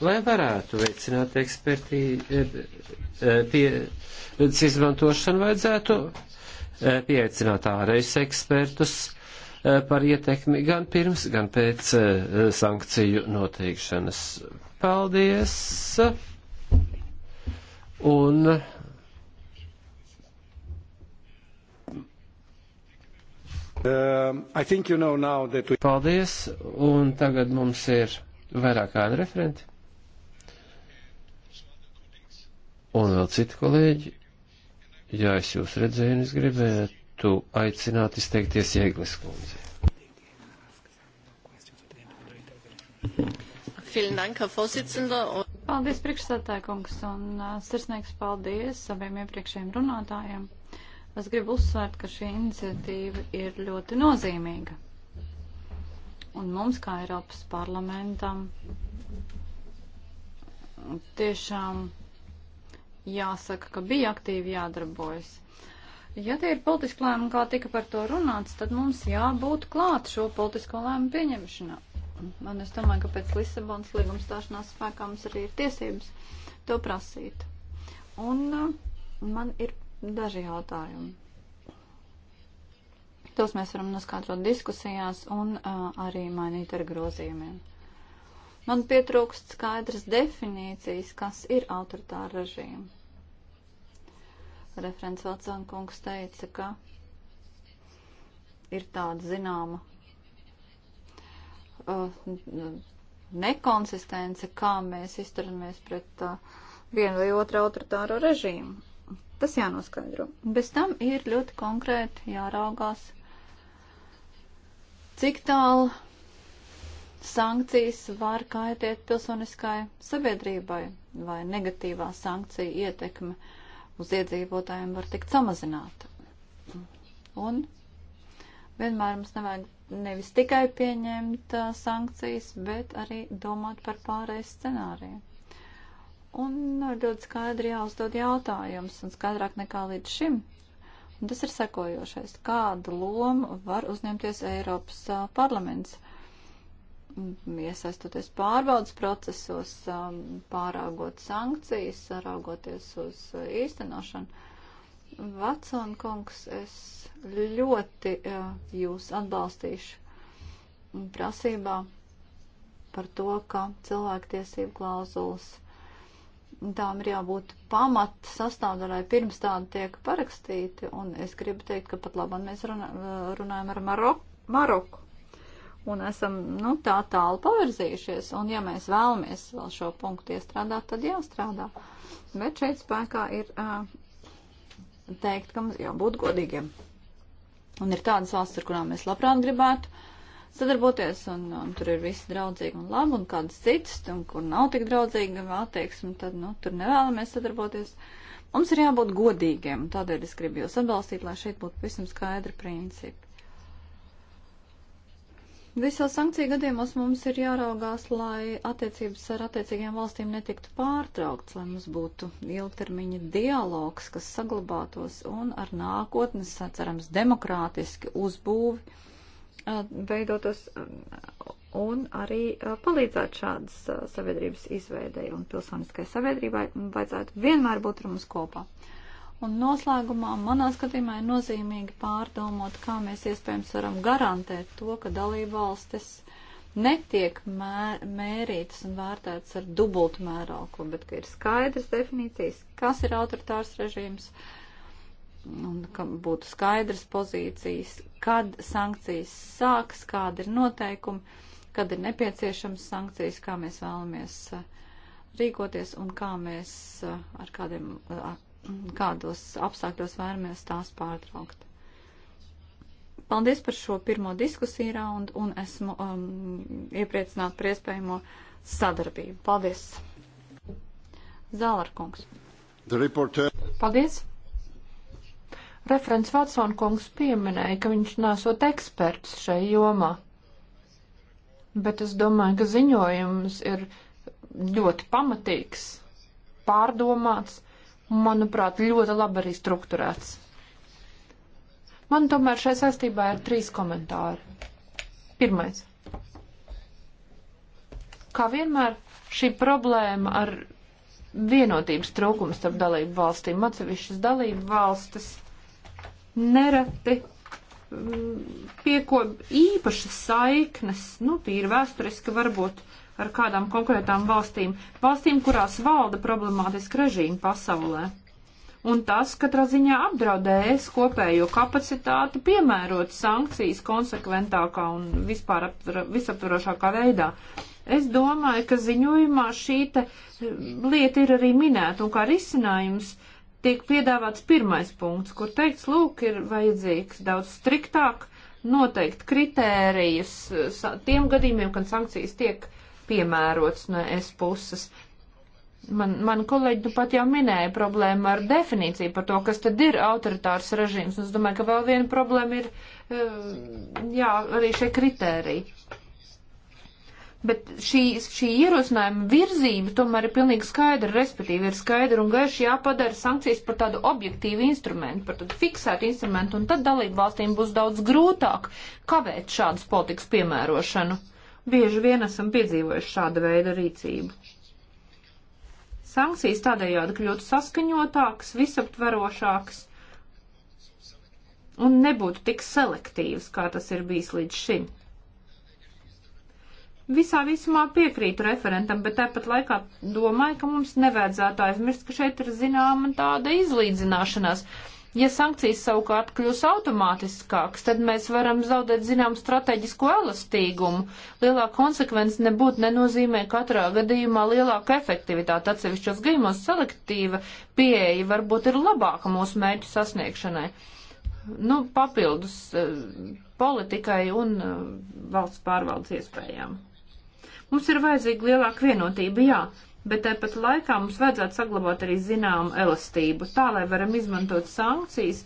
lai varētu veicināt ekspertīzi izmantošanu vajadzētu Eh, pieaicināt ārējus ekspertus eh, par ietekmi gan pirms, gan pēc eh, sankciju noteikšanas. Paldies! Un Um, you know we... Paldies, un tagad mums ir vairāk kādi referenti. Un vēl citi kolēģi. Jā, es jūs redzēju, un es gribētu aicināt izteikties Jēglis kundzi. Paldies, priekšstādāja kungs, un uh, sirsnīgs paldies abiem iepriekšējiem runātājiem. Es gribu uzsvērt, ka šī iniciatīva ir ļoti nozīmīga. Un mums, kā Eiropas parlamentam, tiešām jāsaka, ka bija aktīvi jādarbojas. Ja tie ir politiski lēmumi, kā tika par to runāts, tad mums jābūt klāt šo politisko lēmumu pieņemšanā. Un es domāju, ka pēc Lisabonas līguma stāšanās spēkā mums arī ir tiesības to prasīt. Un uh, man ir daži jautājumi. Tos mēs varam noskatrot diskusijās un uh, arī mainīt ar grozījumiem. Man pietrūkst skaidras definīcijas, kas ir autoritāra režīma. Referents Vatsankungs teica, ka ir tāda zināma uh, nekonsistence, kā mēs izturamies pret uh, vienu vai otru autoritāro režīmu. Tas jānoskaidro. Bez tam ir ļoti konkrēti jāraugās, cik tālu sankcijas var kaitēt pilsoniskai sabiedrībai vai negatīvā sankcija ietekme uz iedzīvotājiem var tikt samazināta. Un vienmēr mums nevajag nevis tikai pieņemt uh, sankcijas, bet arī domāt par pārējais scenāriju. Un ļoti skaidri jāuzdod jautājums, un skaidrāk nekā līdz šim. Un tas ir sekojošais. Kādu lomu var uzņemties Eiropas uh, parlaments? Uh, iesaistoties pārbaudas procesos, um, pārāgot sankcijas, raugoties uz īstenošanu. Vecona kungs, es ļoti uh, jūs atbalstīšu prasībā par to, ka cilvēktiesību klauzulas tām ir jābūt pamat sastāvdaļai pirms tāda tiek parakstīti. Un es gribu teikt, ka pat labāk mēs runā, runājam ar Maroku. Maroku un esam nu, tā tālu pavirzījušies. Un, ja mēs vēlamies vēl šo punktu iestrādāt, tad jāstrādā. Bet šeit spēkā ir uh, teikt, ka mums jābūt godīgiem. Un ir tādas valsts, ar kurām mēs labprāt gribētu sadarboties, un, un tur ir visi draudzīgi un labi, un kādas citas, un kur nav tik draudzīga attieksme, tad nu, tur nevēlamies sadarboties. Mums ir jābūt godīgiem, un tādēļ es gribu jūs atbalstīt, lai šeit būtu pavisam skaidri principi. Visos sankciju gadījumos mums ir jāraugās, lai attiecības ar attiecīgajām valstīm netiktu pārtraukts, lai mums būtu ilgtermiņa dialogs, kas saglabātos un ar nākotnes, cerams, demokrātiski uzbūvi veidotos un arī palīdzētu šādas sabiedrības izveidēji un pilsoniskai sabiedrībai vajadzētu vienmēr būt ar mums kopā. Un noslēgumā manā skatījumā ir nozīmīgi pārdomot, kā mēs iespējams varam garantēt to, ka dalībvalstis netiek mēr, mērītas un vērtētas ar dubultu mēroklu, bet ka ir skaidrs definīcijas, kas ir autoritārs režīms, un ka būtu skaidrs pozīcijas, kad sankcijas sāks, kāda ir noteikumi, kad ir nepieciešams sankcijas, kā mēs vēlamies uh, rīkoties un kā mēs uh, ar kādiem. Ar uh, kādos apstākļos vēlamies tās pārtraukt. Paldies par šo pirmo diskusiju raundu un esmu um, iepriecināta par iespējamo sadarbību. Paldies! Zālarkungs. Paldies! Referents Vatsona kungs pieminēja, ka viņš nesot eksperts šai jomā, bet es domāju, ka ziņojums ir ļoti pamatīgs, pārdomāts manuprāt, ļoti labi arī strukturēts. Man tomēr šai saistībā ir trīs komentāri. Pirmais. Kā vienmēr, šī problēma ar vienotības trūkums starp dalību valstīm. Atsevišķas dalību valstis nereti mm, pieko īpašas saiknes, nu, tīri vēsturiski varbūt ar kādām konkrētām valstīm, valstīm, kurās valda problemātiski režīmi pasaulē. Un tas katrā ziņā apdraudēs kopējo kapacitāti piemērot sankcijas konsekventākā un vispār visaptvarošākā veidā. Es domāju, ka ziņojumā šī mm, lieta ir arī minēta un kā risinājums tiek piedāvāts pirmais punkts, kur teikts, lūk, ir vajadzīgs daudz striktāk noteikt kritērijus tiem gadījumiem, kad sankcijas tiek piemērots no es puses. Man, man kolēģi nu pat jau minēja problēmu ar definīciju par to, kas tad ir autoritārs režīms. Es domāju, ka vēl viena problēma ir, eh, jā, arī šie kritēriji. Bet šī, šī ierosinājuma virzība tomēr ir pilnīgi skaidra, respektīvi ir skaidra un gaiši jāpadara sankcijas par tādu objektīvu instrumentu, par tādu fiksētu instrumentu, un tad dalību valstīm būs daudz grūtāk kavēt šādas politikas piemērošanu bieži vien esam piedzīvojuši šāda veida rīcību. Sankcijas tādējādi kļūtu saskaņotākas, visaptverošākas un nebūtu tik selektīvas, kā tas ir bijis līdz šim. Visā visumā piekrītu referentam, bet tāpat laikā domāju, ka mums nevajadzētu aizmirst, ka šeit ir zināma tāda izlīdzināšanās. Uh, Ja sankcijas savukārt kļūs automātiskākas, tad mēs varam zaudēt zinām strateģisko elastīgumu. Lielā konsekvence nebūtu nenozīmē katrā gadījumā lielāka efektivitāte. Atsevišķos gadījumos selektīva pieeja varbūt ir labāka mūsu mērķu sasniegšanai. Nu, papildus eh, politikai un eh, valsts pārvaldes iespējām. Mums ir vajadzīga lielāka vienotība, jā bet tāpat laikā mums vajadzētu saglabāt arī zināmu elastību, tā lai varam izmantot sankcijas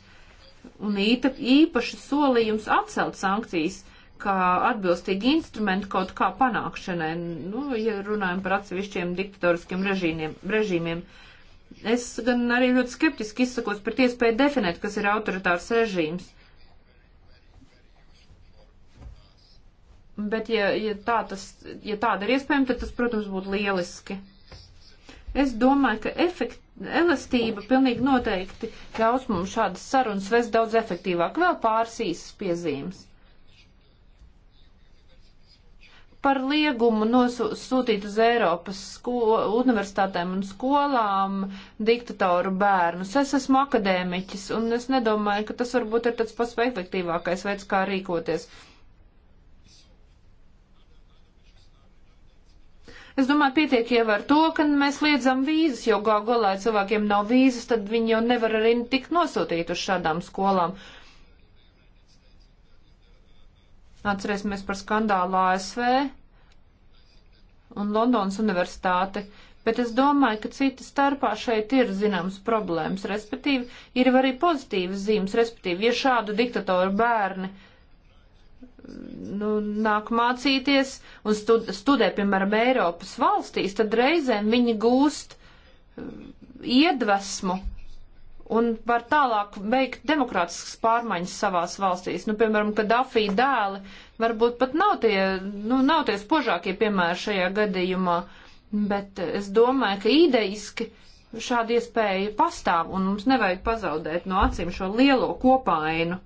un īta, īpaši solījums atcelt sankcijas kā atbilstīgi instrumenti kaut kā panākšanai, nu, ja runājam par atsevišķiem diktatoriskiem režīmiem. režīmiem. Es gan arī ļoti skeptiski izsakos par iespēju definēt, kas ir autoritārs režīms. Bet, ja, ja, tā tas, ja tāda ir iespējama, tad tas, protams, būtu lieliski. Es domāju, ka efekt, elastība pilnīgi noteikti ļaus mums šādas sarunas vest daudz efektīvāk. Vēl pāris īsas piezīmes. Par liegumu nosūtīt uz Eiropas universitātēm un skolām diktatoru bērnus. Es esmu akadēmiķis un es nedomāju, ka tas varbūt ir tāds pats efektīvākais veids, kā rīkoties. Uh, Es domāju, pietiek jau ar to, ka mēs liedzam vīzas, jo gal galā ja cilvēkiem nav vīzas, tad viņi jau nevar arī tikt nosūtīt uz šādām skolām. Atcerēsimies par skandālu ASV un Londonas universitāti. Bet es domāju, ka cita starpā šeit ir zināmas problēmas, respektīvi, ir arī pozitīvas zīmes, respektīvi, ja šādu diktatoru bērni uh, nu, nāk mācīties un stud, studē, piemēram, Eiropas valstīs, tad reizēm viņi gūst uh, iedvesmu un var tālāk veikt demokrātiskas pārmaiņas savās valstīs. Nu, piemēram, kad Dafī dēli varbūt pat nav tie, nu, nav tie spožākie piemēri šajā gadījumā, bet es domāju, ka idejiski šāda iespēja pastāv un mums nevajag pazaudēt no acīm šo lielo kopainu.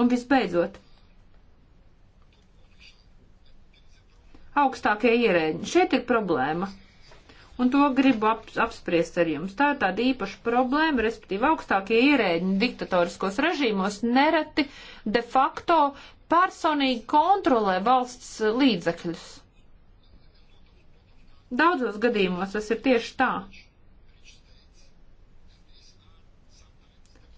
Un visbeidzot. augstākie ierēģi. Šeit ir problēma. Un to gribu ap, apspriest ar jums. Tā ir tāda īpaša problēma, respektīvi augstākie ierēģi diktatoriskos režīmos nereti de facto personīgi kontrolē valsts līdzekļus. Daudzos gadījumos tas ir tieši tā.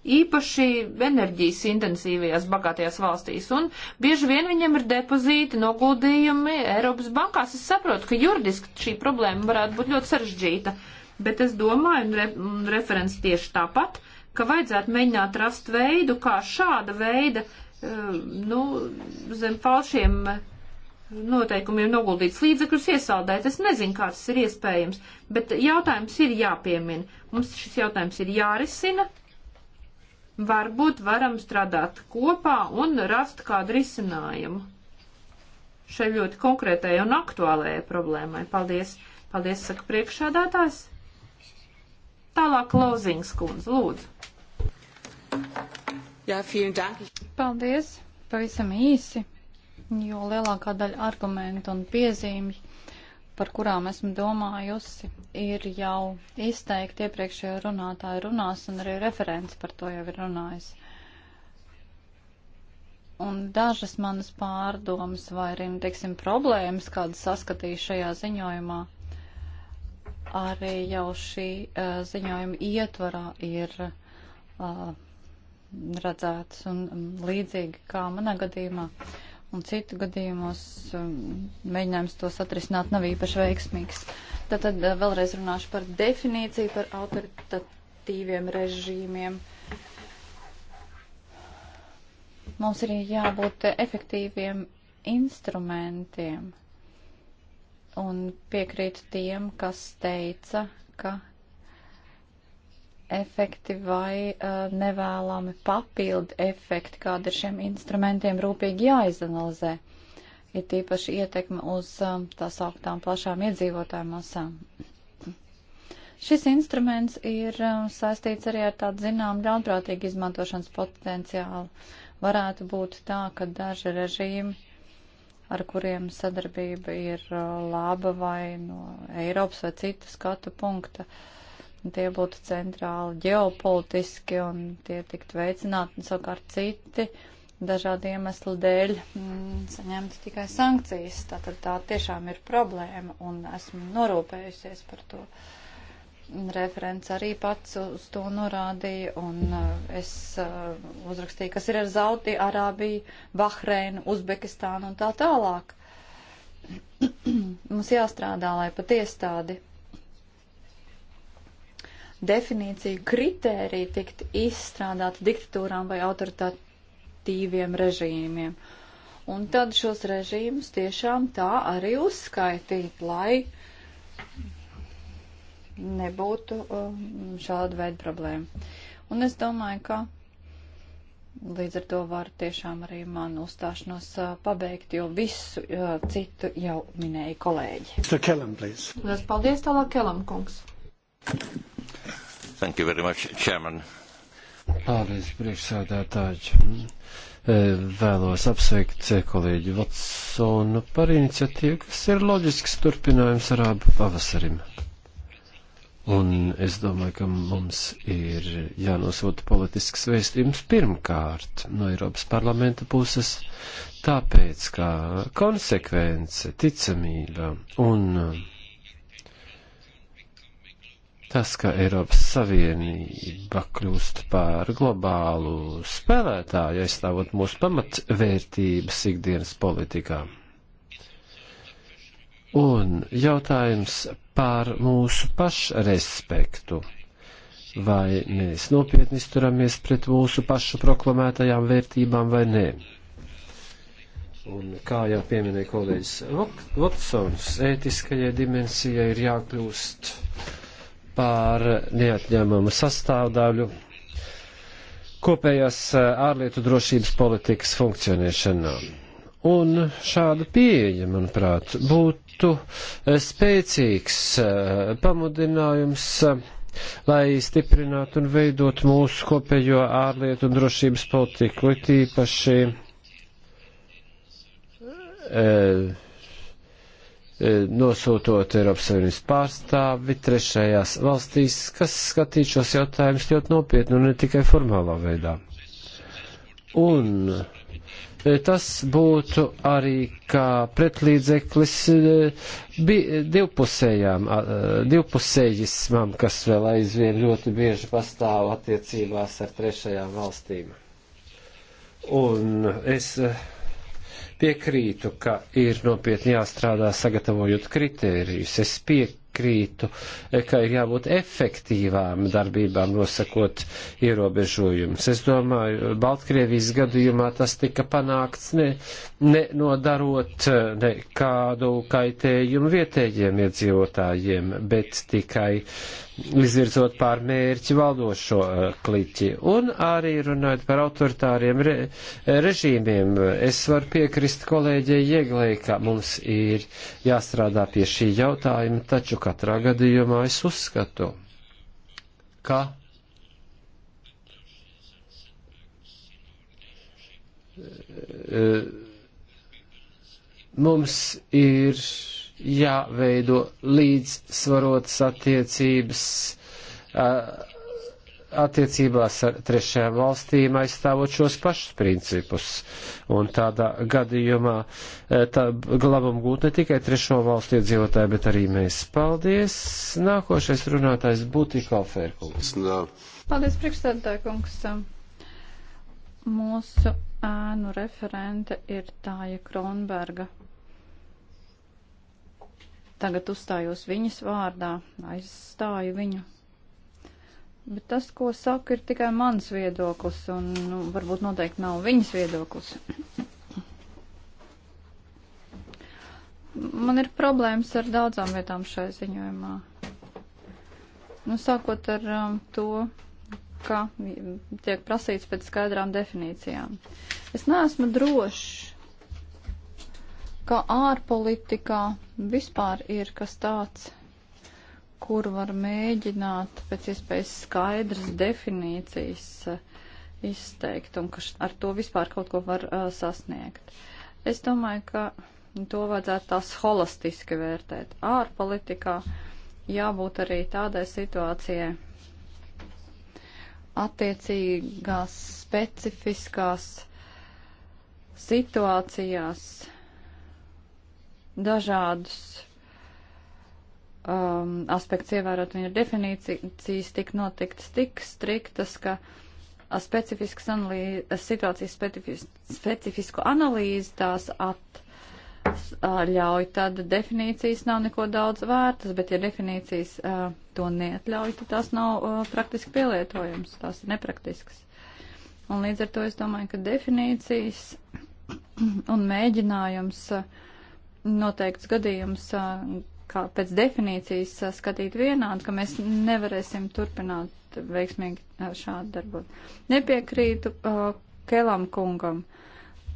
īpaši enerģijas intensīvajās bagātajās valstīs, un bieži vien viņiem ir depozīti, noguldījumi Eiropas bankās. Es saprotu, ka juridiski šī problēma varētu būt ļoti sarežģīta, bet es domāju, un, re, un referents tieši tāpat, ka vajadzētu mēģināt rast veidu, kā šāda veida, eh, nu, zem falšiem noteikumiem noguldīts līdzekļus iesaldēt. Es nezinu, kā tas ir iespējams, bet jautājums ir jāpiemina. Mums šis jautājums ir jārisina, varbūt varam strādāt kopā un rast kādu risinājumu šai ļoti konkrētajai un aktuālajai problēmai. Paldies! Paldies, saka priekšādātājs. Tālāk Lauziņas kundze, lūdzu. Jā, vielen dank. Paldies, pavisam īsi, jo lielākā daļa argumentu un piezīmju par kurām esmu domājusi, ir jau izteikti iepriekšējo runātāju runās, un arī referents par to jau ir runājis. Un dažas manas pārdomas vai arī, nu, teiksim, problēmas, kādas saskatīju šajā ziņojumā, arī jau šī uh, ziņojuma ietvarā ir uh, redzēts un um, līdzīgi kā manā gadījumā. Uh, un citu gadījumos um, mēģinājums to satrisināt nav īpaši veiksmīgs. Tad, tad uh, vēlreiz runāšu par definīciju par autoritatīviem režīmiem. Mums ir jābūt efektīviem instrumentiem. Un piekrītu tiem, kas teica, ka efekti vai uh, nevēlami papildu efekti, kāda ir šiem instrumentiem rūpīgi jāizanalizē. Ir tīpaši ietekme uz uh, tā sauktām plašām iedzīvotāju masām. Šis instruments ir uh, saistīts arī ar tādu zinām ļaunprātīgu izmantošanas potenciālu. Varētu būt tā, ka daži režīmi, ar kuriem sadarbība ir uh, laba vai no Eiropas vai citu skatu punkta, uh, tie būtu centrāli ģeopolitiski un tie tiktu veicināti, un savukārt citi dažādu iemeslu dēļ mm, saņemtu tikai sankcijas. Tātad tā tiešām ir problēma, un esmu norūpējusies par to. Referents arī pats uz to norādīja, un uh, es uh, uzrakstīju, kas ir ar Zaudi, Arābiju, Bahreinu, Uzbekistānu un tā tālāk. Mums jāstrādā, lai pat iestādi definīciju kritēriju tikt izstrādāti diktatūrām vai autoritatīviem režīmiem. Un tad šos režīmus tiešām tā arī uzskaitīt, lai nebūtu um, šāda veida problēma. Un es domāju, ka līdz ar to var tiešām arī man uzstāšanos uh, pabeigt, jo visu uh, citu jau minēja kolēģi. Kelam, paldies tālāk, Kelam kungs. Thank you very much, Chairman. Paldies, priekšsēdētāji. E, vēlos apsveikt e, kolēģi Vatsonu par iniciatīvu, kas ir loģisks turpinājums arābu pavasarim. Un es domāju, ka mums ir jānosūta politisks vēstījums pirmkārt no Eiropas parlamenta puses, tāpēc, ka konsekvence, ticamība un Tas, ka Eiropas Savienība kļūst par globālu spēlētāju, aizstāvot mūsu pamatvērtības ikdienas politikā. Un jautājums par mūsu pašrespektu. Vai mēs nopietni izturamies pret mūsu pašu proklamētajām vērtībām vai nē? Un kā jau pieminēja kolēģis Votsons, ētiskajai dimensijai ir jākļūst par neatņēmumu sastāvdaļu kopējās eh, ārlietu drošības politikas funkcionēšanā. Un šāda pieeja, manuprāt, būtu eh, spēcīgs eh, pamudinājums, lai stiprinātu un veidot mūsu kopējo ārlietu un drošības politiku, it īpaši e, E, nosūtot Eiropas Savienības pārstāvi trešajās valstīs, kas skatīt šos jautājumus ļoti nopietni un ne tikai formālā veidā. Un e, tas būtu arī kā pretlīdzeklis e, divpusējām, divpusējismam, kas vēl aizvien ļoti bieži pastāv attiecībās ar trešajām valstīm. Un es Piekrītu, ka ir nopietni jāstrādā sagatavojot kritērijus. Es piekrītu, ka ir jābūt efektīvām darbībām nosakot ierobežojumus. Es domāju, Baltkrievijas gadījumā tas tika panākts ne, nenodarot eh, nekādu kaitējumu vietējiem iedzīvotājiem, bet tikai izvirzot pār mērķi valdošo eh, kliķi. Un arī runājot par autoritāriem re režīmiem, es varu piekrist kolēģei Jēglei, ka mums ir jāstrādā pie šī jautājuma, taču katrā gadījumā es uzskatu, ka uh, Mums ir jāveido līdzsvarotas attiecības attiecībās ar trešajām valstīm aizstāvot šos pašus principus. Un tādā gadījumā tā, labam gūt ne tikai trešo valstu iedzīvotāji, bet arī mēs. Paldies! Nākošais runātājs Būtīko Fērkungs. Paldies, priekšstādātāja kungs! Mūsu ēnu referente ir Tāja Kronberga Tagad uzstājos viņas vārdā, aizstāju viņu. Bet tas, ko saku, ir tikai mans viedoklis, un nu, varbūt noteikti nav viņas viedoklis. Man ir problēmas ar daudzām vietām šai ziņojumā. Nu, sākot ar um, to, ka tiek prasīts pēc skaidrām definīcijām. Es neesmu drošs, ka ārpolitikā vispār ir kas tāds, kur var mēģināt pēc iespējas skaidras definīcijas eh, izteikt un ka ar to vispār kaut ko var uh, sasniegt. Es domāju, ka to vajadzētu tā holistiski vērtēt. Ārpolitikā jābūt arī tādai situācijai attiecīgās specifiskās situācijās, dažādus um, aspektus ievērot. Viņa definīcijas tik notiktas, tik striktas, ka specifiskas analīzes, situācijas specifis, specifisku analīzi tās at ļauj, tad definīcijas nav neko daudz vērtas, bet ja definīcijas uh, to neatļauj, tad tās nav uh, praktiski pielietojums, tās ir nepraktiskas. Un līdz ar to es domāju, ka definīcijas un mēģinājums uh, noteikts gadījums kā pēc definīcijas skatīt vienādi, ka mēs nevarēsim turpināt veiksmīgi šādu darbu. Nepiekrītu uh, Kelam kungam,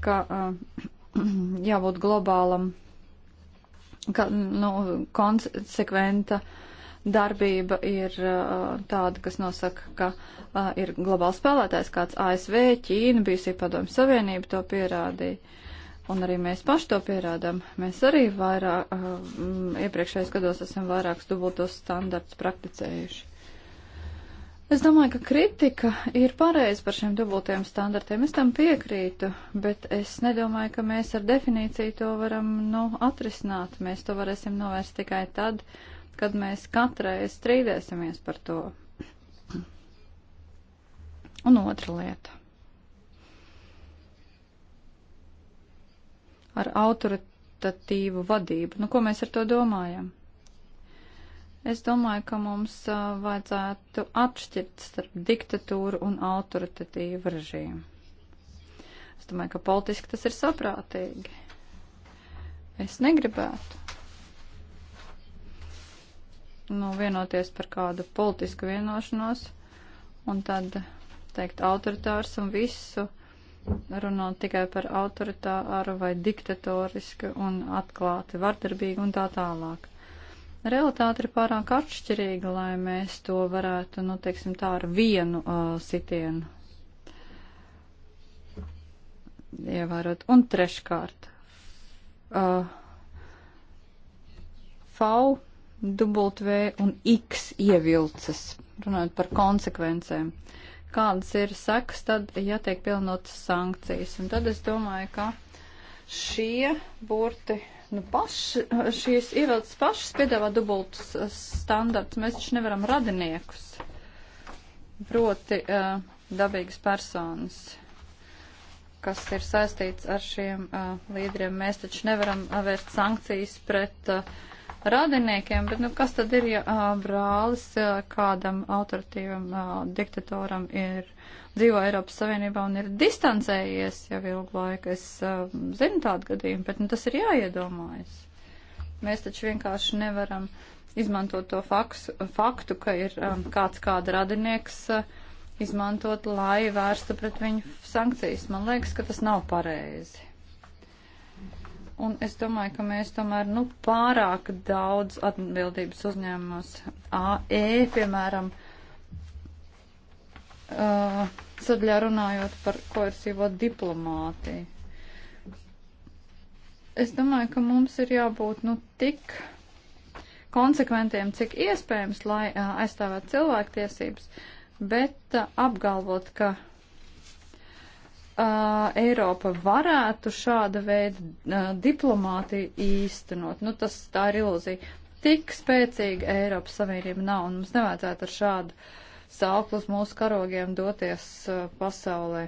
ka uh, jābūt globālam, ka nu, konsekventa darbība ir uh, tāda, kas nosaka, ka uh, ir globāls spēlētājs kāds ASV, Ķīna, bijusī padomju savienība to pierādīja. Uh, Un arī mēs paši to pierādām. Mēs arī vairāk, um, iepriekšējos gados esam vairākus dubultos standartus prakticējuši. Es domāju, ka kritika ir pareiza par šiem dubultiem standartiem. Es tam piekrītu, bet es nedomāju, ka mēs ar definīciju to varam nu, atrisināt. Mēs to varēsim novērst tikai tad, kad mēs katrai strīdēsimies par to. Un otra lieta. ar autoritatīvu vadību. Nu, ko mēs ar to domājam? Es domāju, ka mums uh, vajadzētu atšķirt starp diktatūru un autoritatīvu režīmu. Es domāju, ka politiski tas ir saprātīgi. Es negribētu nu, vienoties par kādu politisku vienošanos un tad teikt autoritārs un visu uh, runā tikai par autoritāru vai diktatorisku un atklāti vardarbīgu un tā tālāk. Realitāte ir pārāk atšķirīga, lai mēs to varētu, nu, teiksim, tā ar vienu uh, sitienu ievērot. Un treškārt, uh, V, W un X ievilces, runājot par konsekvencēm. Uh, kādas ir sekas, tad, ja tiek pilnotas sankcijas. Un tad es domāju, ka šie burti, nu paši, šīs ievilces pašas piedāvā dubultus eh, standarts. Mēs taču nevaram radiniekus, proti uh, dabīgas personas kas ir saistīts ar šiem uh, līderiem. Mēs taču nevaram vērst sankcijas pret uh, radiniekiem, bet nu, kas tad ir, ja uh, brālis uh, kādam autoritīvam uh, diktatoram ir dzīvo Eiropas Savienībā un ir distancējies jau ilgu laiku? Es uh, zinu tādu gadījumu, bet nu, tas ir jāiedomājas. Mēs taču vienkārši nevaram izmantot to faksu, faktu, ka ir um, kāds kāda radinieks uh, izmantot, lai vērstu pret viņu sankcijas. Man liekas, ka tas nav pareizi. Un es domāju, ka mēs tomēr nu, pārāk daudz atbildības uzņēmumos AE, piemēram, uh, sadaļā runājot par koersīvo diplomātiju. Es domāju, ka mums ir jābūt nu, tik konsekventiem, cik iespējams, lai uh, aizstāvētu cilvēktiesības, bet uh, apgalvot, ka uh, Eiropa varētu šāda veida uh, diplomātiju īstenot. Nu, tas tā ir ilūzija. Tik spēcīga Eiropas Savienība nav, un mums nevajadzētu ar šādu sauklu uz mūsu karogiem doties uh, pasaulē.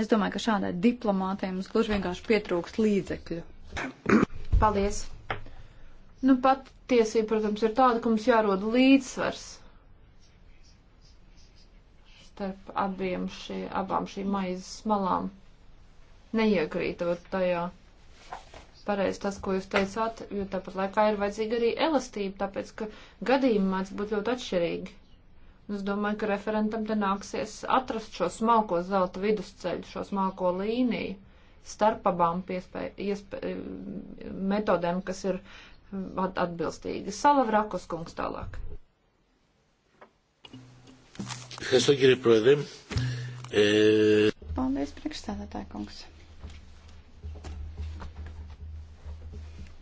Es domāju, ka šādai diplomātiem mums gluži vienkārši pietrūkst līdzekļu. Paldies! Nu, pat tiesība, protams, ir tāda, ka mums jāroda līdzsvars starp abiem šī, abām šīm maizes malām. Neiekrītot tajā. Pareizi tas, ko jūs teicāt, jo tāpat laikā ir vajadzīga arī elastība, tāpēc, ka gadījumi mēdz būt ļoti atšķirīgi. Un es domāju, ka referentam te nāksies atrast šo smalko zelta vidusceļu, šo smalko līniju starp abām piespēj, iespēj, eh, metodēm, kas ir atbilstīgas. Salavrakus kungs tālāk. Ευχαριστώ κύριε Πρόεδρε. Ε... Paldies, priekšstādātāja kungs.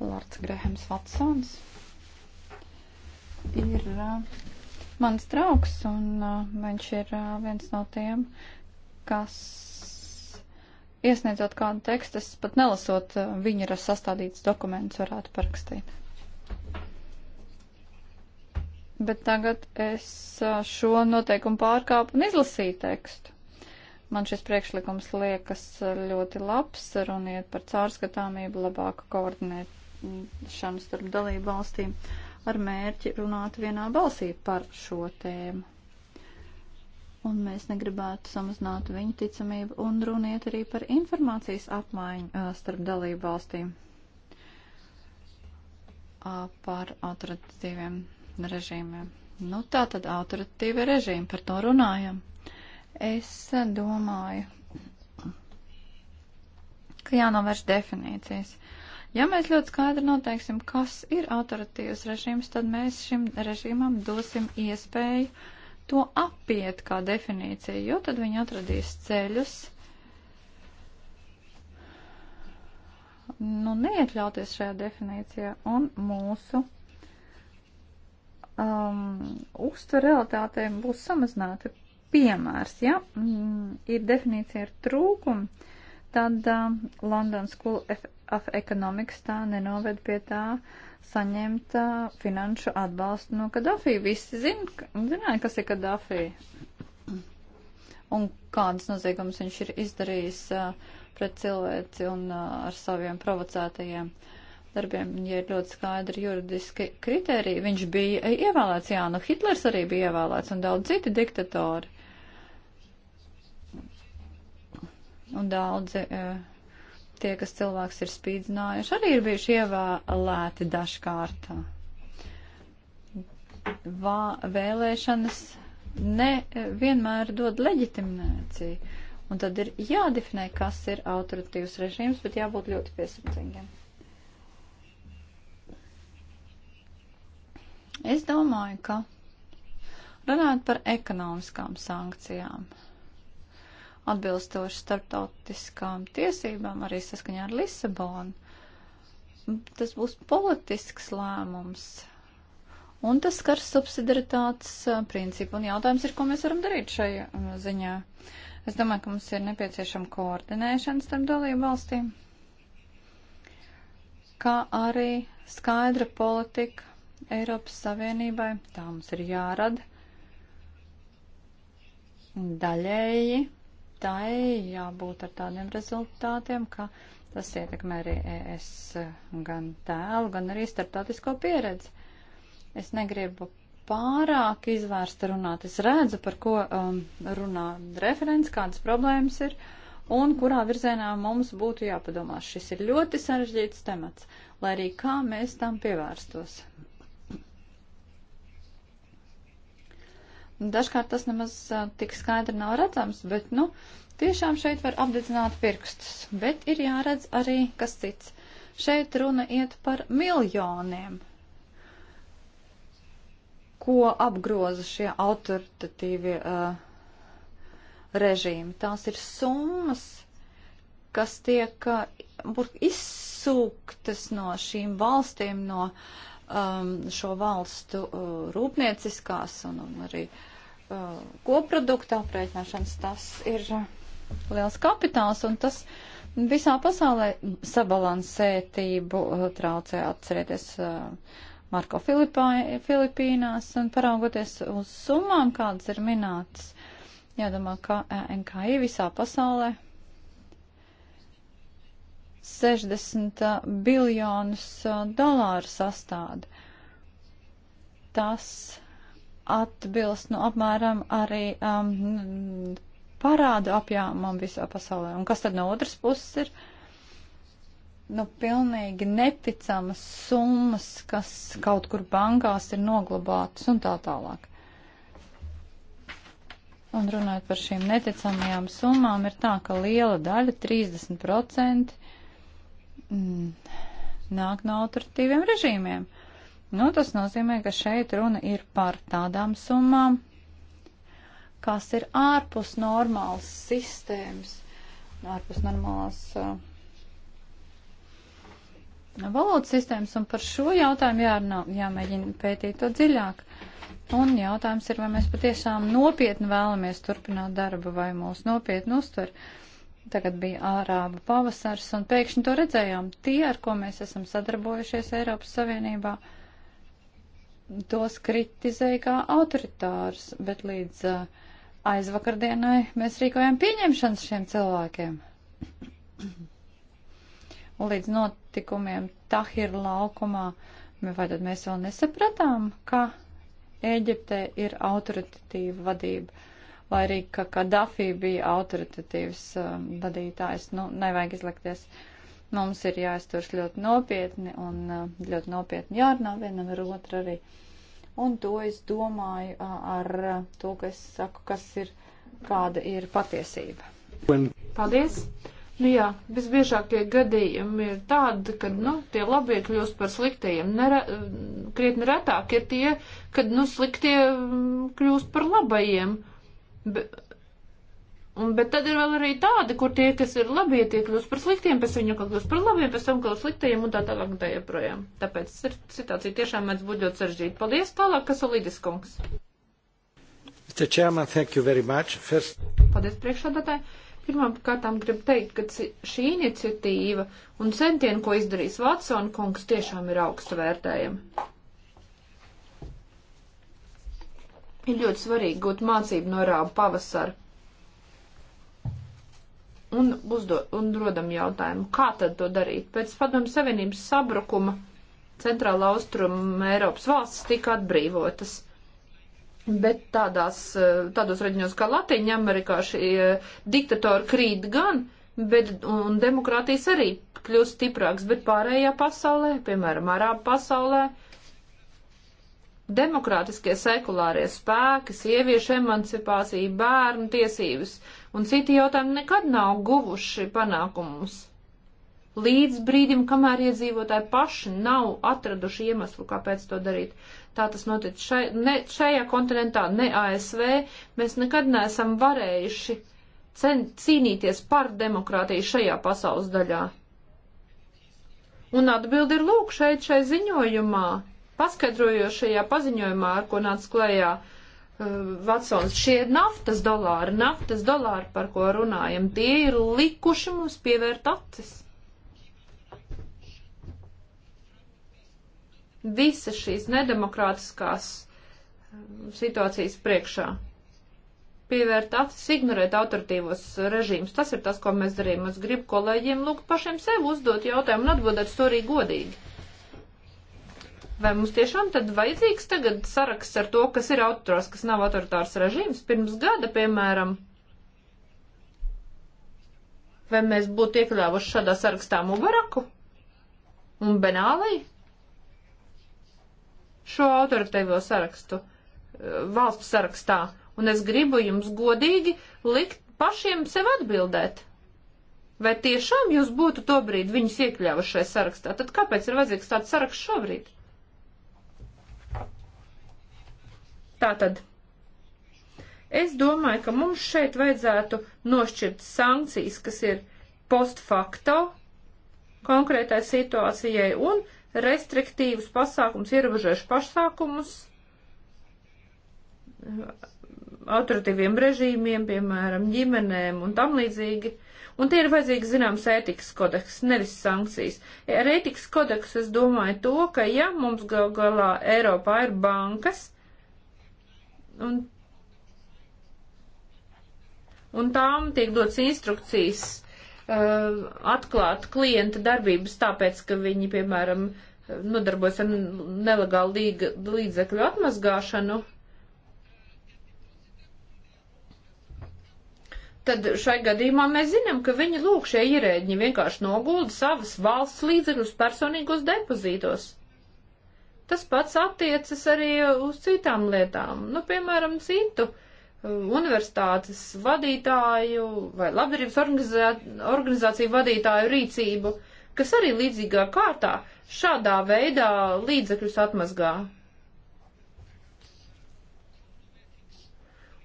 Lords Grahams Watsons ir uh, mans draugs, un uh, viņš ir uh, viens no tiem, kas iesniedzot kādu tekstu, es pat nelasot, uh, viņa ir sastādīts dokuments, varētu parakstīt bet tagad es šo noteikumu pārkāpu un izlasīju tekstu. Man šis priekšlikums liekas ļoti labs, runiet par caurskatāmību, labāku koordinēšanu starp dalību valstīm ar mērķi runāt vienā balsī par šo tēmu. Un mēs negribētu samazināt viņu ticamību un runiet arī par informācijas apmaiņu starp dalību valstīm par autoritatīviem režīmiem. Nu, tā tad autoritīva režīma, par to runājam. Es domāju, ka jānovērš definīcijas. Ja mēs ļoti skaidri noteiksim, kas ir autoritīvs režīms, tad mēs šim režīmam dosim iespēju to apiet kā definīciju, jo tad viņi atradīs ceļus, nu, neiekļauties šajā definīcijā un mūsu um, uztver realitātei būs samazināta. Piemērs, ja mm, ir definīcija ar trūkumu, tad uh, London School of Economics tā nenoved pie tā saņemt uh, finanšu atbalstu no Kadafī. Visi zin, zināja, kas ir Kadafī un kādas noziegumus viņš ir izdarījis uh, pret cilvēci un uh, ar saviem provocētajiem uh, darbiem, ja ir ļoti skaidri juridiski kriteriji. Viņš bija ievēlēts, jā, nu Hitlers arī bija ievēlēts un daudz citi diktatori. Un daudzi e, tie, kas cilvēks ir spīdzinājuši, arī ir bijuši ievēlēti dažkārt. Vā, vēlēšanas ne e, vienmēr dod leģitimāciju. Un tad ir jādefinē, kas ir autoritīvs režīms, bet jābūt ļoti piesardzīgiem. Es domāju, ka runājot par ekonomiskām sankcijām, atbilstoši starptautiskām tiesībām, arī saskaņā ar Lisabonu, tas būs politisks lēmums. Un tas skars subsidiaritātes principu. Un jautājums ir, ko mēs varam darīt šajā ziņā. Es domāju, ka mums ir nepieciešama koordinēšana starp dalību valstīm, kā arī skaidra politika Eiropas Savienībai. Tā mums ir jārada. Daļēji tai jābūt ar tādiem rezultātiem, ka tas ietekmē arī es gan tēlu, gan arī starptautisko pieredzi. Es negribu pārāk izvērsta runāt. Es redzu, par ko um, runā referents, kādas problēmas ir un kurā virzienā mums būtu jāpadomā. Šis ir ļoti sarežģīts temats, lai arī kā mēs tam pievērstos. Dažkārt tas nemaz tik skaidri nav redzams, bet, nu, tiešām šeit var apdedzināt pirkstus. Bet ir jāredz arī kas cits. Šeit runa iet par miljoniem, ko apgroza šie autoritatīvie uh, režīmi. Tās ir summas, kas tiek izsūktas no šīm valstīm, no um, šo valstu uh, rūpnieciskās un, un arī uh, koprodukta aprēķināšanas, tas ir liels kapitāls un tas visā pasaulē sabalansētību uh, traucē atcerieties. Uh, Marko Filipā, Filipīnās un paraugoties uz summām, kādas ir minētas, jādomā, ka uh, NKI visā pasaulē 60 uh, biljonus uh, dolāru sastāda. Tas atbilst nu, apmēram arī um, parādu apjāmam visā pasaulē. Un kas tad no otras puses ir? Nu, pilnīgi neticamas summas, kas kaut kur bankās ir noglabātas un tā tālāk. Un runājot par šīm neticamajām summām, ir tā, ka liela daļa, 30%, mm, nāk no autoritīviem režīmiem. Nu, tas nozīmē, ka šeit runa ir par tādām summām, kas ir ārpus normālas sistēmas, ārpus normālās uh, valodas sistēmas, un par šo jautājumu jārunā, jāmēģina pētīt to dziļāk. Un jautājums ir, vai mēs patiešām nopietni vēlamies turpināt darbu, vai mūs nopietni uztver. Tagad bija ārāba pavasars, un pēkšņi to redzējām. Tie, ar ko mēs esam sadarbojušies Eiropas Savienībā, uh, tos kritizēja kā autoritārus, bet līdz aizvakardienai mēs rīkojām pieņemšanas šiem cilvēkiem. Un līdz notikumiem Tahira laukumā, vai tad mēs vēl nesapratām, ka Ēģiptē ir autoritatīva vadība, vai arī ka Kadafī bija autoritatīvs um, vadītājs, nu, nevajag izlikties. Uh, Mums ir jāizturas ļoti nopietni un uh, ļoti nopietni jārunā vienam ar otru arī. Un to es domāju uh, ar uh, to, ka es saku, kas ir, kāda ir patiesība. Paldies! Nu jā, visbiežākie gadījumi ir tādi, kad, nu, tie labie kļūst par sliktajiem. Nere, krietni retāk ir tie, kad, nu, sliktie mm, kļūst par labajiem. Bet, Un, bet tad ir vēl arī tādi, kur tie, kas ir labi, tie kļūst par sliktiem, pēc viņu kļūst par labiem, pēc tam kļūst sliktajiem un tā tālāk un tā joprojām. Tāpēc situācija tiešām mēdz būt ļoti saržģīta. Paldies tālāk, kas ir Lidis kungs. Mr. Chairman, thank you very much. First... Paldies priekšādātāji. Pirmām kārtām gribu teikt, ka šī iniciatīva un centieni, ko izdarīs Vatsona kungs, tiešām ir augsta vērtējama. Ir ļoti svarīgi gūt mācību no rāba pavasara Un, uzdo, un rodam jautājumu, kā tad to darīt? Pēc padomu savienības sabrukuma centrāla austruma Eiropas valstis tika atbrīvotas. Bet tādās, tādos reģionos kā Latīņa Amerikā šie diktatori krīt gan, bet, un demokrātijas arī kļūst stiprāks, bet pārējā pasaulē, piemēram, Arābu pasaulē, demokrātiskie sekulārie spēki, sieviešu emancipācija, bērnu tiesības, uh, un citi jautājumi nekad nav guvuši panākumus. Līdz brīdim, kamēr iedzīvotāji paši nav atraduši iemeslu, kāpēc to darīt. Tā tas notic šai, ne, šajā kontinentā, ne ASV. Mēs nekad neesam varējuši cen, cīnīties par demokrātiju šajā pasaules daļā. Un atbildi ir lūk šeit šai ziņojumā, paskaidrojošajā paziņojumā, ar ko nāc klējā uh, Vatsons, šie naftas dolāri, naftas dolāri, par ko runājam, tie ir likuši mums pievērt acis. Visas šīs nedemokrātiskās um, situācijas priekšā. Pievērt acis, ignorēt autoritīvos režīmus. Tas ir tas, ko mēs darījām. Es gribu kolēģiem lūgt pašiem sev uzdot jautājumu un atbildēt to arī godīgi. Vai mums tiešām tad vajadzīgs tagad saraksts ar to, kas ir autors, kas nav autoritārs režīms? Pirms gada, piemēram, vai mēs būtu iekļāvuši šādā sarakstā Mubaraku un Benālī? Šo autoritīvo sarakstu, eh, valstu sarakstā. Un es gribu jums godīgi likt pašiem sev atbildēt. Vai tiešām jūs būtu tobrīd viņus iekļāvuši šajā sarakstā? Tad kāpēc ir vajadzīgs tāds saraksts šobrīd? Tātad es domāju, ka mums šeit vajadzētu nošķirt sankcijas, kas ir post facto konkrētai situācijai un restriktīvus pasākums, ierobežojuši pasākumus autoritīviem režīmiem, piemēram, ģimenēm un tam līdzīgi. Un tie ir vajadzīgs zināms ētikas kodeks, nevis sankcijas. Ar ētikas kodeksu es domāju to, ka ja mums gal galā Eiropā ir bankas, un, un tām tiek dots instrukcijas uh, atklāt klienta darbības tāpēc, ka viņi, piemēram, nodarbojas ar nelegālu līga, līdzekļu atmazgāšanu. Tad šai gadījumā mēs zinām, ka viņi lūk šie ierēģi vienkārši nogulda savas valsts līdzekļus personīgos depozītos. Tas pats attiecas arī uz citām lietām. Nu, piemēram, citu uh, universitātes vadītāju vai labdarības organizā organizāciju vadītāju rīcību, kas arī līdzīgā kārtā šādā veidā līdzekļus atmazgā.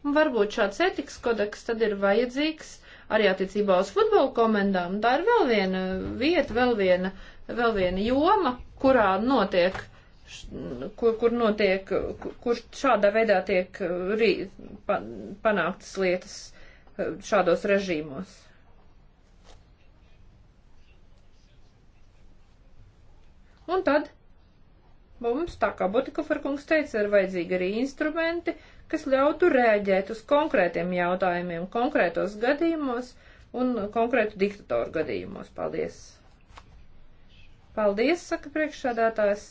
Un varbūt šāds etikas kodeks tad ir vajadzīgs arī attiecībā uz futbola komandām. Tā ir vēl viena vieta, vēl viena, vēl viena joma, kurā notiek kur, kur notiek, kur šādā veidā tiek uh, rī, pa, panāktas lietas uh, šādos režīmos. Un tad mums, tā kā Botikoferkungs teica, ir vajadzīgi arī instrumenti, kas ļautu rēģēt uz konkrētiem jautājumiem, konkrētos gadījumos un konkrētu diktatoru gadījumos. Paldies! Paldies, saka priekšsādātājs!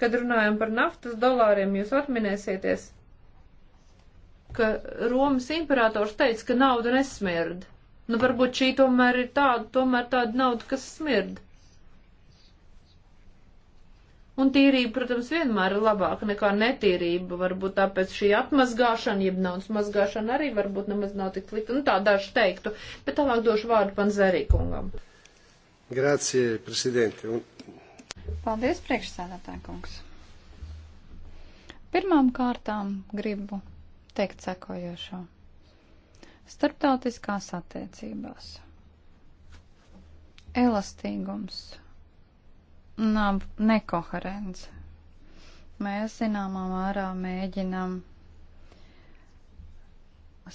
Kad runājam par naftas dolāriem, jūs atminēsieties, ka Romas imperators teica, ka nauda nesmird. Nu, varbūt šī tomēr ir tāda, tomēr tāda nauda, kas smird. Un tīrība, protams, vienmēr ir labāka nekā netīrība. Varbūt tāpēc šī atmazgāšana, jeb naudas mazgāšana arī varbūt nemaz nav tik slikta. Nu, tā daži teiktu, bet tālāk došu vārdu pan Zerīkungam. Grācie, prezidente. Un... Paldies, priekšsēdētāji kungs. Pirmām kārtām gribu teikt sekojošo. Starptautiskās attiecībās. Elastīgums. Nav nekoherence. Mēs zināmā mērā mēģinam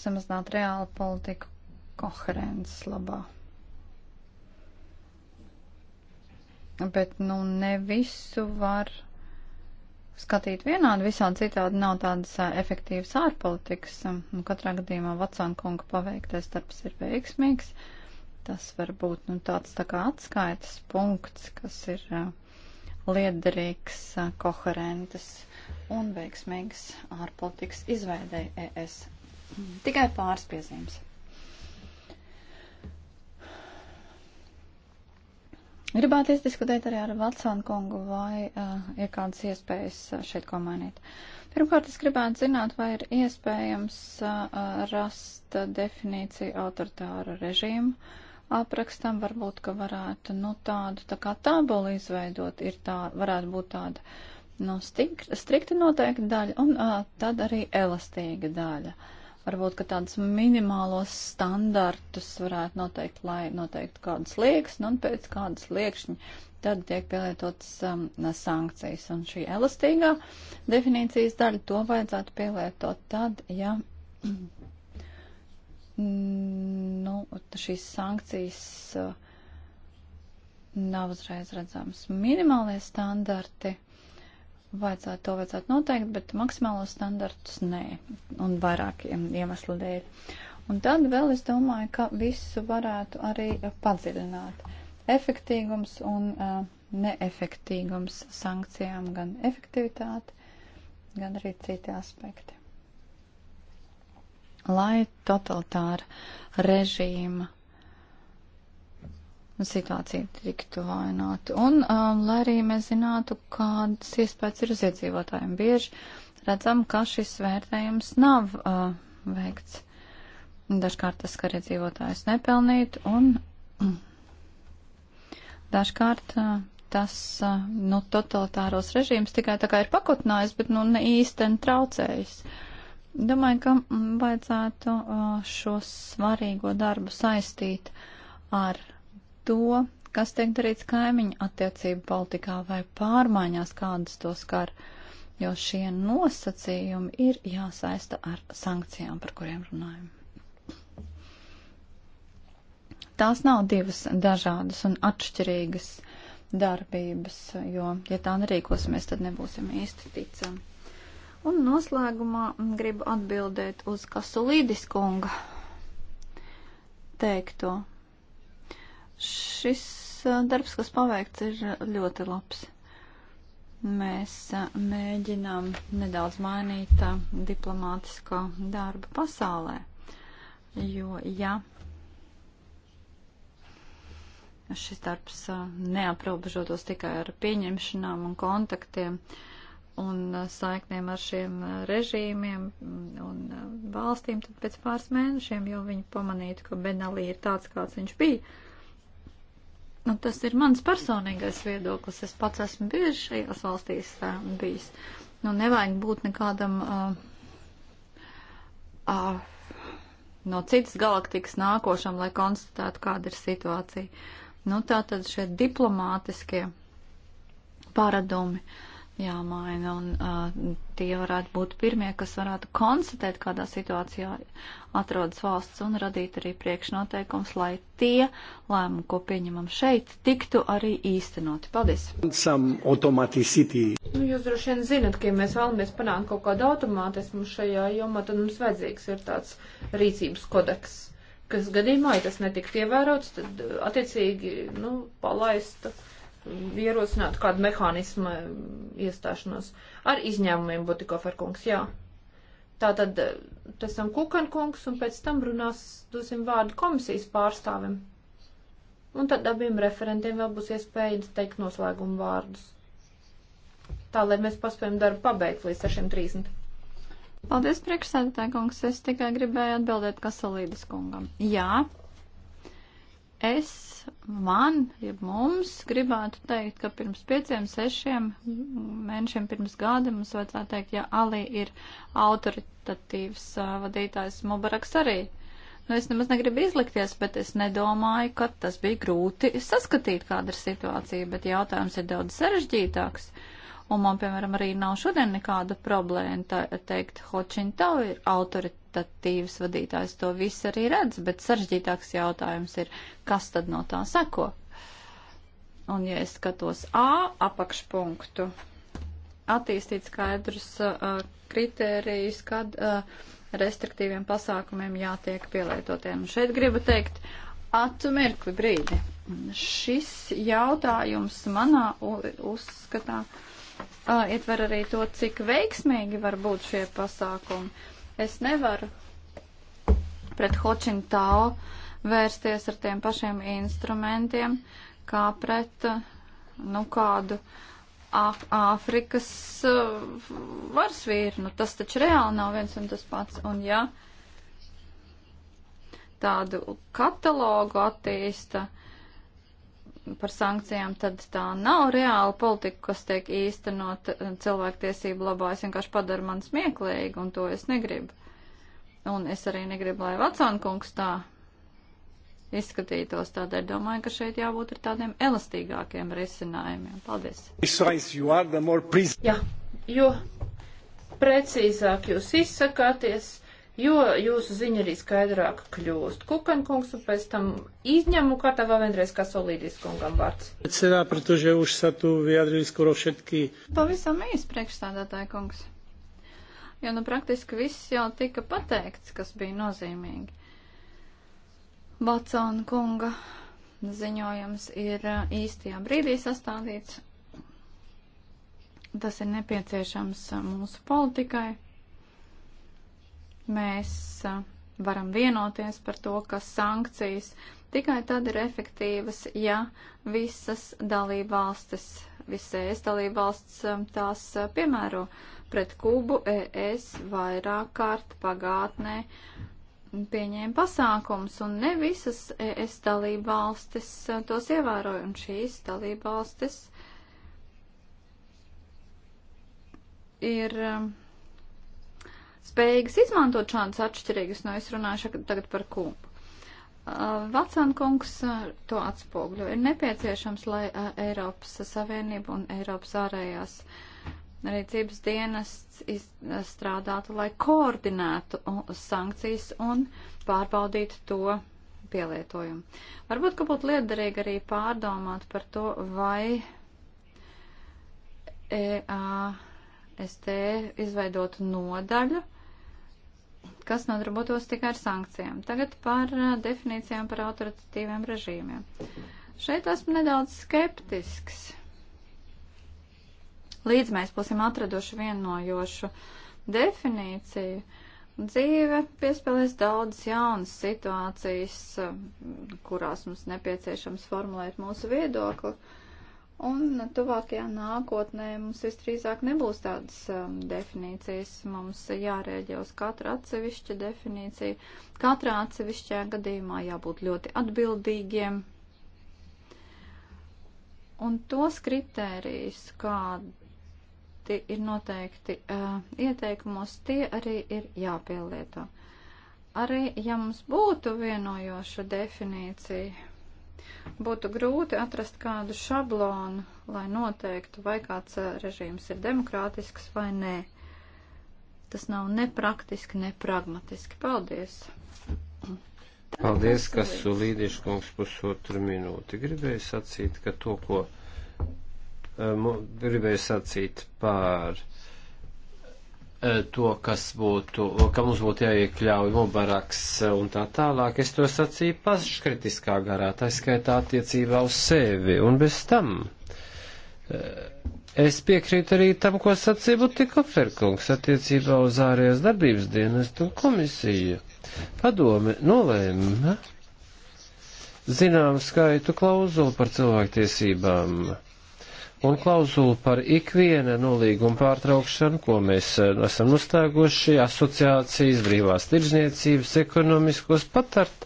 samazināt reālu politiku koherences labā. Bet, nu, ne visu var skatīt vienādi, visādi citādi nav tādas efektīvas ārpolitikas. Nu, katrā gadījumā Vatsāna kunga paveiktais darbs ir veiksmīgs. Tas var būt nu, tāds tā kā atskaites punkts, kas ir liederīgs, koherentas un veiksmīgs ārpolitikas izveidēji ES. Tikai pāris piezīmes. Gribētu izdiskutēt arī ar Vatsānu kungu, vai uh, ir kādas iespējas uh, šeit ko mainīt. Pirmkārt, es gribētu zināt, vai ir iespējams uh, rast definīciju autoritāru režīmu aprakstam, varbūt, ka varētu, nu, tādu tā kā tabulu izveidot, ir tā, varētu būt tāda, nu, stikri, strikti noteikta daļa un uh, tad arī elastīga daļa. Uh, varbūt, ka tādus minimālos standartus varētu noteikt, lai noteiktu kādas liekas, nu, un pēc kādas liekšņa tad tiek pielietotas um, sankcijas. Un šī elastīgā definīcijas daļa to vajadzētu pielietot tad, ja. Nu, šīs sankcijas uh, nav uzreiz redzamas. Minimālie standarti uh, vajadzētu to vajadzētu noteikt, bet maksimālos standartus nē, un vairākiem iemeslu dēļ. Un tad vēl es domāju, ka visu varētu arī padziļināt. Efektīgums un uh, neefektīgums sankcijām, gan efektivitāte, gan arī citi aspekti. Lai totalitāra režīma Nu, situācija tiktu vaināta. Un, um, lai arī mēs zinātu, kādas iespējas ir uz iedzīvotājiem, bieži redzam, ka šis vērtējums nav uh, veikts. Dažkārt tas skar iedzīvotājus nepelnīt, un mm, dažkārt uh, tas, uh, nu, totalitāros režīms tikai tā kā ir pakotinājis, bet, nu, ne īsten traucējis. Domāju, ka mm, vajadzētu uh, šo svarīgo darbu saistīt ar to, kas tiek darīts kaimiņu attiecību politikā vai pārmaiņās, kādas to skar, jo šie nosacījumi ir jāsaista ar sankcijām, par kuriem runājam. Tās nav divas dažādas un atšķirīgas darbības, jo, ja tā nerīkosimies, tad nebūsim īsti ticami. Un noslēgumā gribu atbildēt uz Kasulīdis kunga teikto Šis uh, darbs, kas paveikts, ir uh, ļoti labs. Mēs uh, mēģinām nedaudz mainīt diplomātisko darbu pasaulē, jo, ja šis darbs neaprobežotos tikai ar pieņemšanām un kontaktiem un saiknēm ar šiem režīmiem un valstīm, tad pēc pāris mēnešiem jau viņi pamanītu, ka Benalī ir tāds, kāds viņš bija. Nu, tas ir mans personīgais viedoklis. Es pats esmu bieži šajās valstīs uh, bijis. Nu, nevajag būt nekādam uh, uh, no citas galaktikas nākošam, lai konstatētu, kāda ir situācija. Nu, tā tad šie diplomātiskie paradumi jāmaina, un uh, tie varētu būt pirmie, kas varētu konstatēt, kādā situācijā atrodas valsts un radīt arī priekšnoteikums, lai tie lēmumi, ko pieņemam šeit, tiktu arī īstenoti. Paldies! Nu, jūs droši vien zinat, ka ja mēs vēlamies panākt kaut kādu automātismu šajā jomā, tad mums vajadzīgs ir tāds rīcības kodeks kas gadījumā, ja tas netikt ievērots, tad uh, attiecīgi, nu, palaista, ierosinātu kādu mehānismu um, iestāšanos. Ar izņēmumiem būtu tikko ferkungs, jā. Tātad eh, tas esam Kukankungs un pēc tam runās, dosim vārdu komisijas pārstāvim. Un tad abiem referentiem vēl būs iespēja teikt noslēgumu vārdus. Tā, lai mēs paspējam darbu pabeigt līdz 6.30. Paldies, priekšsēdētāji kungs. Es tikai gribēju atbildēt Kasalīdas kungam. Jā, Es, man, ja mums gribētu teikt, ka pirms pieciem, sešiem mēnešiem pirms gada mums vajadzētu teikt, ja Ali ir autoritatīvs uh, vadītājs, Mubaraks arī. Nu, es nemaz negribu izlikties, bet es nedomāju, ka tas bija grūti saskatīt, kāda ir situācija, bet jautājums ir daudz sarežģītāks. Uh, Un man, piemēram, arī nav šodien nekāda problēma tā, teikt, Hočintau ir autoritatīvs vadītājs, to viss arī redz, bet sarežģītāks jautājums ir, kas tad no tā seko? Un ja es skatos A apakšpunktu, attīstīt skaidrus uh, kritērijus, kad uh, restriktīviem pasākumiem jātiek pielietotiem. Un šeit gribu teikt, atmirkli brīdi. Šis jautājums manā uzskatā. Uh, uh, ietver arī to, cik veiksmīgi var būt šie pasākumi. Es nevaru pret Hočintau vērsties ar tiem pašiem instrumentiem, kā pret, nu, kādu Āfrikas uh, varsvīru. Nu, tas taču reāli nav viens un tas pats. Un ja tādu katalogu attīsta, uh, par sankcijām, tad tā nav reāla politika, kas tiek īstenot eh, cilvēktiesību labā. Es vienkārši padaru man smieklīgi, un to es negribu. Un es arī negribu, lai Vatsonkungs tā izskatītos. Tādēļ domāju, ka šeit jābūt ar tādiem elastīgākiem risinājumiem. Paldies! Jā, jo precīzāk jūs izsakāties, jo jūsu ziņa arī skaidrāk kļūst. Kukankungs un pēc tam izņemu kārtā vēl vienreiz Kasolīdis kungam vārds. Cenā, pretože už sa tu vyjadrili skoro všetky. Pavisam īs priekšstādātāja kungs. Jo nu praktiski viss jau tika pateikts, kas bija nozīmīgi. Vatsona kunga ziņojums ir uh, īstajā brīdī sastādīts. Tas ir nepieciešams uh, mūsu politikai. Mēs varam vienoties par to, ka sankcijas tikai tad ir efektīvas, ja visas dalība valstis, visas dalība valsts tās piemēro pret Kubu, ES vairāk kārt pagātnē pieņēma pasākums, un ne visas ES dalība valstis tos ievēroja, un šīs dalība valstis ir spējīgas izmantot šādas atšķirīgas, no nu, es runāšu tagad par kūpu. Uh, Vacankungs uh, to atspogļo. Ir nepieciešams, lai uh, Eiropas Savienība un Eiropas ārējās rīcības dienests strādātu, lai koordinētu sankcijas un pārbaudītu to pielietojumu. Varbūt, ka būtu liederīgi arī pārdomāt par to, vai EA ST izveidotu nodaļu, kas nodarbotos tikai ar sankcijām. Tagad par definīcijām par autoritatīviem režīmiem. Šeit esmu nedaudz skeptisks. Līdz mēs būsim atraduši vienojošu definīciju, dzīve piespēlēs daudz jaunas situācijas, kurās mums nepieciešams formulēt mūsu viedokli. Uh, Un tuvākajā nākotnē mums visdrīzāk nebūs tādas um, definīcijas. Mums jārēģē uz katru atsevišķu definīciju. Katrā atsevišķajā gadījumā jābūt ļoti atbildīgiem. Un tos kritērijus, kādi ir noteikti uh, ieteikumos, tie arī ir jāpielieto. Arī, ja mums būtu vienojoša definīcija, Būtu grūti atrast kādu šablonu, lai noteiktu, vai kāds eh, režīms ir demokrātisks vai nē. Tas nav nepraktiski, nepragmatiski. Paldies! Paldies, kas sulīdīšu kungs pusotru minūti. Gribēju sacīt, ka to, ko um, gribēju sacīt pār uh, Eh, to, kas būtu, ka mums būtu jāiekļauj Mubaraks eh, un tā tālāk, es to sacīju paškritiskā garā, tā skaitā attiecībā uz sevi un bez tam. Eh, es piekrītu arī tam, ko sacīja Butika Ferkungs attiecībā uz ārējās darbības dienestu un komisiju. Padome nolēma zinām skaitu klauzulu par cilvēktiesībām un klauzulu par ikviena nolīguma pārtraukšanu, ko mēs eh, esam nostāguši, asociācijas, brīvās tirzniecības, ekonomiskos patart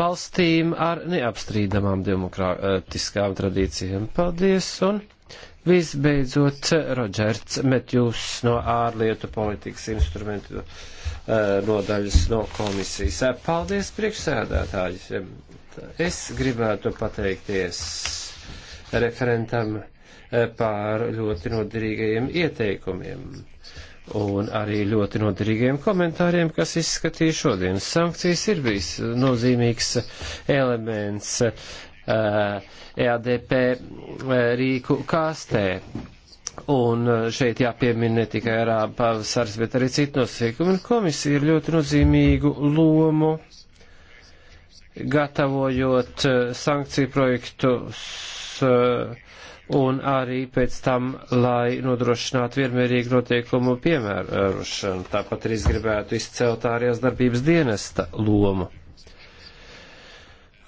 valstīm ar neapstrīdamām demokrātiskām tradīcijām. Paldies! Un visbeidzot, Rodžerts Metjūs no ārlietu politikas instrumentu eh, nodaļas no komisijas. Paldies, priekšsēdētāji! Es gribētu pateikties referentam eh, pār ļoti noderīgajiem ieteikumiem un arī ļoti noderīgiem komentāriem, kas izskatīja šodien. Sankcijas ir bijis nozīmīgs elements EADP eh, e eh, rīku kāstē. Un šeit jāpiemin ne tikai arāba pavasars, bet arī citu nosīkumu. Komisija ir ļoti nozīmīgu lomu gatavojot sankciju projektus Uh, un arī pēc tam, lai nodrošinātu vienmērīgu noteikumu piemērošanu. Tāpat arī es gribētu izcelt ārējās darbības dienesta lomu.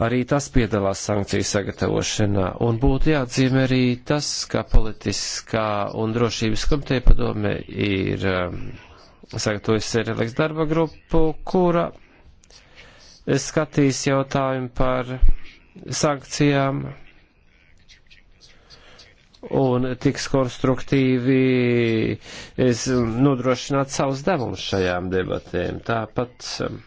Arī tas piedalās sankciju sagatavošanā, un būtu jāatzīmē arī tas, ka politiskā un drošības komiteja padome ir um, sagatavojusi Releks darba grupu, kura skatīs jautājumu par sankcijām un tiks konstruktīvi nodrošināt savus devumus šajām debatēm. Tāpat um,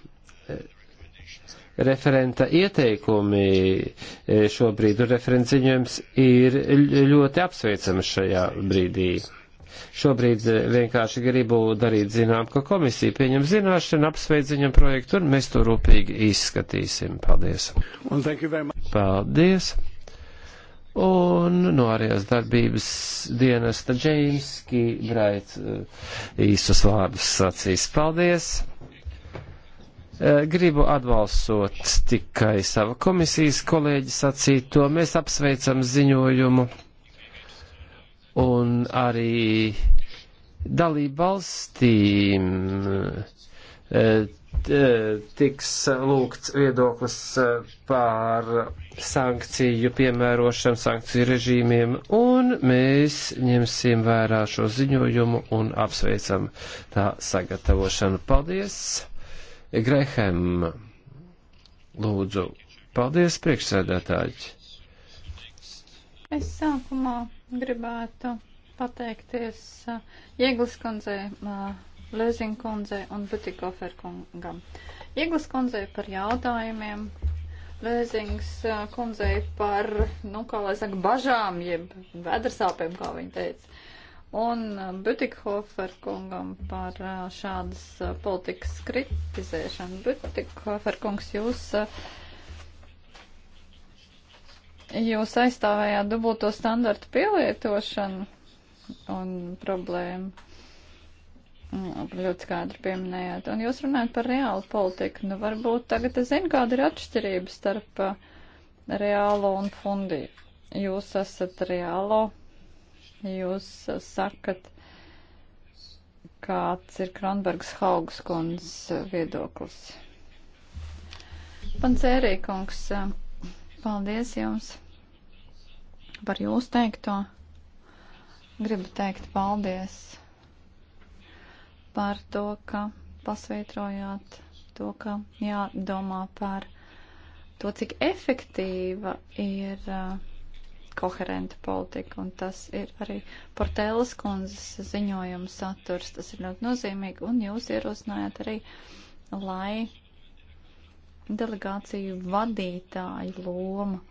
referenta ieteikumi e, šobrīd un referents ziņojums ir ļoti apsveicami šajā brīdī. Šobrīd e, vienkārši gribu darīt zinām, ka komisija pieņem zināšanu, apsveic viņam projektu un mēs to rūpīgi izskatīsim. Paldies! Paldies! un no nu, arijas darbības dienesta Džeims Kībraits eh, īsus vārdus sacīs. Paldies! Eh, gribu atbalstot tikai savu komisijas kolēģi sacīto. Mēs apsveicam ziņojumu un arī dalību valstīm eh, tiks lūgts viedoklis par sankciju piemērošanu, sankciju režīmiem, un mēs ņemsim vērā šo ziņojumu un apsveicam tā sagatavošanu. Paldies! Grehem, lūdzu, paldies priekšsēdētāji! Es sākumā gribētu pateikties Ieglis uh, kundzei, uh, Lezin kundzei un Butikofer kungam. Ieglis kundzei par jautājumiem, Vēzings kundzei par, nu, kā lai saka, bažām, jeb vedrasāpēm, kā viņa teica. Un Butikhofer kungam par šādas politikas kritizēšanu. Butikhofer kungs, jūs, jūs aizstāvējāt dubulto standartu pielietošanu un problēmu Mm, ļoti skaidri pieminējāt. Un jūs runājat par reālu politiku. Nu, varbūt tagad es zinu, kāda ir atšķirība starp uh, reālo un fundiju. Jūs esat reālo, jūs uh, sakat, kāds ir Kronbergs Haugskunds uh, viedoklis. Pancērī kungs, paldies jums par jūsu teikto. Gribu teikt paldies par to, ka pasvītrojāt to, ka jādomā par to, cik efektīva ir uh, koherenta politika, un tas ir arī Portēlas kundzes ziņojuma saturs, tas ir ļoti nozīmīgi, un jūs ierosinājāt arī, lai delegāciju vadītāju loma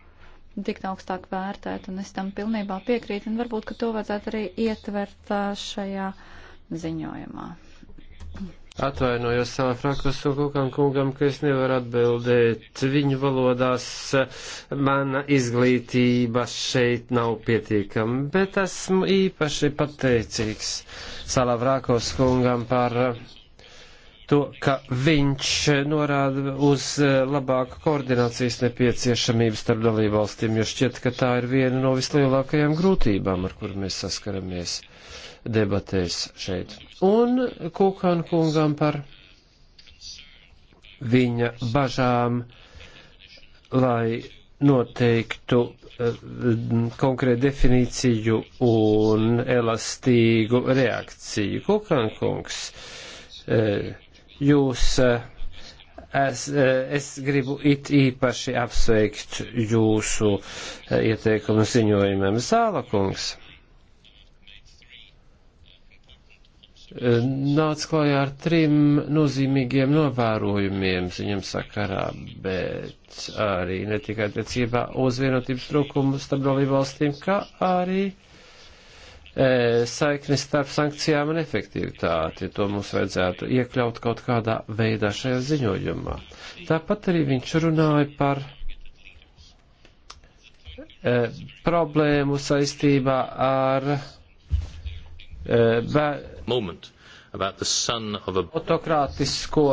tikt augstāk vērtēt, un es tam pilnībā piekrītu, un varbūt, ka to vajadzētu arī ietvert uh, šajā ziņojumā. Atvainojos Salafrakas un Kukam kungam, ka es nevaru atbildēt viņu valodās. Mana izglītība šeit nav pietiekama, bet esmu īpaši pateicīgs Salafrakas kungam par to, ka viņš norāda uz labāku koordinācijas nepieciešamību starp dalībvalstīm, jo šķiet, ka tā ir viena no vislielākajām grūtībām, ar kur mēs saskaramies. Uh, debatēs šeit. Un Kukan kungam par viņa bažām, lai noteiktu eh, konkrētu definīciju un elastīgu reakciju. Kukan kungs, eh, jūs, eh, es, es gribu it īpaši apsveikt jūsu ieteikumu ziņojumiem. Zāla kungs nāca klajā ar trim nozīmīgiem novērojumiem viņam sakarā, bet arī ne tikai attiecībā uz vienotības trūkumu starp dalībvalstīm, kā arī e, saikni starp sankcijām un efektivitāti. To mums vajadzētu iekļaut kaut kādā veidā šajā ziņojumā. Tāpat arī viņš runāja par e, problēmu saistībā ar e, autokrātisko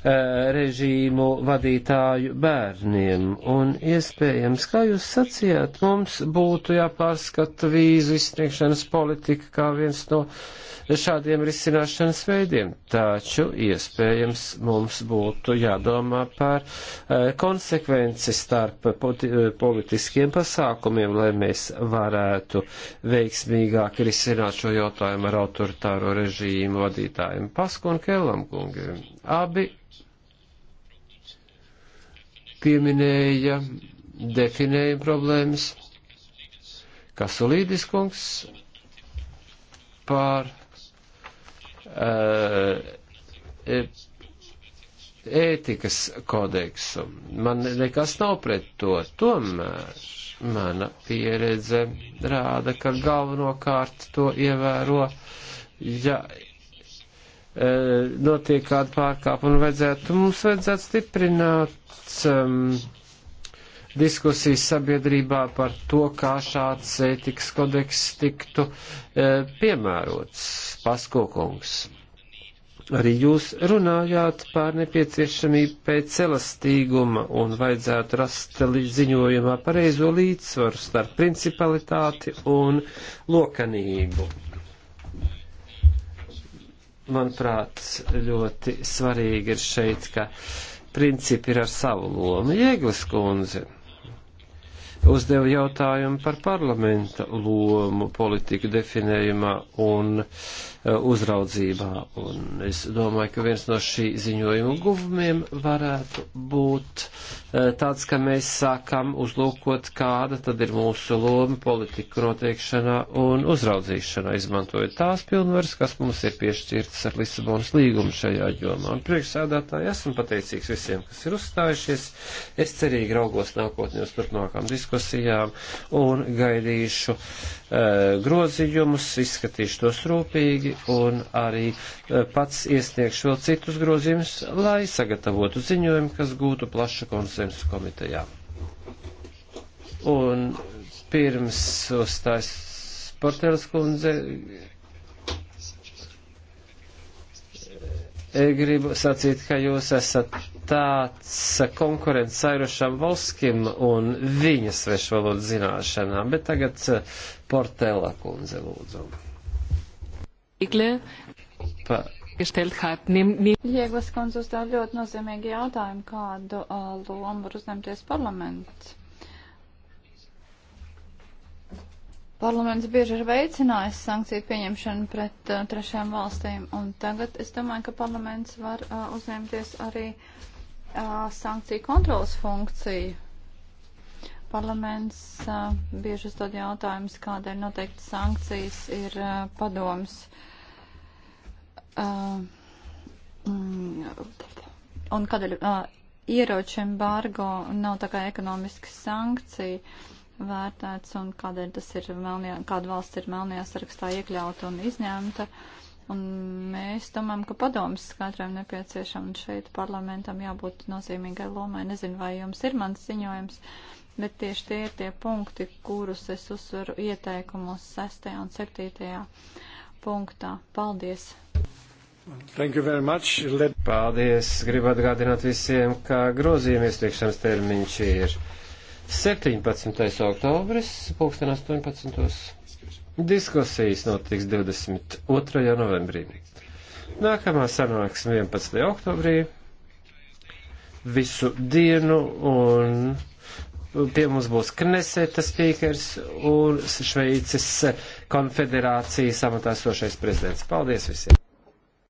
Eh, režīmu vadītāju bērniem. Un iespējams, kā jūs sacījāt, mums būtu jāpārskata vīzu izsniegšanas politika kā viens no šādiem risināšanas veidiem. Taču iespējams mums būtu jādomā par eh, konsekvenci starp eh, politiskiem pasākumiem, lai mēs varētu veiksmīgāk risināt šo jautājumu ar autoritāro režīmu vadītājiem Pasku un Kellam kungi. Abi pieminēja definējuma problēmas. Kasulīdis kungs pār uh, ētikas kodeksu. Man nekas nav pret to. Tomēr mana pieredze rāda, ka galvenokārt to ievēro, ja Eh, notiek kāda pārkāpuma, vajadzētu, mums vajadzētu stiprināt um, diskusijas sabiedrībā par to, kā šāds ētikas kodeks tiktu uh, piemērots. Paskokungs, arī jūs runājāt par nepieciešamību pēc elastīguma un vajadzētu rast ziņojumā pareizo līdzsvaru starp principalitāti un lokanību manuprāt, ļoti svarīgi ir šeit, ka principi ir ar savu lomu. Jēglis kundze uzdeva jautājumu par parlamenta lomu politiku definējumā un uh, Uh, uzraudzībā. Un es domāju, ka viens no šī ziņojuma guvumiem varētu būt uh, tāds, ka mēs sākam uzlūkot, kāda tad ir mūsu loma politiku noteikšanā un uzraudzīšanā, izmantojot tās pilnvaras, kas mums ir piešķirtas ar Lisabonas līgumu šajā jomā. Un priekšsēdētāji esmu pateicīgs visiem, kas ir uzstājušies. Es cerīgi raugos nākotnē uz turpmākām diskusijām un gaidīšu uh, grozījumus, izskatīšu tos rūpīgi lieliski, un arī e, pats iesniegšu vēl citus grozījumus, lai sagatavotu ziņojumu, kas gūtu plašu konsensu komitejā. Un pirms uzstājas Portēlas kundze, e, gribu sacīt, ka jūs esat tāds konkurents Sairušam Volskim un viņa svešvalodas zināšanām, bet tagad e, Portela kundze lūdzu. Pa. Jēglas kundze uzdev ļoti nozīmīgi jautājumu, kādu uh, lomu var uzņemties parlaments. Parlaments bieži ir veicinājis sankciju pieņemšanu pret uh, trešām valstīm, un tagad es domāju, ka parlaments var uh, uzņemties arī uh, sankciju kontrolas funkciju. Parlaments uh, bieži uzdod jautājumus, kādēļ noteikti sankcijas ir uh, padoms. Uh, Uh, mm, un kādēļ uh, ieroču embargo nav tā kā ekonomiska sankcija vērtēts un kādēļ tas ir melnajā, kāda valsts ir melnajā sarakstā iekļauta un izņemta. Un mēs domājam, ka padomas katram nepieciešama šeit parlamentam jābūt nozīmīgai lomai. Nezinu, vai jums ir mans ziņojums, bet tieši tie ir tie punkti, kurus es uzsveru ieteikumos 6. un 7 punktā. Paldies! Thank you very much. Let... Paldies! Gribu atgādināt visiem, ka grozījuma iespriekšanas termiņš ir 17. oktobris, pulksten 18. Diskusijas notiks 22. novembrī. Nākamā sanāksme 11. oktobrī visu dienu un Pie mums būs Kneseta spīkers un Šveices konfederācijas amatā sošais prezidents. Paldies visiem!